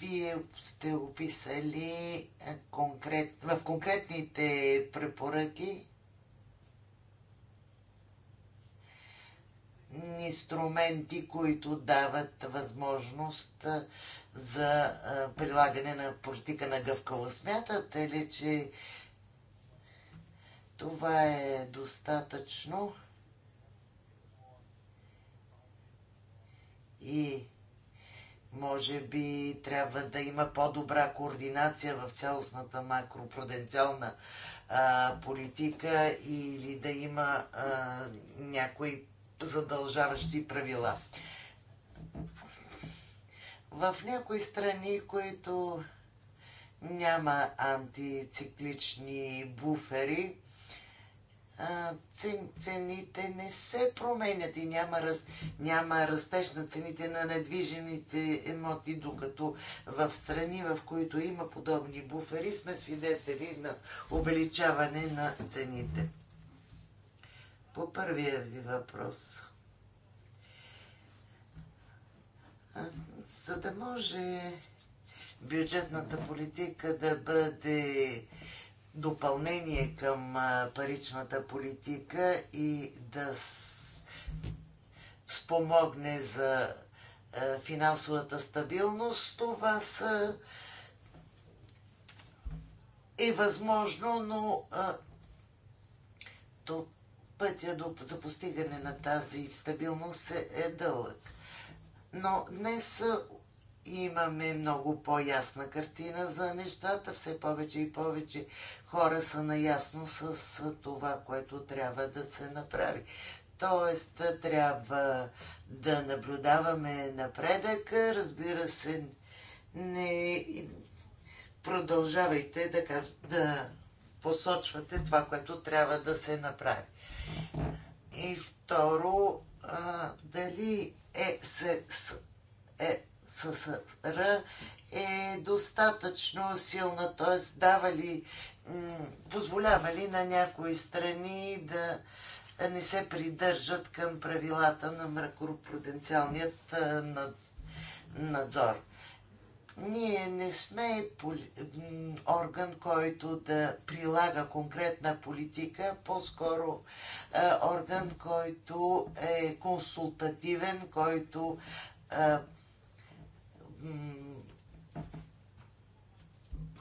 вие сте описали е, конкрет, в конкретните препоръки инструменти, които дават възможност е, за прилагане на политика на гъвкаво. Смятате ли, че това е достатъчно. И може би трябва да има по-добра координация в цялостната макропруденциална а, политика или да има а, някои задължаващи правила. В някои страни, които няма антициклични буфери, цените не се променят и няма, раз, няма растеж на цените на недвижимите емоти, докато в страни, в които има подобни буфери, сме свидетели на увеличаване на цените. По първия ви въпрос. За да може бюджетната политика да бъде допълнение към паричната политика и да спомогне за финансовата стабилност. Това са е възможно, но то пътя до, за постигане на тази стабилност е, е дълъг. Но днес имаме много по-ясна картина за нещата. Все повече и повече хора са наясно с това, което трябва да се направи. Тоест, трябва да наблюдаваме напредък. Разбира се, не продължавайте да, каз... да посочвате това, което трябва да се направи. И второ, а, дали е, се, е Р е достатъчно силна, т.е. дава ли, позволява ли на някои страни да не се придържат към правилата на макропруденциалният надзор. Ние не сме орган, който да прилага конкретна политика, по-скоро орган, който е консултативен, който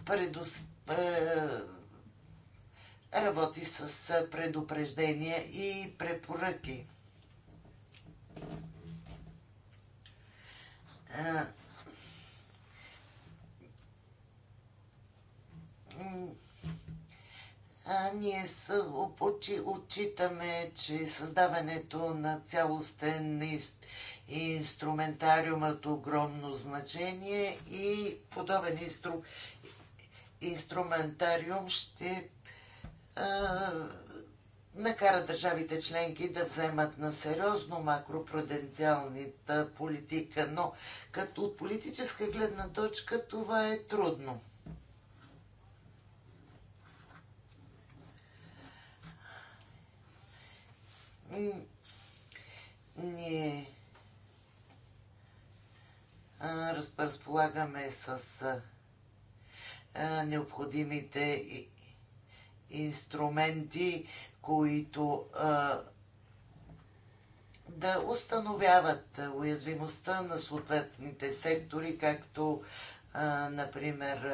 предоставя е, работи с предупреждения и препоръки. Е, а, ние отчитаме, че създаването на цялостен инструментариумът огромно значение и подобен инстру... инструментариум ще а, накара държавите членки да вземат на сериозно макропруденциалната политика, но като от политическа гледна точка това е трудно. Ние разполагаме с необходимите инструменти, които да установяват уязвимостта на съответните сектори, както, например,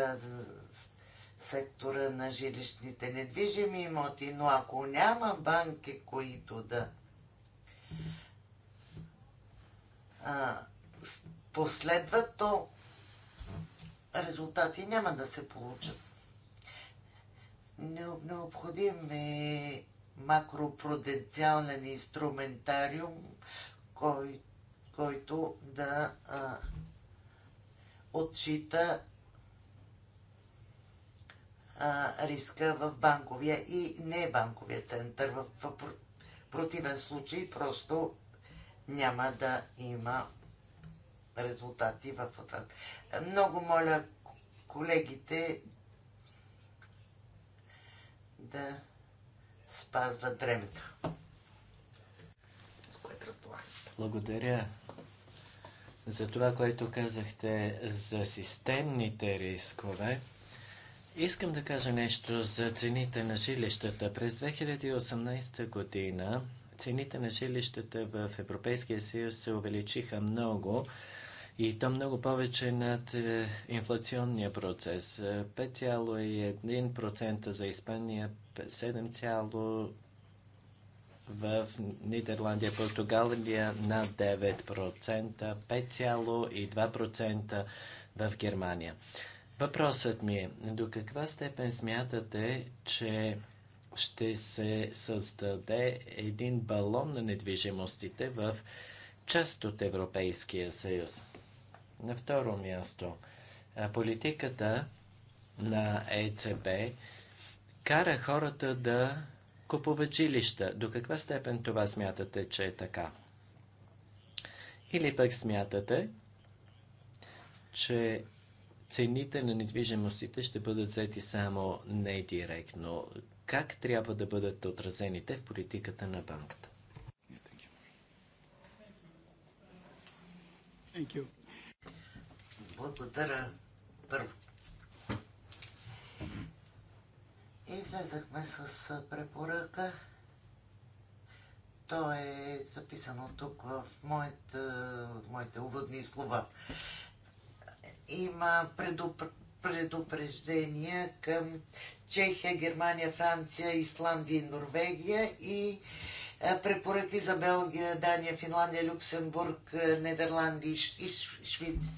сектора на жилищните недвижими имоти, но ако няма банки, които да последват, то резултати няма да се получат. Необходим е макропруденциален инструментариум, кой, който да а, отчита а, риска в банковия и не банковия център. В, в противен случай просто няма да има резултати в отрасъл. Много моля колегите да спазват времето, с което разполагам. Благодаря за това, което казахте за системните рискове. Искам да кажа нещо за цените на жилищата. През 2018 година цените на жилищата в Европейския съюз се увеличиха много и то много повече над е, инфлационния процес. 5,1% е, за Испания, 7, в Нидерландия, Португалия на 9%, 5,2% в Германия. Въпросът ми е, до каква степен смятате, че ще се създаде един балон на недвижимостите в част от Европейския съюз? На второ място, политиката на ЕЦБ кара хората да купуват жилища. До каква степен това смятате, че е така? Или пък смятате, че цените на недвижимостите ще бъдат взети само не директно. Как трябва да бъдат отразените в политиката на банката? Thank you благодаря първо. Излезахме с препоръка. То е записано тук в моите, моите уводни слова. Има предупреждения към Чехия, Германия, Франция, Исландия и Норвегия и е, препоръки за Белгия, Дания, Финландия, Люксембург, е, Нидерланди и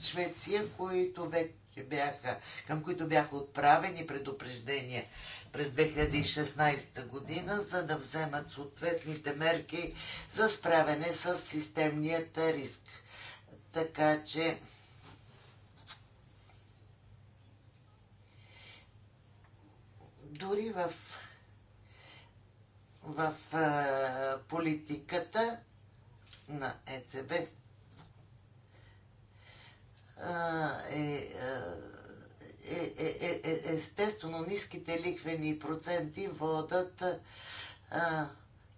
Швеция, които вече бяха, към които бяха отправени предупреждения през 2016 година, за да вземат съответните мерки за справяне с системният риск. Така че дори в в политиката на ЕЦБ е, е, е, е, естествено ниските ликвени проценти водат а,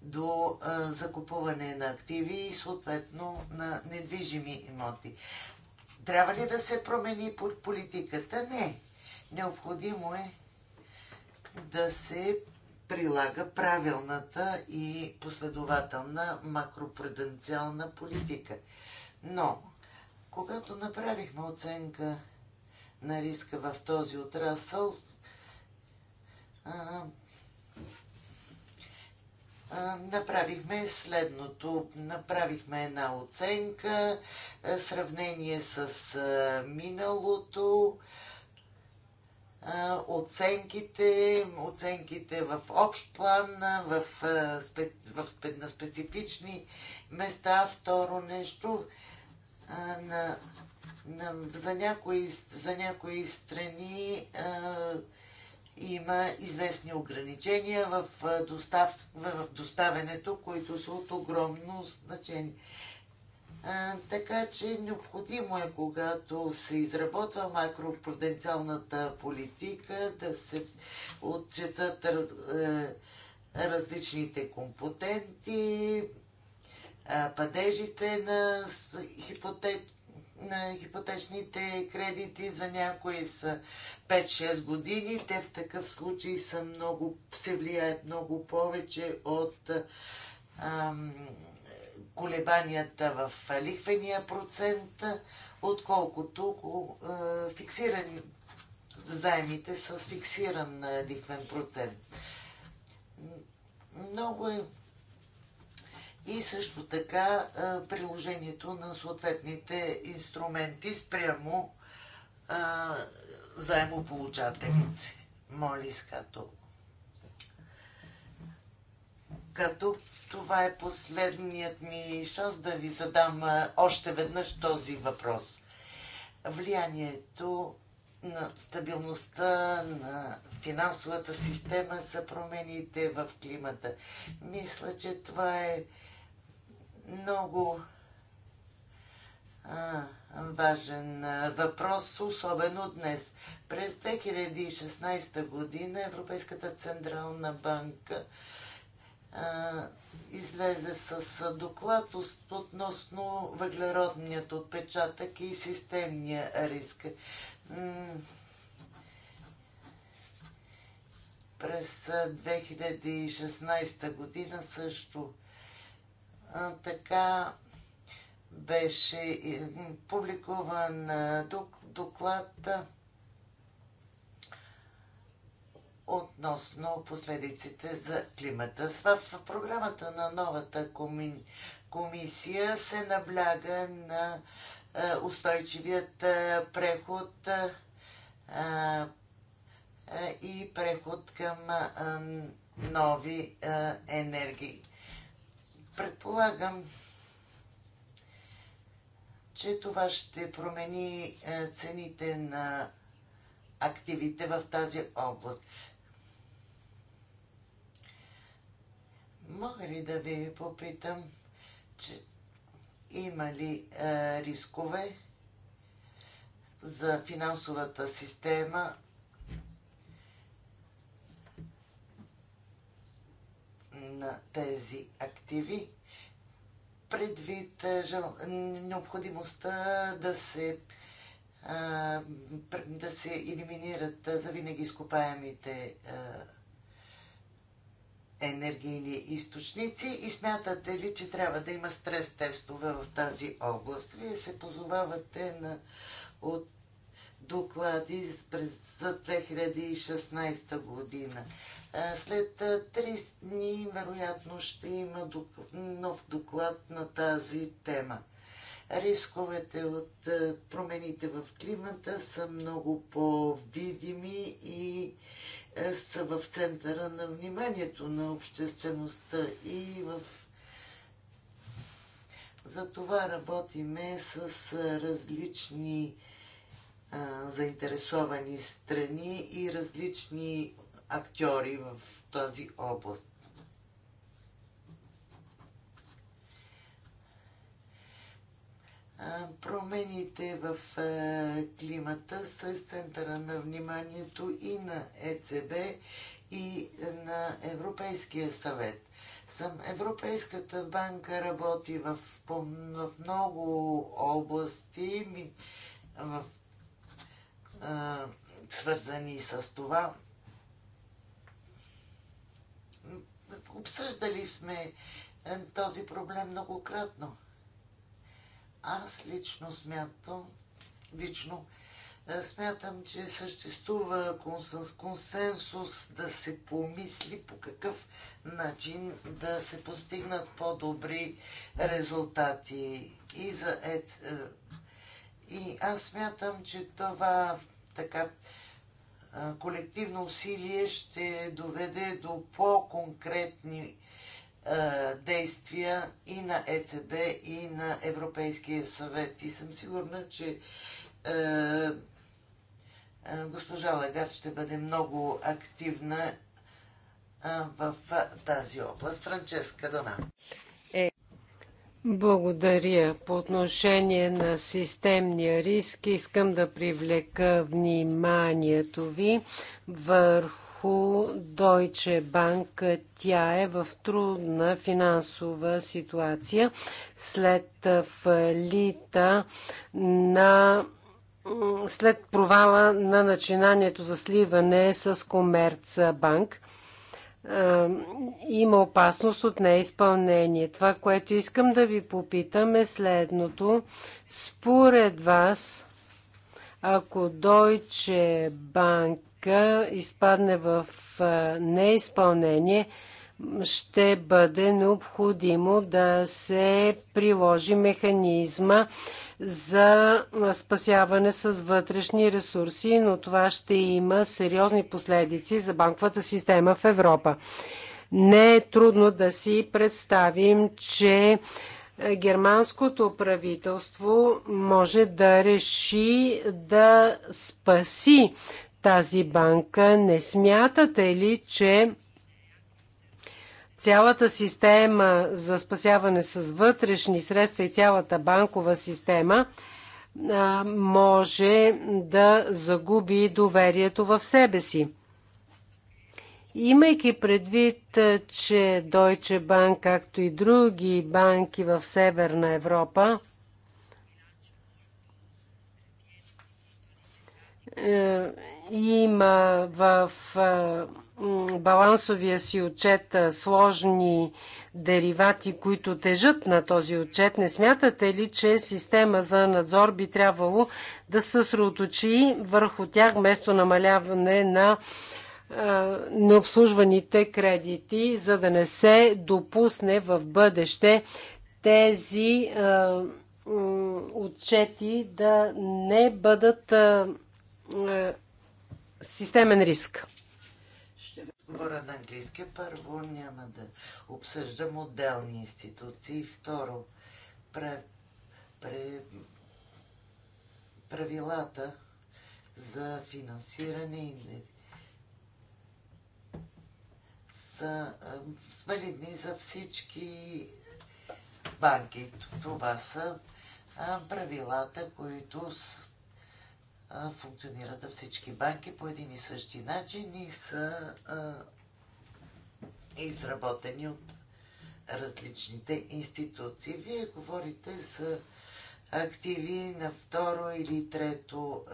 до а, закупуване на активи и съответно на недвижими имоти. Трябва ли да се промени политиката? Не. Необходимо е да се прилага правилната и последователна макропруденциална политика. Но, когато направихме оценка на риска в този отрасъл, направихме следното. Направихме една оценка, сравнение с миналото, оценките, оценките в общ план, в, в, в, на специфични места, второ нещо, на, на, за, някои, за някои страни а, има известни ограничения в, достав, в доставенето, които са от огромно значение така че необходимо е, когато се изработва макропруденциалната политика, да се отчитат е, различните компоненти, падежите на, хипотек, на хипотечните кредити за някои са 5-6 години. Те в такъв случай са много, се влияят много повече от ам, колебанията в лихвения процент, отколкото фиксирани заемите с фиксиран лихвен процент. Много е и също така приложението на съответните инструменти спрямо заемополучателите. Моли като като това е последният ми шанс да ви задам още веднъж този въпрос. Влиянието на стабилността на финансовата система за промените в климата. Мисля, че това е много а, важен въпрос, особено днес. През 2016 година Европейската Централна банка излезе с доклад относно въглеродният отпечатък и системния риск. През 2016 година също така беше публикуван доклад относно последиците за климата. В програмата на новата коми... комисия се набляга на е, устойчивият е, преход е, и преход към нови енергии. Предполагам, че това ще промени цените на активите в тази област. Мога ли да ви попитам, че има ли а, е, рискове за финансовата система на тези активи, предвид е, жел... необходимостта да се а, е, да се елиминират завинаги изкопаемите а, енергийни източници и смятате ли, че трябва да има стрес тестове в тази област? Вие се позовавате на от доклади през, за 2016 година. След 3 дни, вероятно, ще има нов доклад на тази тема. Рисковете от промените в климата са много по-видими и е, са в центъра на вниманието на обществеността и в за това работиме с различни а, заинтересовани страни и различни актьори в тази област. промените в климата с центъра на вниманието и на ЕЦБ и на Европейския съвет. Съм Европейската банка работи в, в много области, в, а, свързани с това. Обсъждали сме е, този проблем многократно аз лично смятам, лично е, смятам, че съществува консенсус да се помисли по какъв начин да се постигнат по-добри резултати и за ЕЦ. Е, и аз смятам, че това така е, колективно усилие ще доведе до по-конкретни е, действия и на ЕЦБ, и на Европейския съвет. И съм сигурна, че е, е, госпожа Лагард ще бъде много активна в тази област. Франческа Дона. Благодаря. По отношение на системния риск искам да привлека вниманието ви върху върху Deutsche Bank. Тя е в трудна финансова ситуация след фалита на след провала на начинанието за сливане с Комерцбанк. Има опасност от неизпълнение. Това, което искам да ви попитам е следното. Според вас, ако Deutsche Bank сметка изпадне в неизпълнение, ще бъде необходимо да се приложи механизма за спасяване с вътрешни ресурси, но това ще има сериозни последици за банковата система в Европа. Не е трудно да си представим, че германското правителство може да реши да спаси тази банка. Не смятате ли, че цялата система за спасяване с вътрешни средства и цялата банкова система може да загуби доверието в себе си? Имайки предвид, че Deutsche Bank, както и други банки в Северна Европа, е, има в балансовия си отчет сложни деривати, които тежат на този отчет, не смятате ли, че система за надзор би трябвало да се съсредоточи върху тях вместо намаляване на необслужваните кредити, за да не се допусне в бъдеще тези а, отчети да не бъдат а, системен риск. Ще ви говоря на английски. Първо, няма да обсъждам отделни институции. Второ, пре, пре, правилата за финансиране и са валидни за всички банки. Това са правилата, които функционират за всички банки по един и същи начин и са изработени от различните институции. Вие говорите за активи на второ или трето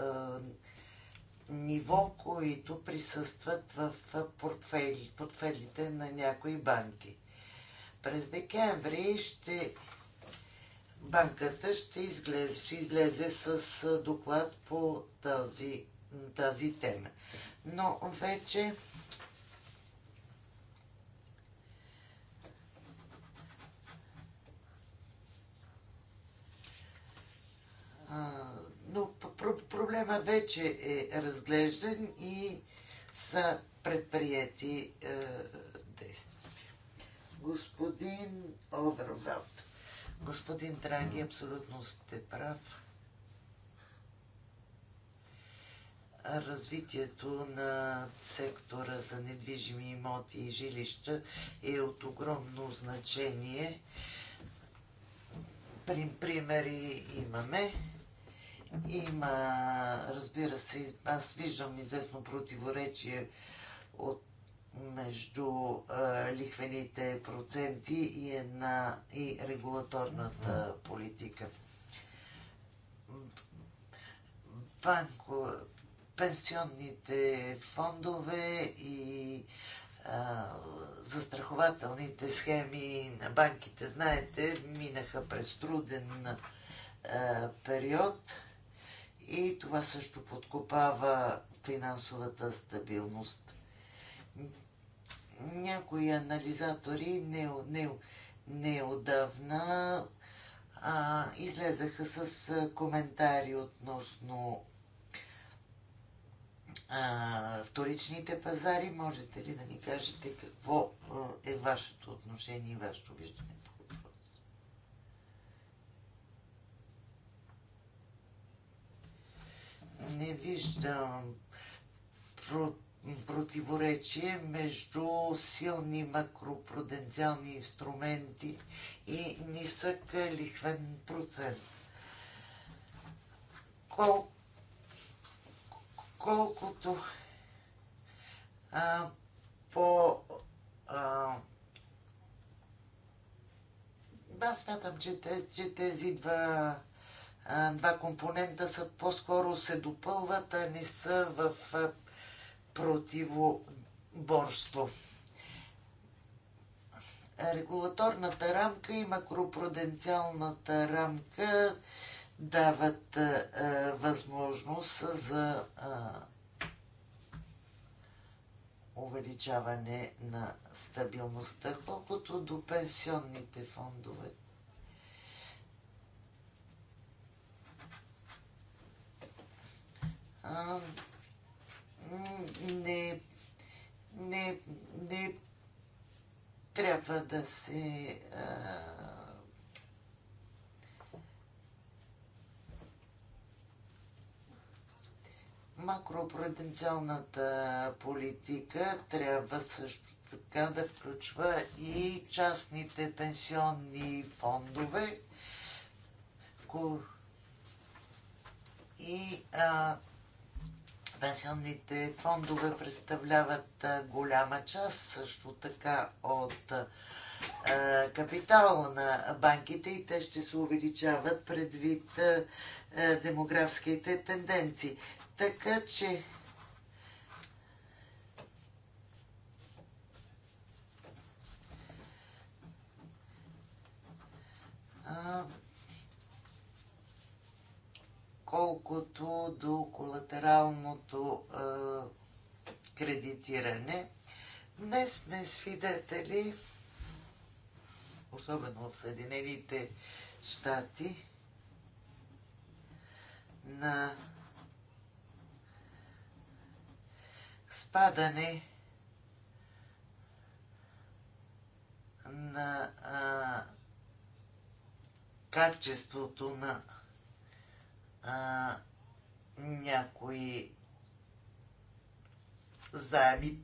ниво, които присъстват в портфели, портфелите на някои банки. През декември ще банката ще излезе, ще излезе с доклад по тази, тази тема. Но вече но проблема вече е разглеждан и са предприяти е, действия. Господин Обервелт. Господин Драги, абсолютно сте прав. развитието на сектора за недвижими имоти и жилища е от огромно значение. Примери имаме. Има, разбира се, аз виждам известно противоречие от между а, лихвените проценти и, една, и регулаторната политика. Банко, пенсионните фондове и а, застрахователните схеми на банките, знаете, минаха през труден а, период и това също подкопава финансовата стабилност някои анализатори не, не, неодавна а, излезаха с коментари относно а, вторичните пазари. Можете ли да ни кажете какво е вашето отношение и вашето виждане Не виждам противоречие между силни макропруденциални инструменти и нисък лихвен процент. Кол... Колкото а, по а, аз смятам, че, че тези два, а, два компонента са по-скоро се допълват, а не са в а, противоборство. Регулаторната рамка и макропруденциалната рамка дават е, възможност за е, увеличаване на стабилността, колкото до пенсионните фондове. А, не, не, не трябва да се а, макропруденциалната политика трябва също така да включва и частните пенсионни фондове и а, пенсионните фондове представляват голяма част също така от капитала на банките и те ще се увеличават предвид демографските тенденции. Така че колкото до колатералното а, кредитиране. Днес сме свидетели, особено в Съединените щати, на спадане на а, качеството на а, някои заеми.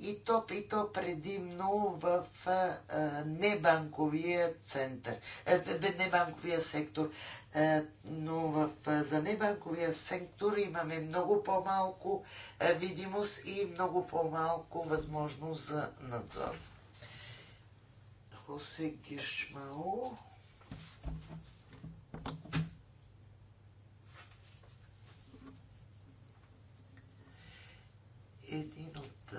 И то, и то предимно в а, небанковия център, а, небанковия сектор. А, но в, а, за небанковия сектор имаме много по-малко видимост и много по-малко възможност за надзор. Хосе Гишмао. един от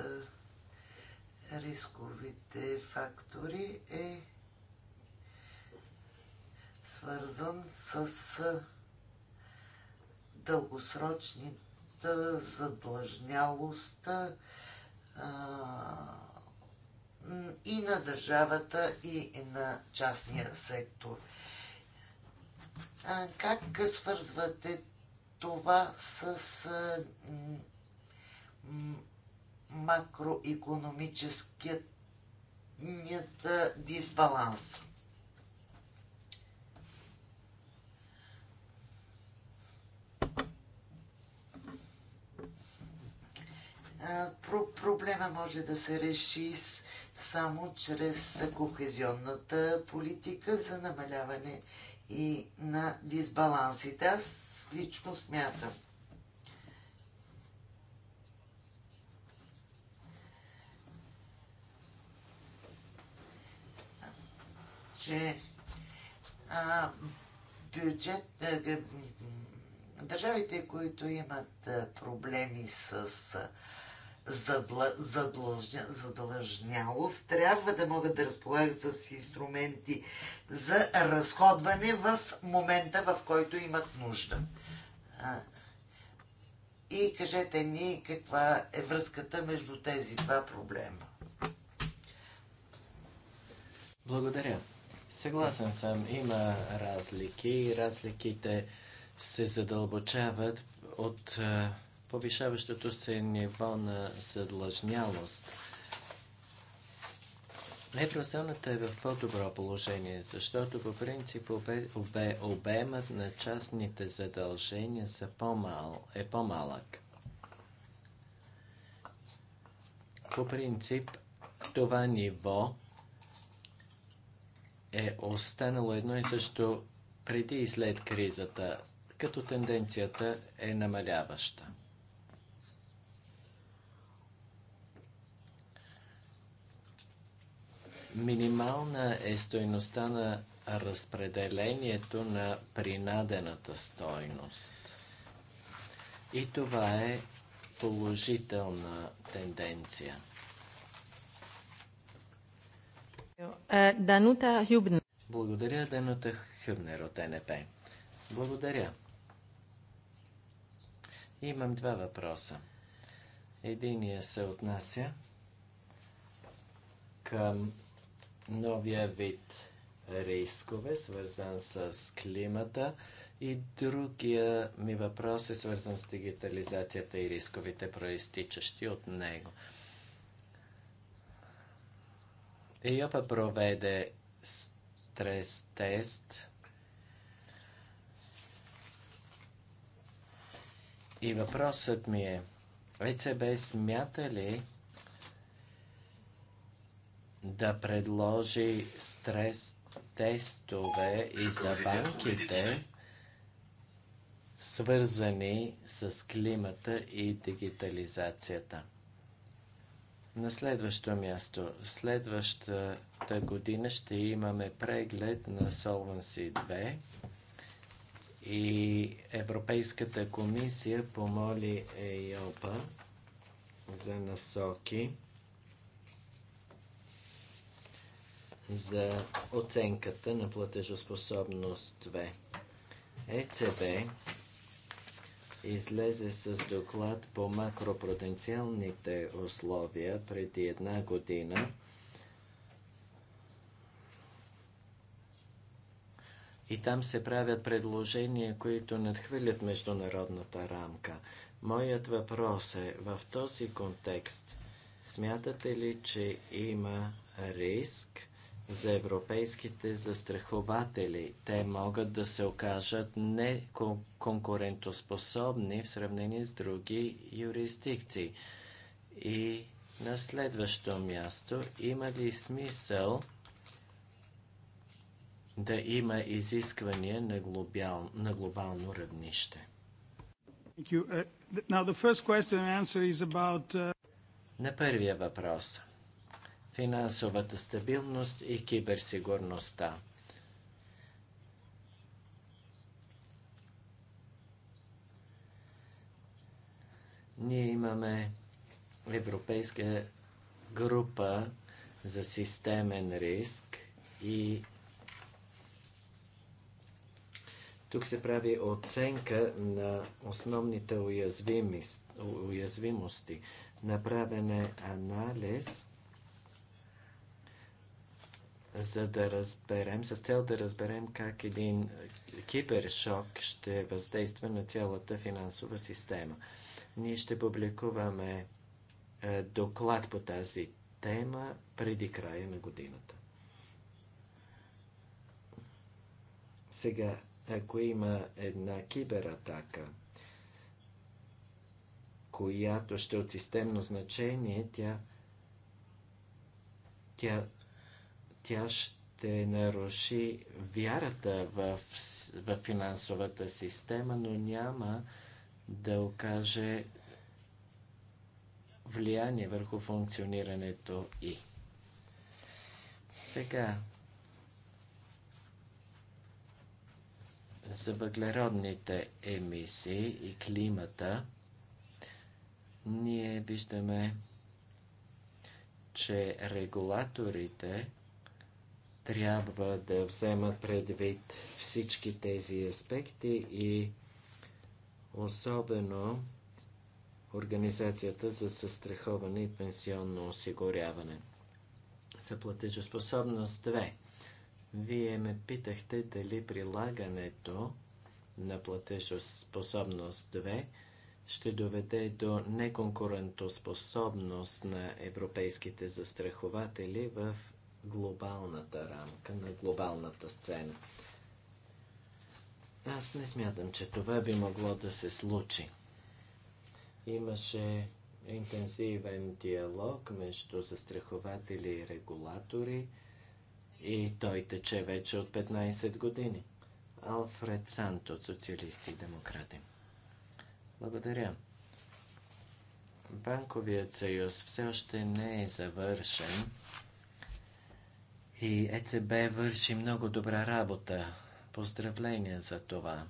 рисковите фактори е свързан с дългосрочната задлъжнялост и на държавата, и на частния сектор. Как свързвате това с макроекономическият дисбаланс. Проблема може да се реши само чрез кохезионната политика за намаляване и на дисбалансите. Аз лично смятам – че а, бюджет, а, държавите, които имат проблеми с задла, задлъжня, задължнялост, трябва да могат да разполагат с инструменти за разходване в момента, в който имат нужда. И кажете ни каква е връзката между тези два проблема. Благодаря. Съгласен съм, има разлики и разликите се задълбочават от е, повишаващото се ниво на съдлъжнялост. Еврозоната е в по-добро положение, защото по принцип обе, обе, обемът на частните задължения са по-мал, е по-малък. По принцип това ниво е останало едно и също преди и след кризата, като тенденцията е намаляваща. Минимална е стойността на разпределението на принадената стойност. И това е положителна тенденция. Е, Данута Хюбнер. Благодаря, Данута Хюбнер от НП. Благодаря. Имам два въпроса. Единия се отнася към новия вид рискове, свързан с климата. И другия ми въпрос е свързан с дигитализацията и рисковите, проистичащи от него. ЕЙОПА проведе стрес-тест и въпросът ми е ЕЦБ смята ли да предложи стрес-тестове и за банките, свързани с климата и дигитализацията? На следващо място, следващата година ще имаме преглед на Solvency 2 и Европейската комисия помоли ЕИОПА за насоки за оценката на платежоспособност 2. ЕЦБ излезе с доклад по макропотенциалните условия преди една година. И там се правят предложения, които надхвърлят международната рамка. Моят въпрос е, в този контекст, смятате ли, че има риск за европейските застрахователи. Те могат да се окажат неконкурентоспособни в сравнение с други юрисдикции. И на следващо място, има ли смисъл да има изисквания на, глобал, на глобално равнище? About... На първия въпрос – финансовата стабилност и киберсигурността. Ние имаме Европейска група за системен риск и тук се прави оценка на основните уязвимости. Направен е анализ за да разберем, с цел да разберем как един е, кибершок ще въздейства на цялата финансова система. Ние ще публикуваме е, доклад по тази тема преди края на годината. Сега, ако има една кибератака, която ще е от системно значение, тя, тя тя ще наруши вярата в, в финансовата система, но няма да окаже влияние върху функционирането и. Сега за въглеродните емисии и климата ние виждаме, че регулаторите трябва да вземат предвид всички тези аспекти и особено Организацията за състраховане и пенсионно осигуряване. За платежоспособност 2. Вие ме питахте дали прилагането на платежоспособност 2 ще доведе до неконкурентоспособност на европейските застрахователи в глобалната рамка, на глобалната сцена. Аз не смятам, че това би могло да се случи. Имаше интензивен диалог между застрахователи и регулатори и той тече вече от 15 години. Алфред Сант от Социалисти и Демократи. Благодаря. Банковият съюз все още не е завършен и ЕЦБ върши много добра работа. Поздравления за това.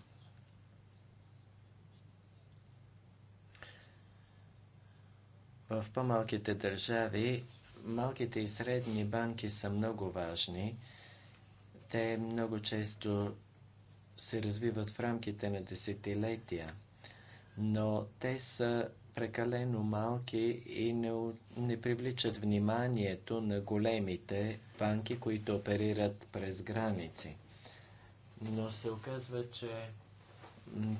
В по-малките държави малките и средни банки са много важни. Те много често се развиват в рамките на десетилетия, но те са прекалено малки и не, не привличат вниманието на големите банки, които оперират през граници. Но се оказва, че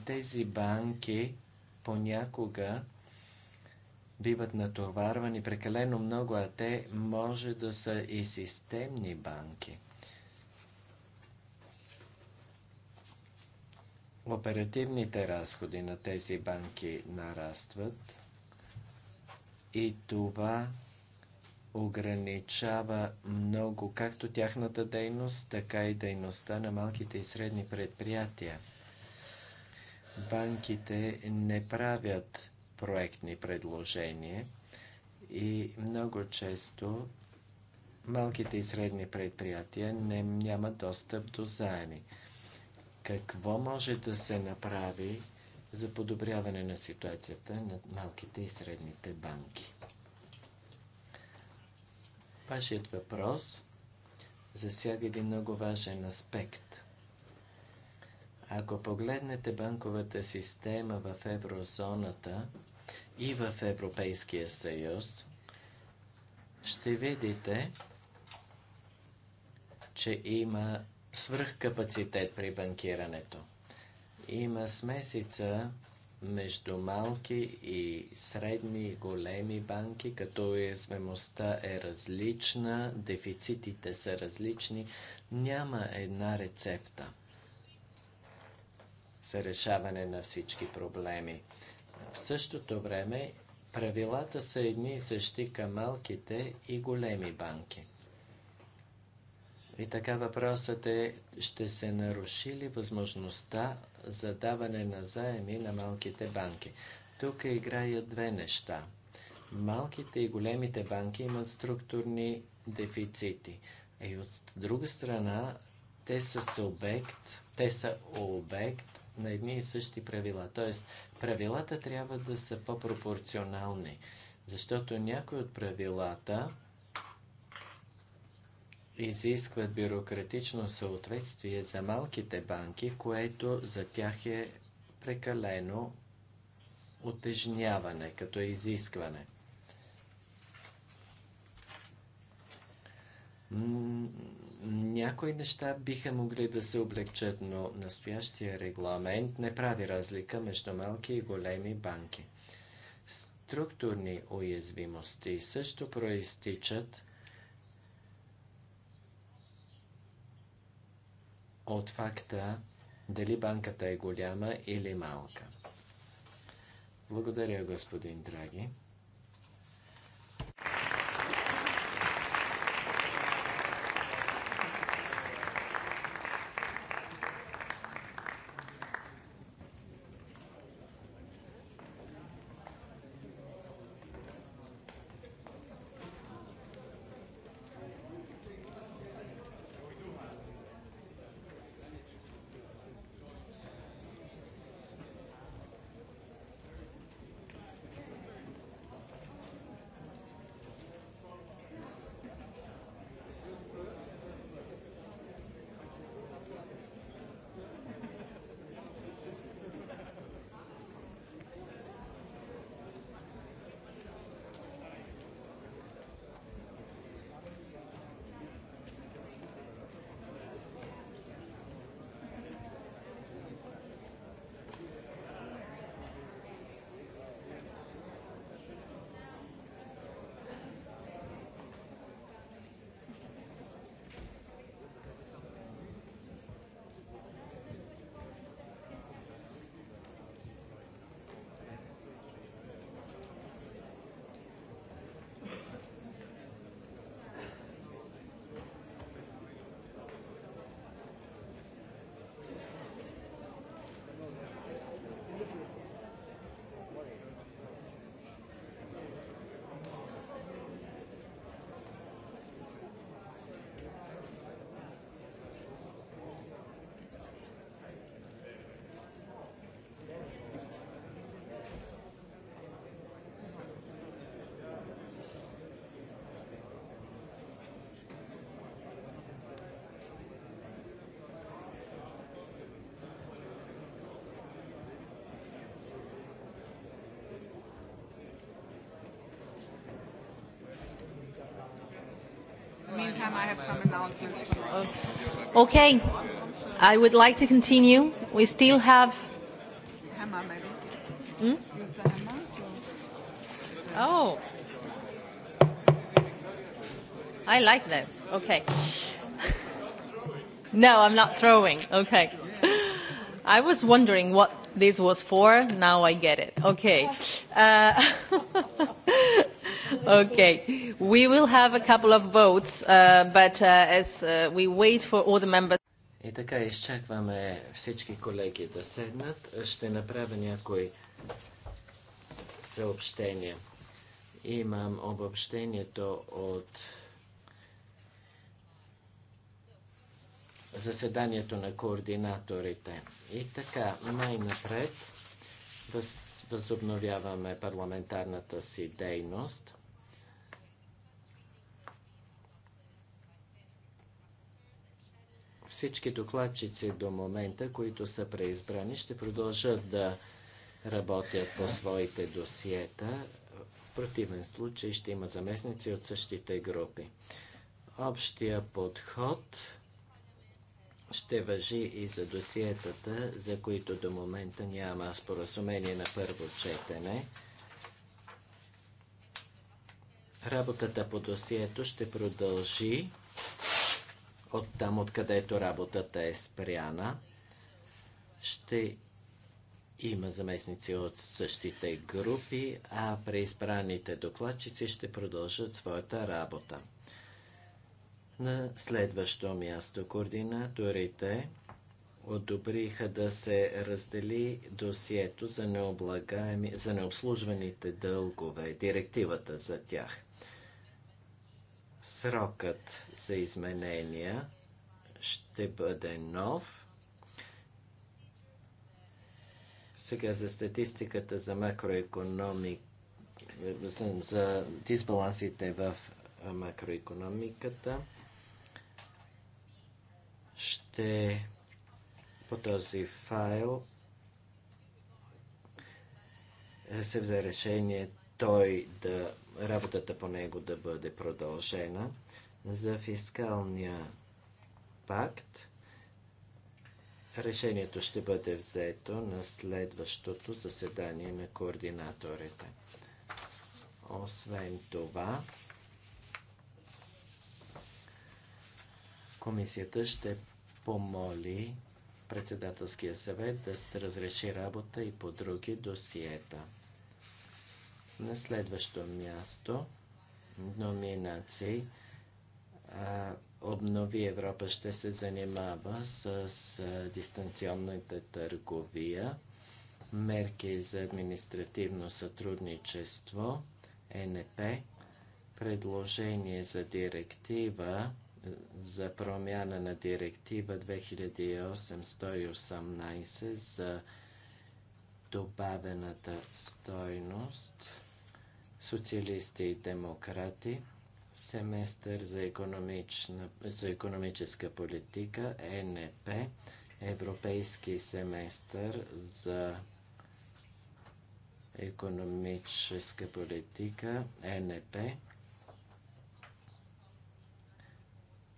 тези банки понякога биват натоварвани прекалено много, а те може да са и системни банки. Оперативните разходи на тези банки нарастват и това ограничава много както тяхната дейност, така и дейността на малките и средни предприятия. Банките не правят проектни предложения и много често малките и средни предприятия не, нямат достъп до заеми. Какво може да се направи за подобряване на ситуацията на малките и средните банки? Вашият въпрос засяга един много важен аспект. Ако погледнете банковата система в еврозоната и в Европейския съюз, ще видите, че има свръхкапацитет при банкирането. Има смесица между малки и средни и големи банки, като уязвимостта е различна, дефицитите са различни, няма една рецепта за решаване на всички проблеми. В същото време правилата са едни и същи към малките и големи банки. И така въпросът е, ще се наруши ли възможността за даване на заеми на малките банки? Тук играят две неща. Малките и големите банки имат структурни дефицити. И от друга страна, те са субект, те са обект на едни и същи правила. Тоест, правилата трябва да са по-пропорционални, защото някои от правилата изискват бюрократично съответствие за малките банки, което за тях е прекалено отежняване, като изискване. Някои неща биха могли да се облегчат, но настоящия регламент не прави разлика между малки и големи банки. Структурни уязвимости също проистичат от факта дали банката е голяма или малка. Благодаря, господин Драги. have some announcements. Okay, I would like to continue. We still have. Hammer, maybe. Hmm? Use the hammer. Oh. I like this. Okay. No, I'm not throwing. Okay. I was wondering what this was for. Now I get it. Okay. Uh, okay. We will have a couple of votes, uh, but uh, as uh, we wait for all the members... И така, изчакваме всички колеги да седнат. Ще направя някои съобщения. Имам обобщението от заседанието на координаторите. И така, най-напред възобновяваме парламентарната си дейност – всички докладчици до момента, които са преизбрани, ще продължат да работят по своите досиета. В противен случай ще има заместници от същите групи. Общия подход ще въжи и за досиетата, за които до момента няма споразумение на първо четене. Работата по досието ще продължи от там, откъдето работата е спряна. Ще има заместници от същите групи, а преизбраните докладчици ще продължат своята работа. На следващо място координаторите одобриха да се раздели досието за, за необслужваните дългове, директивата за тях. Срокът за изменения ще бъде нов. Сега за статистиката за макроекономик, за дисбалансите в макроекономиката ще по този файл се взе решение той да работата по него да бъде продължена. За фискалния пакт решението ще бъде взето на следващото заседание на координаторите. Освен това, комисията ще помоли председателския съвет да се разреши работа и по други досиета. На следващо място номинации Обнови Европа ще се занимава с дистанционната търговия, мерки за административно сътрудничество, НП, предложение за директива за промяна на директива 2818 за добавената стойност социалисти и демократи, семестър за, за економическа политика, ЕНП, европейски семестър за економическа политика, ЕНП,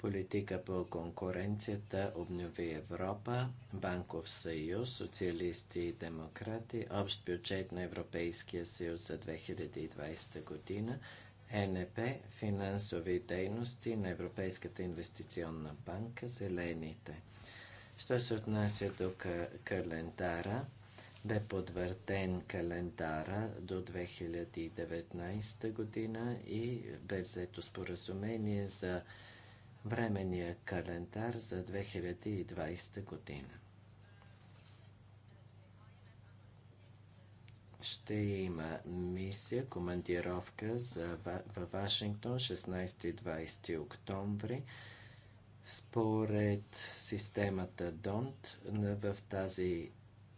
политика по конкуренцията, обнови Европа, банков съюз, социалисти и демократи, общ бюджет на Европейския съюз за 2020 година, ЕНП, финансови дейности на Европейската инвестиционна банка, зелените. Що се отнася до календара, бе подвъртен календара до 2019 година и бе взето споразумение за временния календар за 2020 година. ще има мисия, командировка за, във Вашингтон 16-20 октомври. Според системата ДОНТ в тази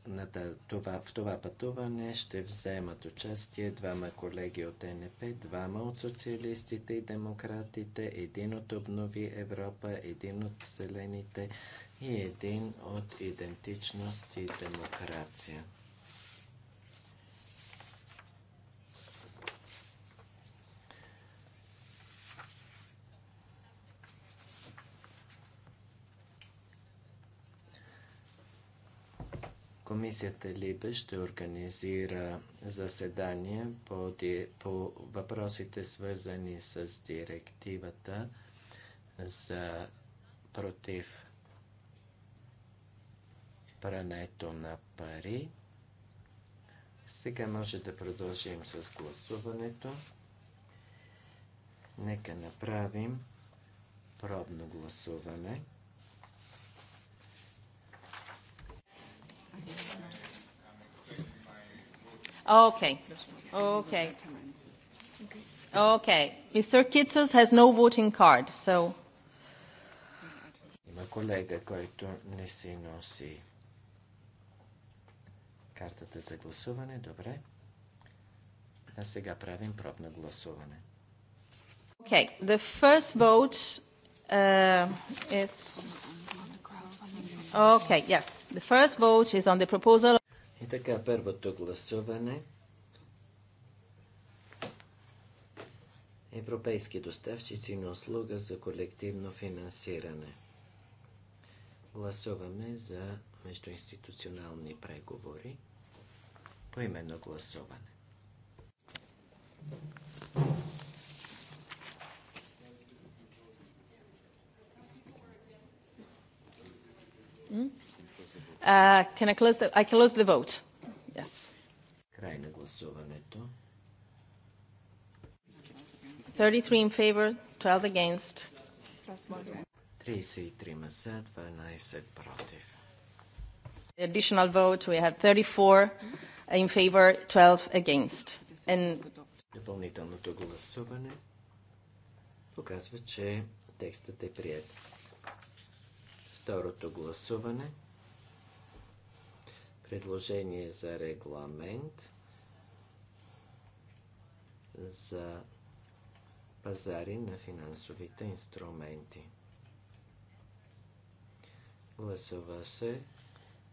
на това, в това пътуване ще вземат участие двама колеги от НП, двама от социалистите и демократите, един от Обнови Европа, един от Зелените и един от Идентичност и демокрация. Комисията Либе ще организира заседание по, ди... по въпросите свързани с директивата за против прането на пари. Сега може да продължим с гласуването. Нека направим пробно гласуване. Okay. Okay. Okay. Mr. Kitsos has no voting card, so... Има колега, който не си носи картата за гласуване. Добре. А сега правим пробно гласуване. Okay, the first vote uh, is... Okay, yes. The first vote is on the proposal. И така, първото гласуване. Европейски доставчици на услуга за колективно финансиране. Гласуваме за междуинституционални преговори по именно гласуване. Mm? Uh, can I close the, I close the vote. Yes. Край на гласуването. 33 in favor, 12 against. 33 за, 12 против. The additional vote, we had 34 in favor, 12 against. And... Допълнителното гласуване показва, че текстът е прият. Второто гласуване – предложение за регламент за пазари на финансовите инструменти. Гласува се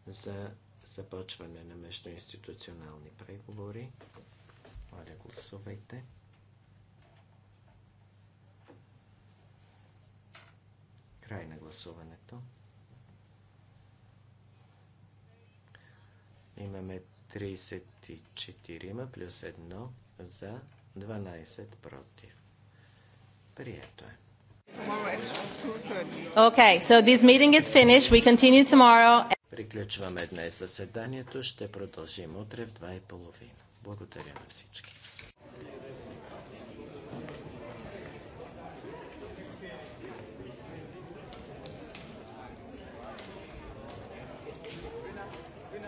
за започване на междуинституционални преговори. Моля, гласувайте. Край на гласуването. Имаме 34 плюс 1 за 12 против. Прието е. Okay, so this meeting is finished. We continue tomorrow. Приключваме днес заседанието. Ще продължим утре в 2.30. Благодаря на всички.